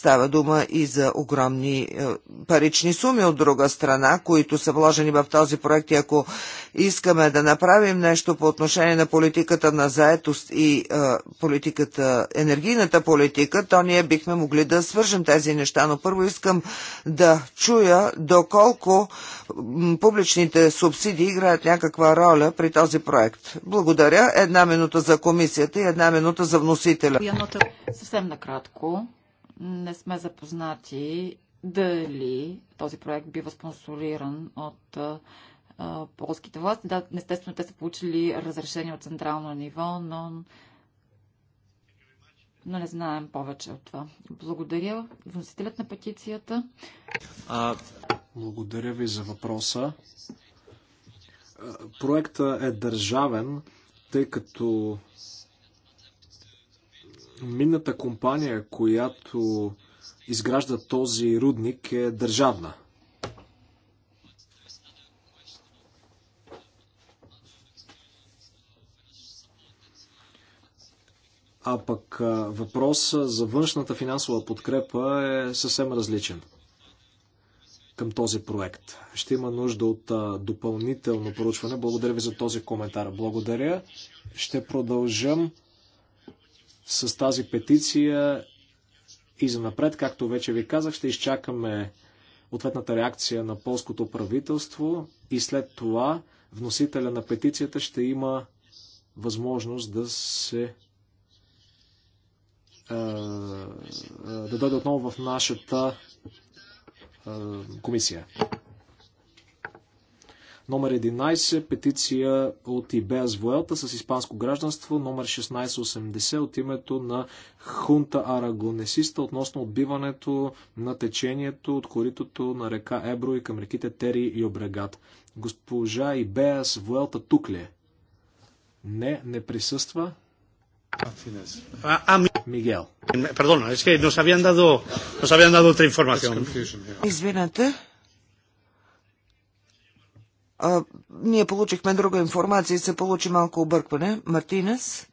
Става дума и за огромни е, парични суми от друга страна, които са вложени в този проект и ако искаме да направим нещо по отношение на политиката на заетост и е, политиката, енергийната политика, то ние бихме могли да свържем тези неща. Но първо искам да чуя доколко публичните субсидии играят някаква роля при този проект. Благодаря. Една минута за комисията и една минута за вносителя. Съвсем накратко. Не сме запознати дали този проект бива спонсориран от а, полските власти. Да, естествено, те са получили разрешение от централно ниво, но, но не знаем повече от това. Благодаря. Вносителят на петицията. А, благодаря ви за въпроса. Проектът е държавен, тъй като минната компания, която изгражда този рудник е държавна. А пък въпроса за външната финансова подкрепа е съвсем различен към този проект. Ще има нужда от допълнително проучване. Благодаря ви за този коментар. Благодаря. Ще продължам с тази петиция и за напред, както вече ви казах, ще изчакаме ответната реакция на полското правителство и след това вносителя на петицията ще има възможност да се да дойде отново в нашата комисия. Номер 11, петиция от Ибеас Вуелта с испанско гражданство, номер 1680 от името на Хунта Арагонесиста относно отбиването на течението от коритото на река Ебро и към реките Тери и Обрегат. Госпожа Ибеас Вуелта тук ли е? Не, не присъства. Мигел. Perdona, es que nos Извинете. А, ние получихме друга информация и се получи малко объркване. Мартинес?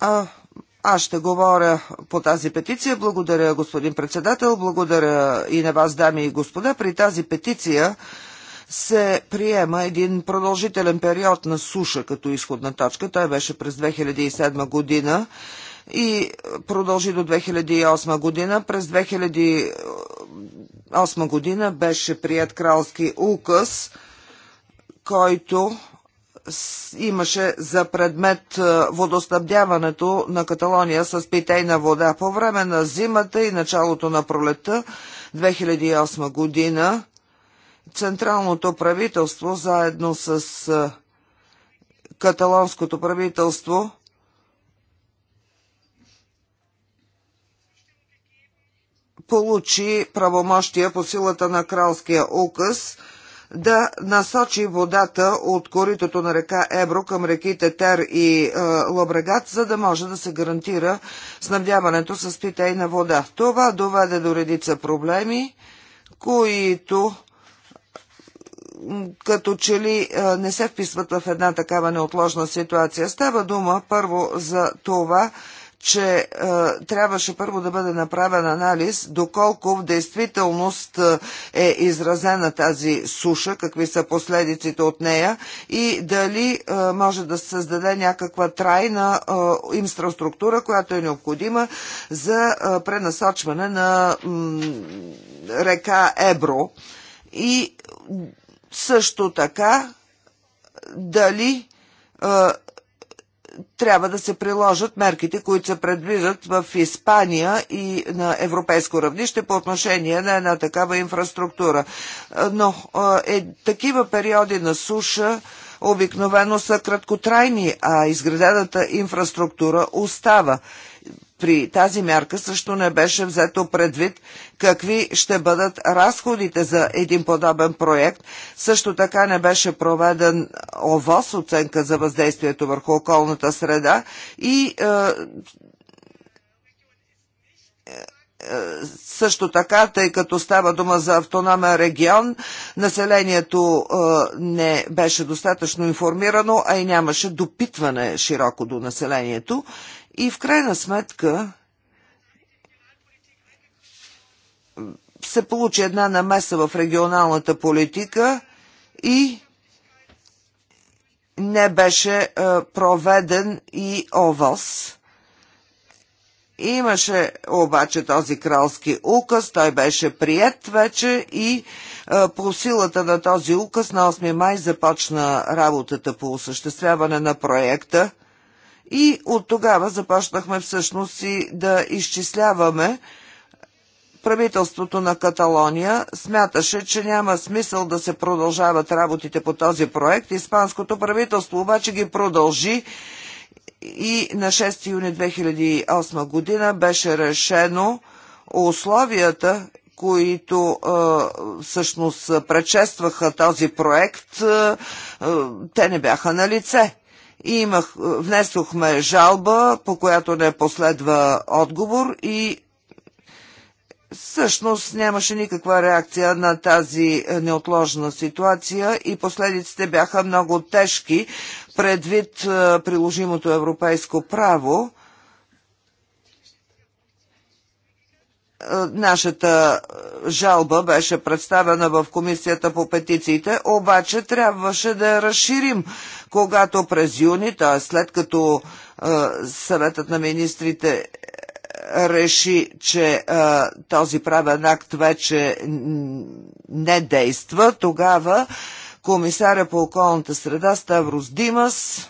А, аз ще говоря по тази петиция. Благодаря, господин председател. Благодаря и на вас, дами и господа. При тази петиция се приема един продължителен период на суша като изходна точка. Той беше през 2007 година и продължи до 2008 година. През 2008 година беше прият кралски указ, който имаше за предмет е, водоснабдяването на Каталония с питейна вода. По време на зимата и началото на пролета 2008 година Централното правителство заедно с е, каталонското правителство получи правомощия по силата на кралския указ да насочи водата от коритото на река Ебро към реките Тер и е, Лобрегат, за да може да се гарантира снабдяването с питейна вода. Това доведе до редица проблеми, които като че ли е, не се вписват в една такава неотложна ситуация. Става дума първо за това, че е, трябваше първо да бъде направен анализ доколко в действителност е, е изразена тази суша, какви са последиците от нея и дали е, може да се създаде някаква трайна е, инфраструктура, която е необходима за е, пренасочване на река Ебро. И също така дали е, трябва да се приложат мерките, които се предвидат в Испания и на европейско равнище по отношение на една такава инфраструктура. Е, но е, е, такива периоди на суша обикновено са краткотрайни, а изградената инфраструктура остава при тази мярка също не беше взето предвид какви ще бъдат разходите за един подобен проект. Също така не беше проведен ОВОС, оценка за въздействието върху околната среда и е, също така, тъй като става дума за автономен регион, населението е, не беше достатъчно информирано, а и нямаше допитване широко до населението. И в крайна сметка се получи една намеса в регионалната политика и не беше е, проведен и ОВОС. Имаше обаче този кралски указ, той беше прият вече и е, по силата на този указ на 8 май започна работата по осъществяване на проекта. И от тогава започнахме всъщност и да изчисляваме правителството на Каталония смяташе, че няма смисъл да се продължават работите по този проект. Испанското правителство обаче ги продължи и на 6 юни 2008 година беше решено условията, които е, всъщност предшестваха този проект, е, те не бяха на лице. И имах, внесохме жалба, по която не последва отговор и Всъщност нямаше никаква реакция на тази неотложна ситуация и последиците бяха много тежки предвид е, приложимото европейско право. Нашата е, жалба беше представена в комисията по петициите, обаче трябваше да я разширим, когато през юни, т.е. след като е, съветът на министрите е, реши, че а, този правен акт вече не действа, тогава комисаря по околната среда Ставрос Димас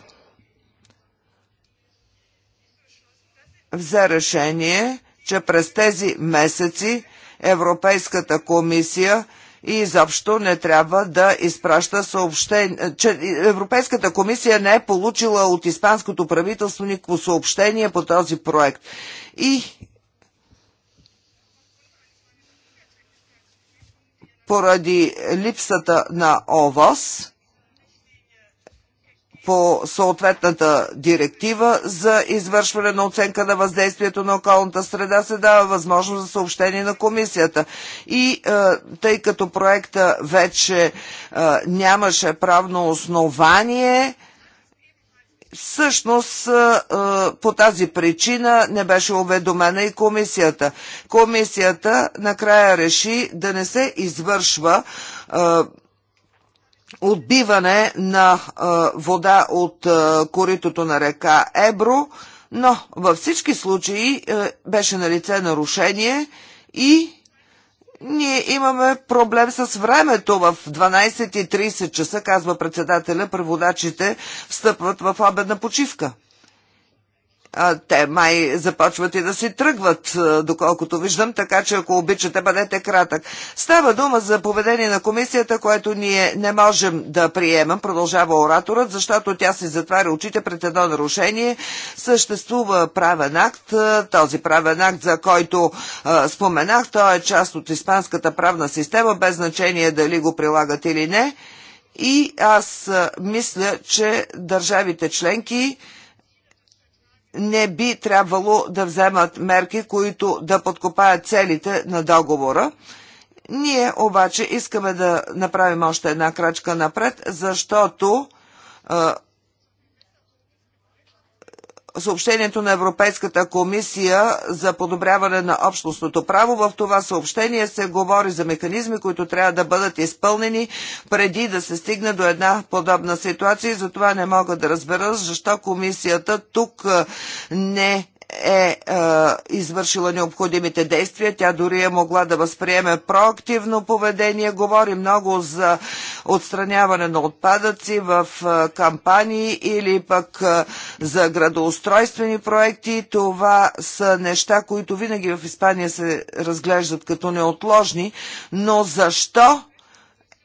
взе решение че през тези месеци Европейската комисия и изобщо не трябва да изпраща съобщение, че Европейската комисия не е получила от испанското правителство никакво съобщение по този проект. И поради липсата на ОВОС, по съответната директива за извършване на оценка на въздействието на околната среда се дава възможност за съобщение на комисията. И е, тъй като проекта вече е, нямаше правно основание, Всъщност е, по тази причина не беше уведомена и комисията. Комисията накрая реши да не се извършва отбиване на а, вода от а, коритото на река Ебро, но във всички случаи а, беше на лице нарушение и ние имаме проблем с времето. В 12.30 часа, казва председателя, преводачите встъпват в обедна почивка а, те май започват и да си тръгват, доколкото виждам, така че ако обичате, бъдете кратък. Става дума за поведение на комисията, което ние не можем да приемам, продължава ораторът, защото тя си затваря очите пред едно нарушение. Съществува правен акт, този правен акт, за който а, споменах, той е част от испанската правна система, без значение дали го прилагат или не. И аз а, мисля, че държавите членки не би трябвало да вземат мерки, които да подкопаят целите на договора. Ние обаче искаме да направим още една крачка напред, защото съобщението на Европейската комисия за подобряване на общностното право. В това съобщение се говори за механизми, които трябва да бъдат изпълнени преди да се стигне до една подобна ситуация. затова не мога да разбера защо комисията тук не е, е извършила необходимите действия. Тя дори е могла да възприеме проактивно поведение. Говори много за отстраняване на отпадъци в е, кампании или пък е, за градоустройствени проекти. Това са неща, които винаги в Испания се разглеждат като неотложни. Но защо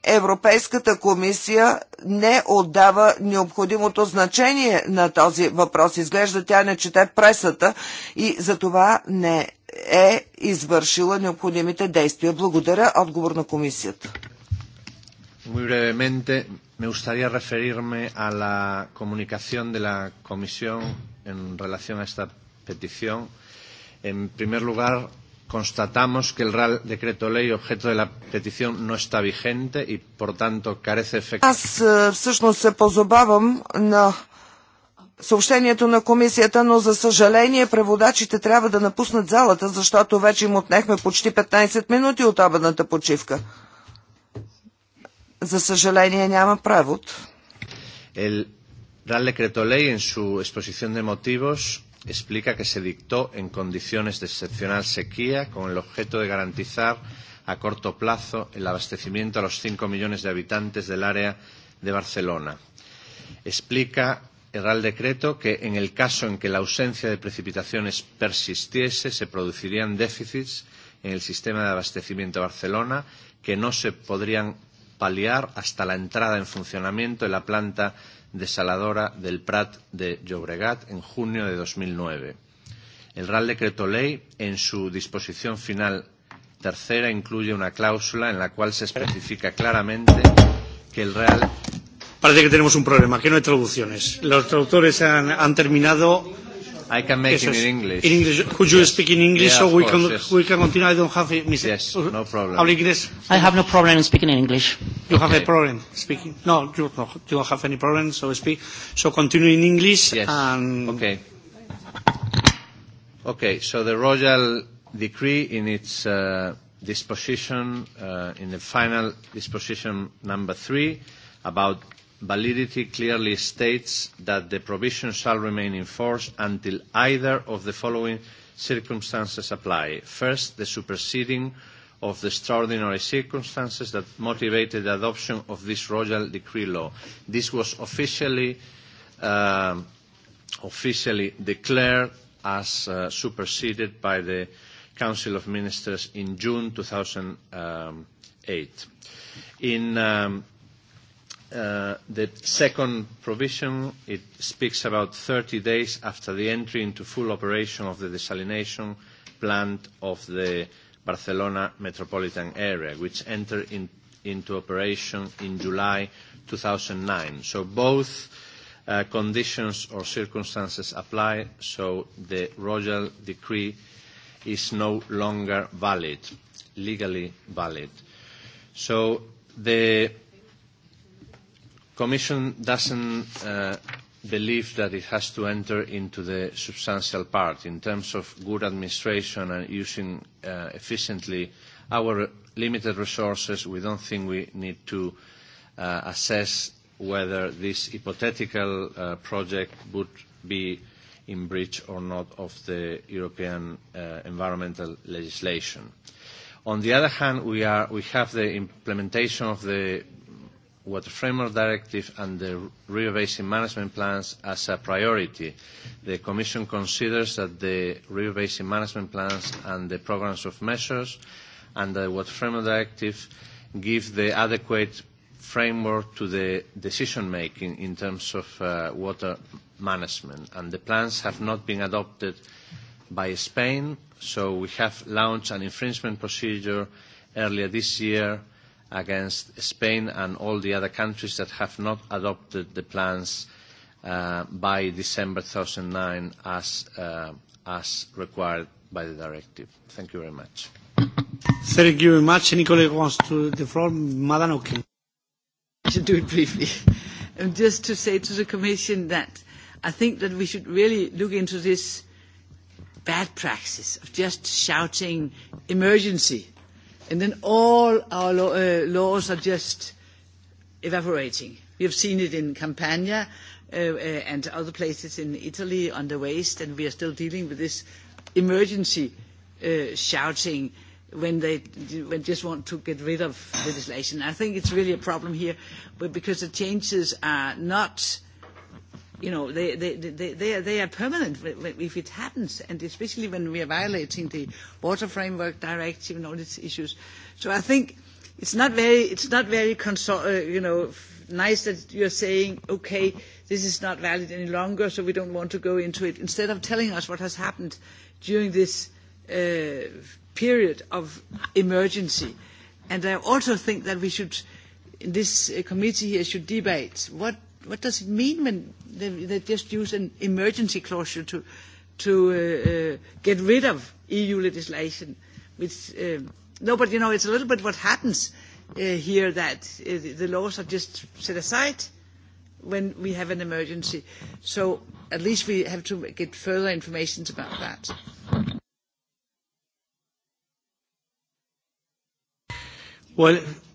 Европейската комисия не отдава необходимото значение на този въпрос. Изглежда тя не чете пресата и за това не е извършила необходимите действия. Благодаря. Отговор на комисията. Muy brevemente, me gustaría referirme a la comunicación de la Comisión en relación a esta petición. En primer lugar, constatamos que el Real Decreto Ley objeto de la petición no está vigente y por tanto carece efecto. Аз е, всъщност се позобавам на съобщението на комисията, но за съжаление преводачите трябва да напуснат залата, защото вече им отнехме почти 15 минути от обедната почивка. За съжаление няма превод. El Real Decreto Ley en su exposición de motivos explica que se dictó en condiciones de excepcional sequía con el objeto de garantizar a corto plazo el abastecimiento a los cinco millones de habitantes del área de Barcelona. Explica el Real Decreto que en el caso en que la ausencia de precipitaciones persistiese se producirían déficits en el sistema de abastecimiento de Barcelona que no se podrían paliar hasta la entrada en funcionamiento de la planta desaladora del Prat de Llobregat en junio de 2009. El Real Decreto Ley, en su disposición final tercera, incluye una cláusula en la cual se especifica claramente que el Real. Parece que tenemos un problema, que no hay traducciones. Los traductores han, han terminado I can make it in English. In English. Could you yes. speak in English yeah, so we, course, can, yes. we can continue? I don't have it. Mr. Yes, no problem. Habla inglés. I have no problem speaking in English. You have a problem speaking? No, you don't, you don't have any problem, so speak. So continue in English. Yes. And okay. Okay, so the royal decree in its uh, disposition, uh, in the final disposition number three, about validity clearly states that the provision shall remain in force until either of the following circumstances apply. First, the superseding of the extraordinary circumstances that motivated the adoption of this royal decree law. This was officially, uh, officially declared as uh, superseded by the Council of Ministers in June 2008. In um, The second provision, it speaks about 30 days after the entry into full operation of the desalination plant of the Barcelona metropolitan area, which entered into operation in July 2009. So both conditions or circumstances apply, so the Royal Decree is no longer valid, legally valid. So the Commission doesn't uh, believe that it has to enter into the substantial part in terms of good administration and using uh, efficiently our limited resources. We don't think we need to uh, assess whether this hypothetical uh, project would be in breach or not of the European uh, environmental legislation. On the other hand, we, are, we have the implementation of the water framework directive and the river basin management plans as a priority. The Commission considers that the river basin management plans and the programmes of measures and the water framework directive give the adequate framework to the decision making in terms of uh, water management. And the plans have not been adopted by Spain, so we have launched an infringement procedure earlier this year against Spain and all the other countries that have not adopted the plans by December 2009 as, uh, as required by the directive. Thank you very much. Thank you very much. Any colleague wants to the floor? I should do it briefly. Just to say to the Commission that I think that we should really look into this bad practice of just shouting emergency And then all our uh, laws are just evaporating. We have seen it in Campania uh, uh, and other places in Italy on the waste, and we are still dealing with this emergency uh, shouting when they when just want to get rid of legislation. I think it's really a problem here, because the changes are not you know, they, they, they, they, are, they are permanent if it happens, and especially when we are violating the Water Framework Directive and all these issues. So I think it's not very, it's not very consol- uh, you know, nice that you're saying, okay, this is not valid any longer, so we don't want to go into it, instead of telling us what has happened during this uh, period of emergency. And I also think that we should, in this uh, committee here, should debate what what does it mean when they, they just use an emergency clause to, to uh, uh, get rid of EU legislation? Which, uh, no, but you know, it's a little bit what happens uh, here that uh, the laws are just set aside when we have an emergency. So at least we have to get further information about that. Well,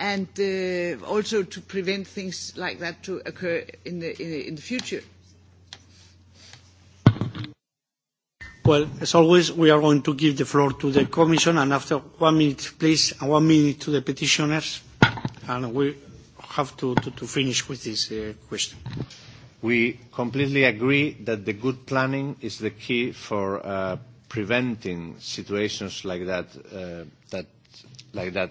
and uh, also to prevent things like that to occur in the, in the, in the future. Well, as always, we are going to give the floor to the Commission, and after one minute, please, and one minute to the petitioners, and we have to, to, to finish with this uh, question. We completely agree that the good planning is the key for uh, preventing situations like that, uh, that, like that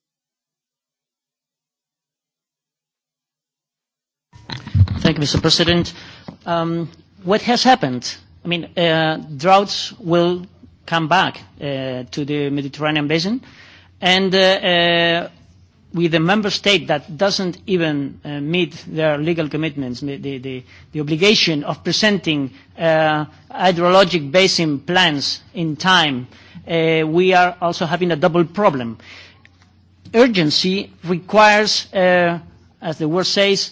Thank you, Mr. President. Um, what has happened? I mean, uh, droughts will come back uh, to the Mediterranean basin, and uh, uh, with a member state that doesn't even uh, meet their legal commitments, the, the, the obligation of presenting uh, hydrologic basin plans in time, uh, we are also having a double problem. Urgency requires, uh, as the word says,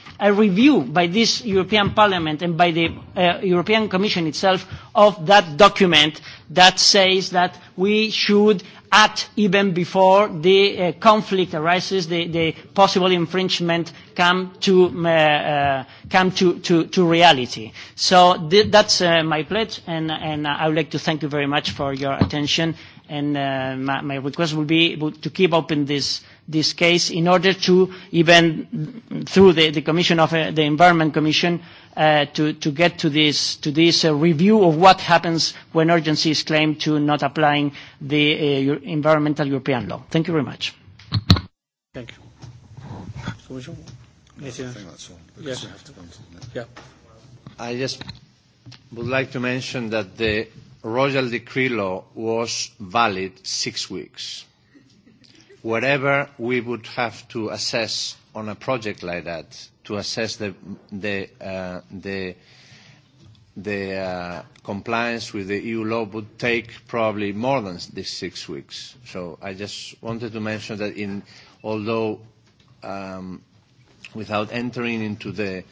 a review by this European Parliament and by the uh, European Commission itself of that document that says that we should act even before the uh, conflict arises, the, the possible infringement come to, uh, uh, come to, to, to reality. So th- that's uh, my pledge, and, and I would like to thank you very much for your attention. And uh, my, my request will be to keep open this this case in order to even through the, the commission of uh, the environment commission uh, to, to get to this, to this uh, review of what happens when urgency is claimed to not applying the uh, environmental European law. Thank you very much. Thank you. I just would like to mention that the Royal Decree Law was valid six weeks whatever we would have to assess on a project like that, to assess the, the, the, compliance with the EU law would take probably more than these six weeks. So I just wanted to mention that in, although um, without entering into the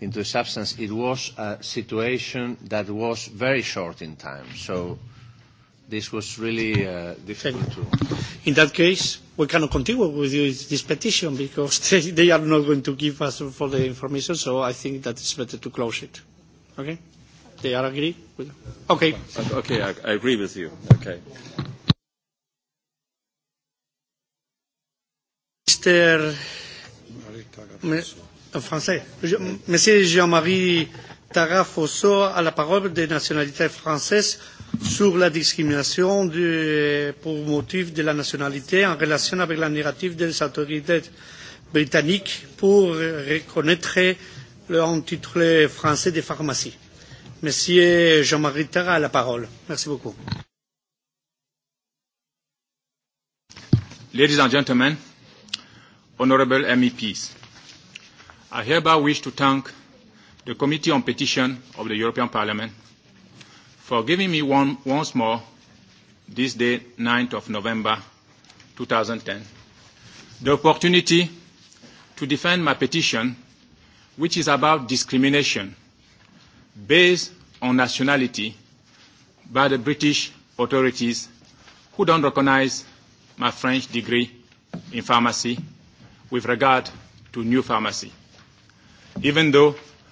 into substance, it was a situation that was very short in time. So this was really uh, difficult to... In that case, we cannot continue with you this petition because they, they are not going to give us the information, so I think that it's better to close it. Okay? They are agree? With, okay. Okay, I, I agree with you. Okay. Mr. français. Monsieur Jean-Marie Tara Fosso a la parole des nationalités françaises sur la discrimination pour motif de la nationalité en relation avec la narrative des autorités britanniques pour reconnaître l'intitulé français des pharmacies. Monsieur Jean-Marie Tara a la parole. Merci beaucoup. Ladies and gentlemen, honorable MEPs, I hereby wish to thank the Committee on Petition of the European Parliament for giving me one, once more this day, 9th of November 2010, the opportunity to defend my petition, which is about discrimination based on nationality by the British authorities who don't recognize my French degree in pharmacy with regard to new pharmacy, even though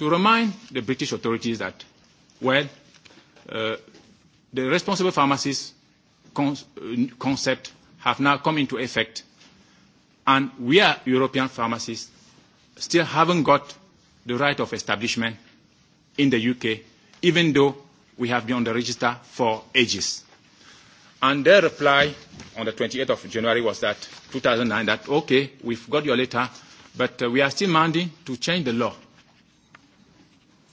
to remind the British authorities that, well, uh, the responsible pharmacies con- concept have now come into effect, and we are European pharmacists still haven't got the right of establishment in the UK, even though we have been on the register for ages. And their reply on the 28th of January was that 2009, that, okay, we've got your letter, but uh, we are still demanding to change the law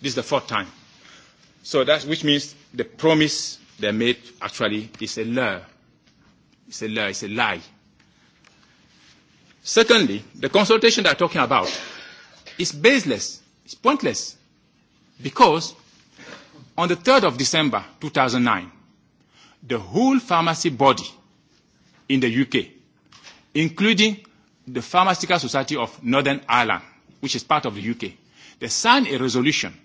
This is the fourth time. So that's which means the promise they made actually is a lie. It's a lie. It's a lie. Secondly, the consultation they are talking about is baseless. It's pointless. Because on the 3rd of December 2009, the whole pharmacy body in the UK, including the Pharmaceutical Society of Northern Ireland, which is part of the UK, they signed a resolution –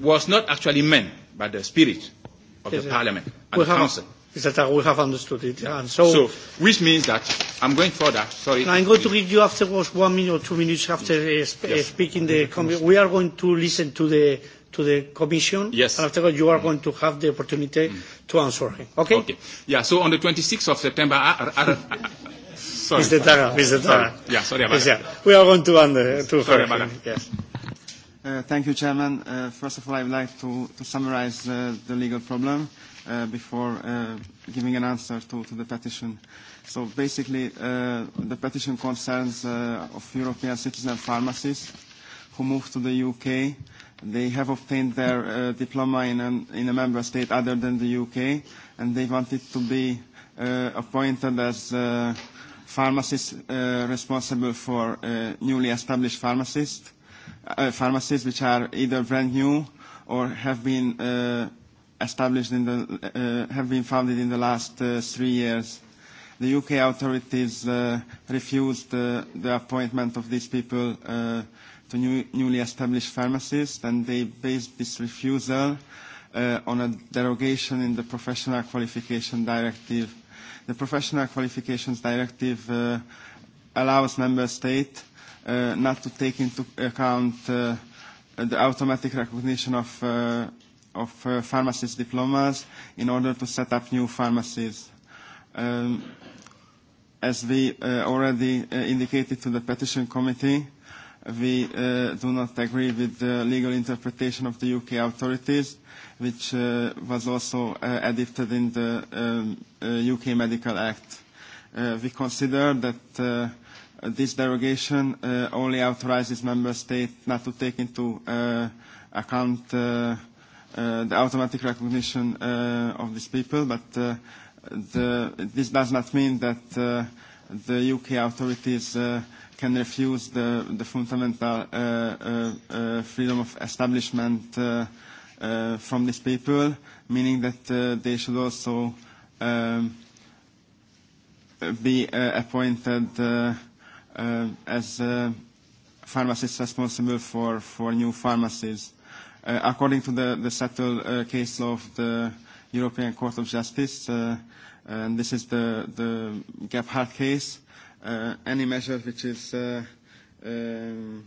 was not actually meant by the spirit of the Parliament and the Council. That we have understood it. And so, so, which means that I'm going further. Sorry. I'm going to give you afterwards one minute or two minutes after uh, sp- yes. speaking. The com- we are going to listen to the to the Commission. Yes. And afterwards, you are going to have the opportunity to answer him. Okay. Okay. Yeah. So on the 26th of September, I, I, I, sorry. Mr. Tara, Mr. Tara. Yeah. Sorry about that. We are going to end uh, to sorry about that. Yes. Thank you, Chairman. First of all, I would like to summarize the legal problem before giving an answer to the petition. So basically, the petition concerns of European citizen pharmacists who moved to the U.K. They have obtained their diploma in a member state other than the U.K., and they wanted to be appointed as pharmacists responsible for newly established pharmacists uh, pharmacies which are either brand new or have been uh, established in the, uh, have been founded in the last uh, three years. The UK authorities uh, refused uh, the appointment of these people uh, to new, newly established pharmacists, and they based this refusal uh, on a derogation in the Professional Qualification Directive. The Professional Qualifications Directive uh, allows member states uh, not to take into account uh, the automatic recognition of, uh, of uh, pharmacist diplomas in order to set up new pharmacies. Um, as we uh, already uh, indicated to the petition committee, we uh, do not agree with the legal interpretation of the UK authorities, which uh, was also uh, adopted in the um, uh, UK Medical Act. Uh, we consider that uh, this derogation uh, only authorizes member states not to take into uh, account uh, uh, the automatic recognition uh, of these people, but uh, the, this does not mean that uh, the UK authorities uh, can refuse the, the fundamental uh, uh, uh, freedom of establishment uh, uh, from these people, meaning that uh, they should also um, be uh, appointed uh, uh, as a pharmacist responsible for, for new pharmacies. Uh, according to the, the settled uh, case law of the European Court of Justice, uh, and this is the, the Gephardt case, uh, any measure which is uh, um,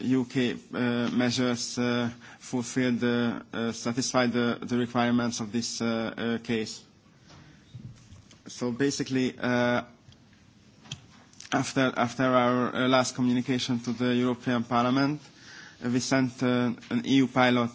U.K. measures fulfilled, satisfied the requirements of this case. So basically, after our last communication to the European Parliament, we sent an EU pilot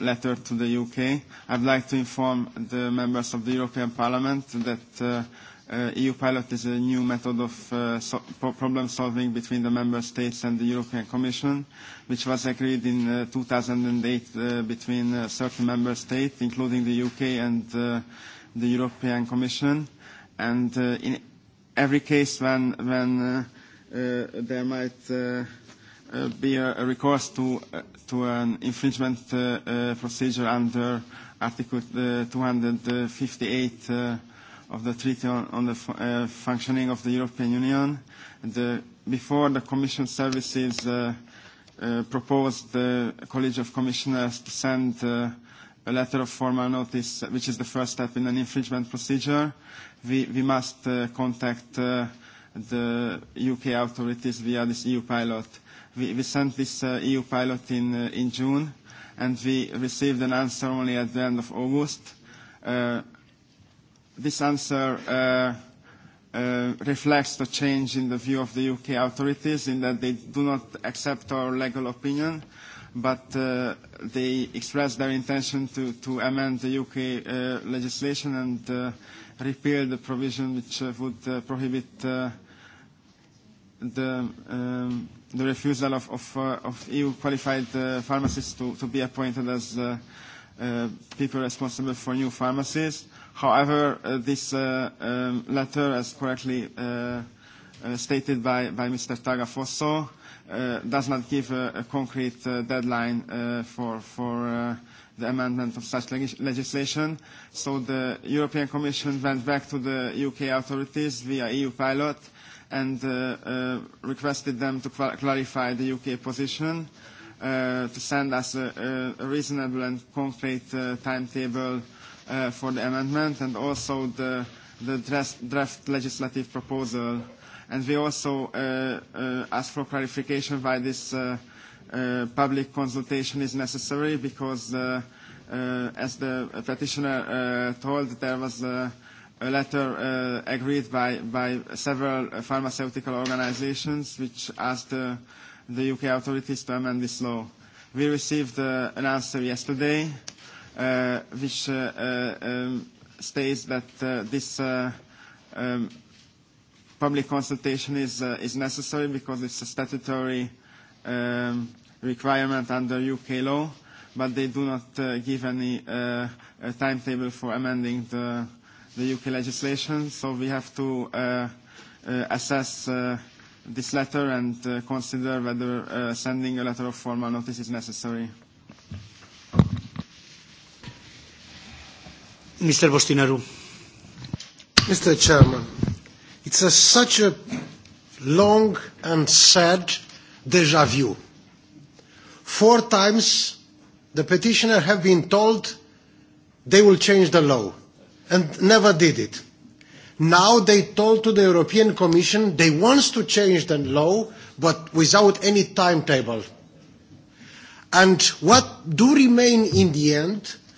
letter to the U.K. I'd like to inform the members of the European Parliament that uh, EU pilot is a new method of uh, so problem solving between the member states and the European Commission, which was agreed in uh, 2008 uh, between uh, certain member states, including the UK and uh, the European Commission. And uh, in every case when, when uh, uh, there might uh, uh, be a, a recourse to, uh, to an infringement uh, uh, procedure under Article uh, 258 uh, of the Treaty on, on the uh, Functioning of the European Union. The, before the Commission services uh, uh, proposed the College of Commissioners to send uh, a letter of formal notice, which is the first step in an infringement procedure. We, we must uh, contact uh, the UK authorities via this EU pilot. We, we sent this uh, EU pilot in, uh, in June, and we received an answer only at the end of August. Uh, this answer reflects the change in the view of the U.K. authorities in that they do not accept our legal opinion, but they express their intention to amend the U.K. legislation and repeal the provision which would prohibit the refusal of EU-qualified pharmacists to be appointed as people responsible for new pharmacies However, uh, this uh, um, letter, as correctly uh, uh, stated by, by Mr. Tagafosso, uh, does not give a, a concrete uh, deadline uh, for, for uh, the amendment of such legislation. So the European Commission went back to the UK authorities via EU pilot and uh, uh, requested them to cl clarify the UK position, uh, to send us a, a reasonable and concrete uh, timetable uh, uh, for the amendment and also the, the draft, draft legislative proposal. And we also uh, uh, ask for clarification why this uh, uh, public consultation is necessary because uh, uh, as the petitioner uh, told, there was a, a letter uh, agreed by, by several pharmaceutical organizations which asked uh, the UK authorities to amend this law. We received uh, an answer yesterday uh, which states that uh, this uh, public consultation is, uh, is necessary because it's a statutory um, requirement under UK law, but they do not uh, give any uh, timetable for amending the, the UK legislation, so we have to uh, uh, assess uh, this letter and consider whether uh, sending a letter of formal notice is necessary. Mr. Bostinaru. Mr. Chairman, it's a, such a long and sad deja vu. Four times the petitioner have been told they will change the law and never did it. Now they told to the European Commission they want to change the law but without any timetable. And what do remain in the end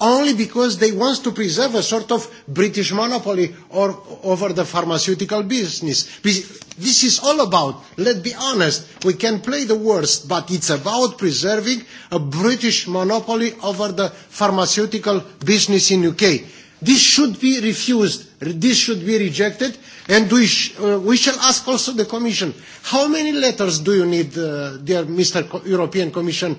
only because they want to preserve a sort of British monopoly or, over the pharmaceutical business. This is all about, let's be honest, we can play the worst, but it's about preserving a British monopoly over the pharmaceutical business in UK. This should be refused, this should be rejected, and we, sh- uh, we shall ask also the Commission, how many letters do you need, uh, dear Mr. Co- European Commission,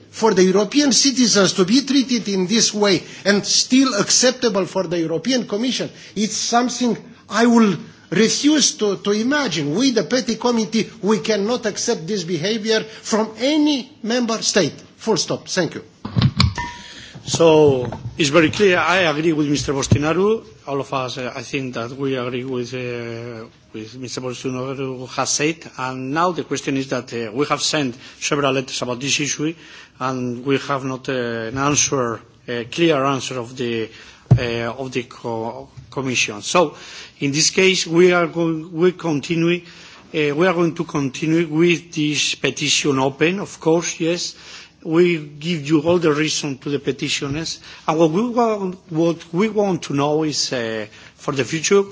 for the European citizens to be treated in this way and still acceptable for the European Commission, it's something I will refuse to, to imagine. We, the Petty Committee, we cannot accept this behavior from any member state. Full stop. Thank you. So it's very clear. I agree with Mr. Bostinaru. All of us, I think that we agree with, Mr. Bostinaru has said. And now the question is that we have sent several letters about this issue, and we have not an answer, a clear answer of the Commission. So, in this case, we are going, we continue. Uh, we are going to continue with this petition open, of course, yes we give you all the reason to the petitioners. And what we want, what we want to know is uh, for the future,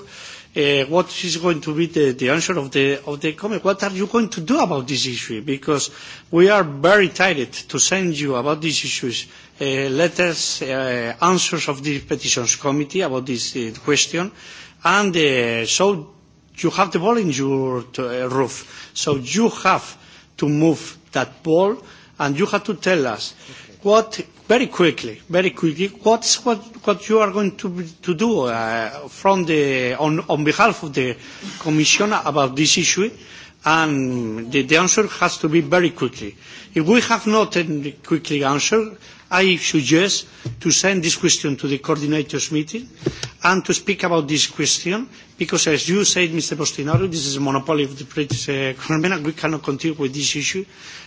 uh, what is going to be the, the answer of the, of the comment? What are you going to do about this issue? Because we are very tired to send you about these issues uh, letters, uh, answers of the petitions committee about this uh, question. And uh, so you have the ball in your uh, roof. So you have to move that ball and you have to tell us what very quickly, very quickly, what's what what you are going to to do uh, from the on on behalf of the Commission about this issue, and the, the answer has to be very quickly. If we have not a quickly answer, I suggest to send this question to the coordinators' meeting and to speak about this question Because as you said, Mr. Bostinaru, this is a monopoly of the British government and we cannot continue with this issue.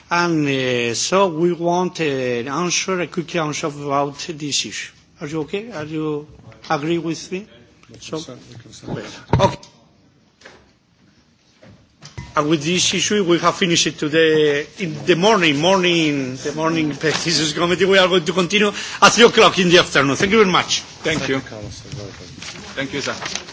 And so we want an answer, a quick answer about this issue. Are you okay? Are you agree with me? So, okay. And with this issue, we have finished it today in the morning, morning, the morning petitions committee. We are going to continue at 3 o'clock in the afternoon. Thank you very much. Thank you. Thank you, sir.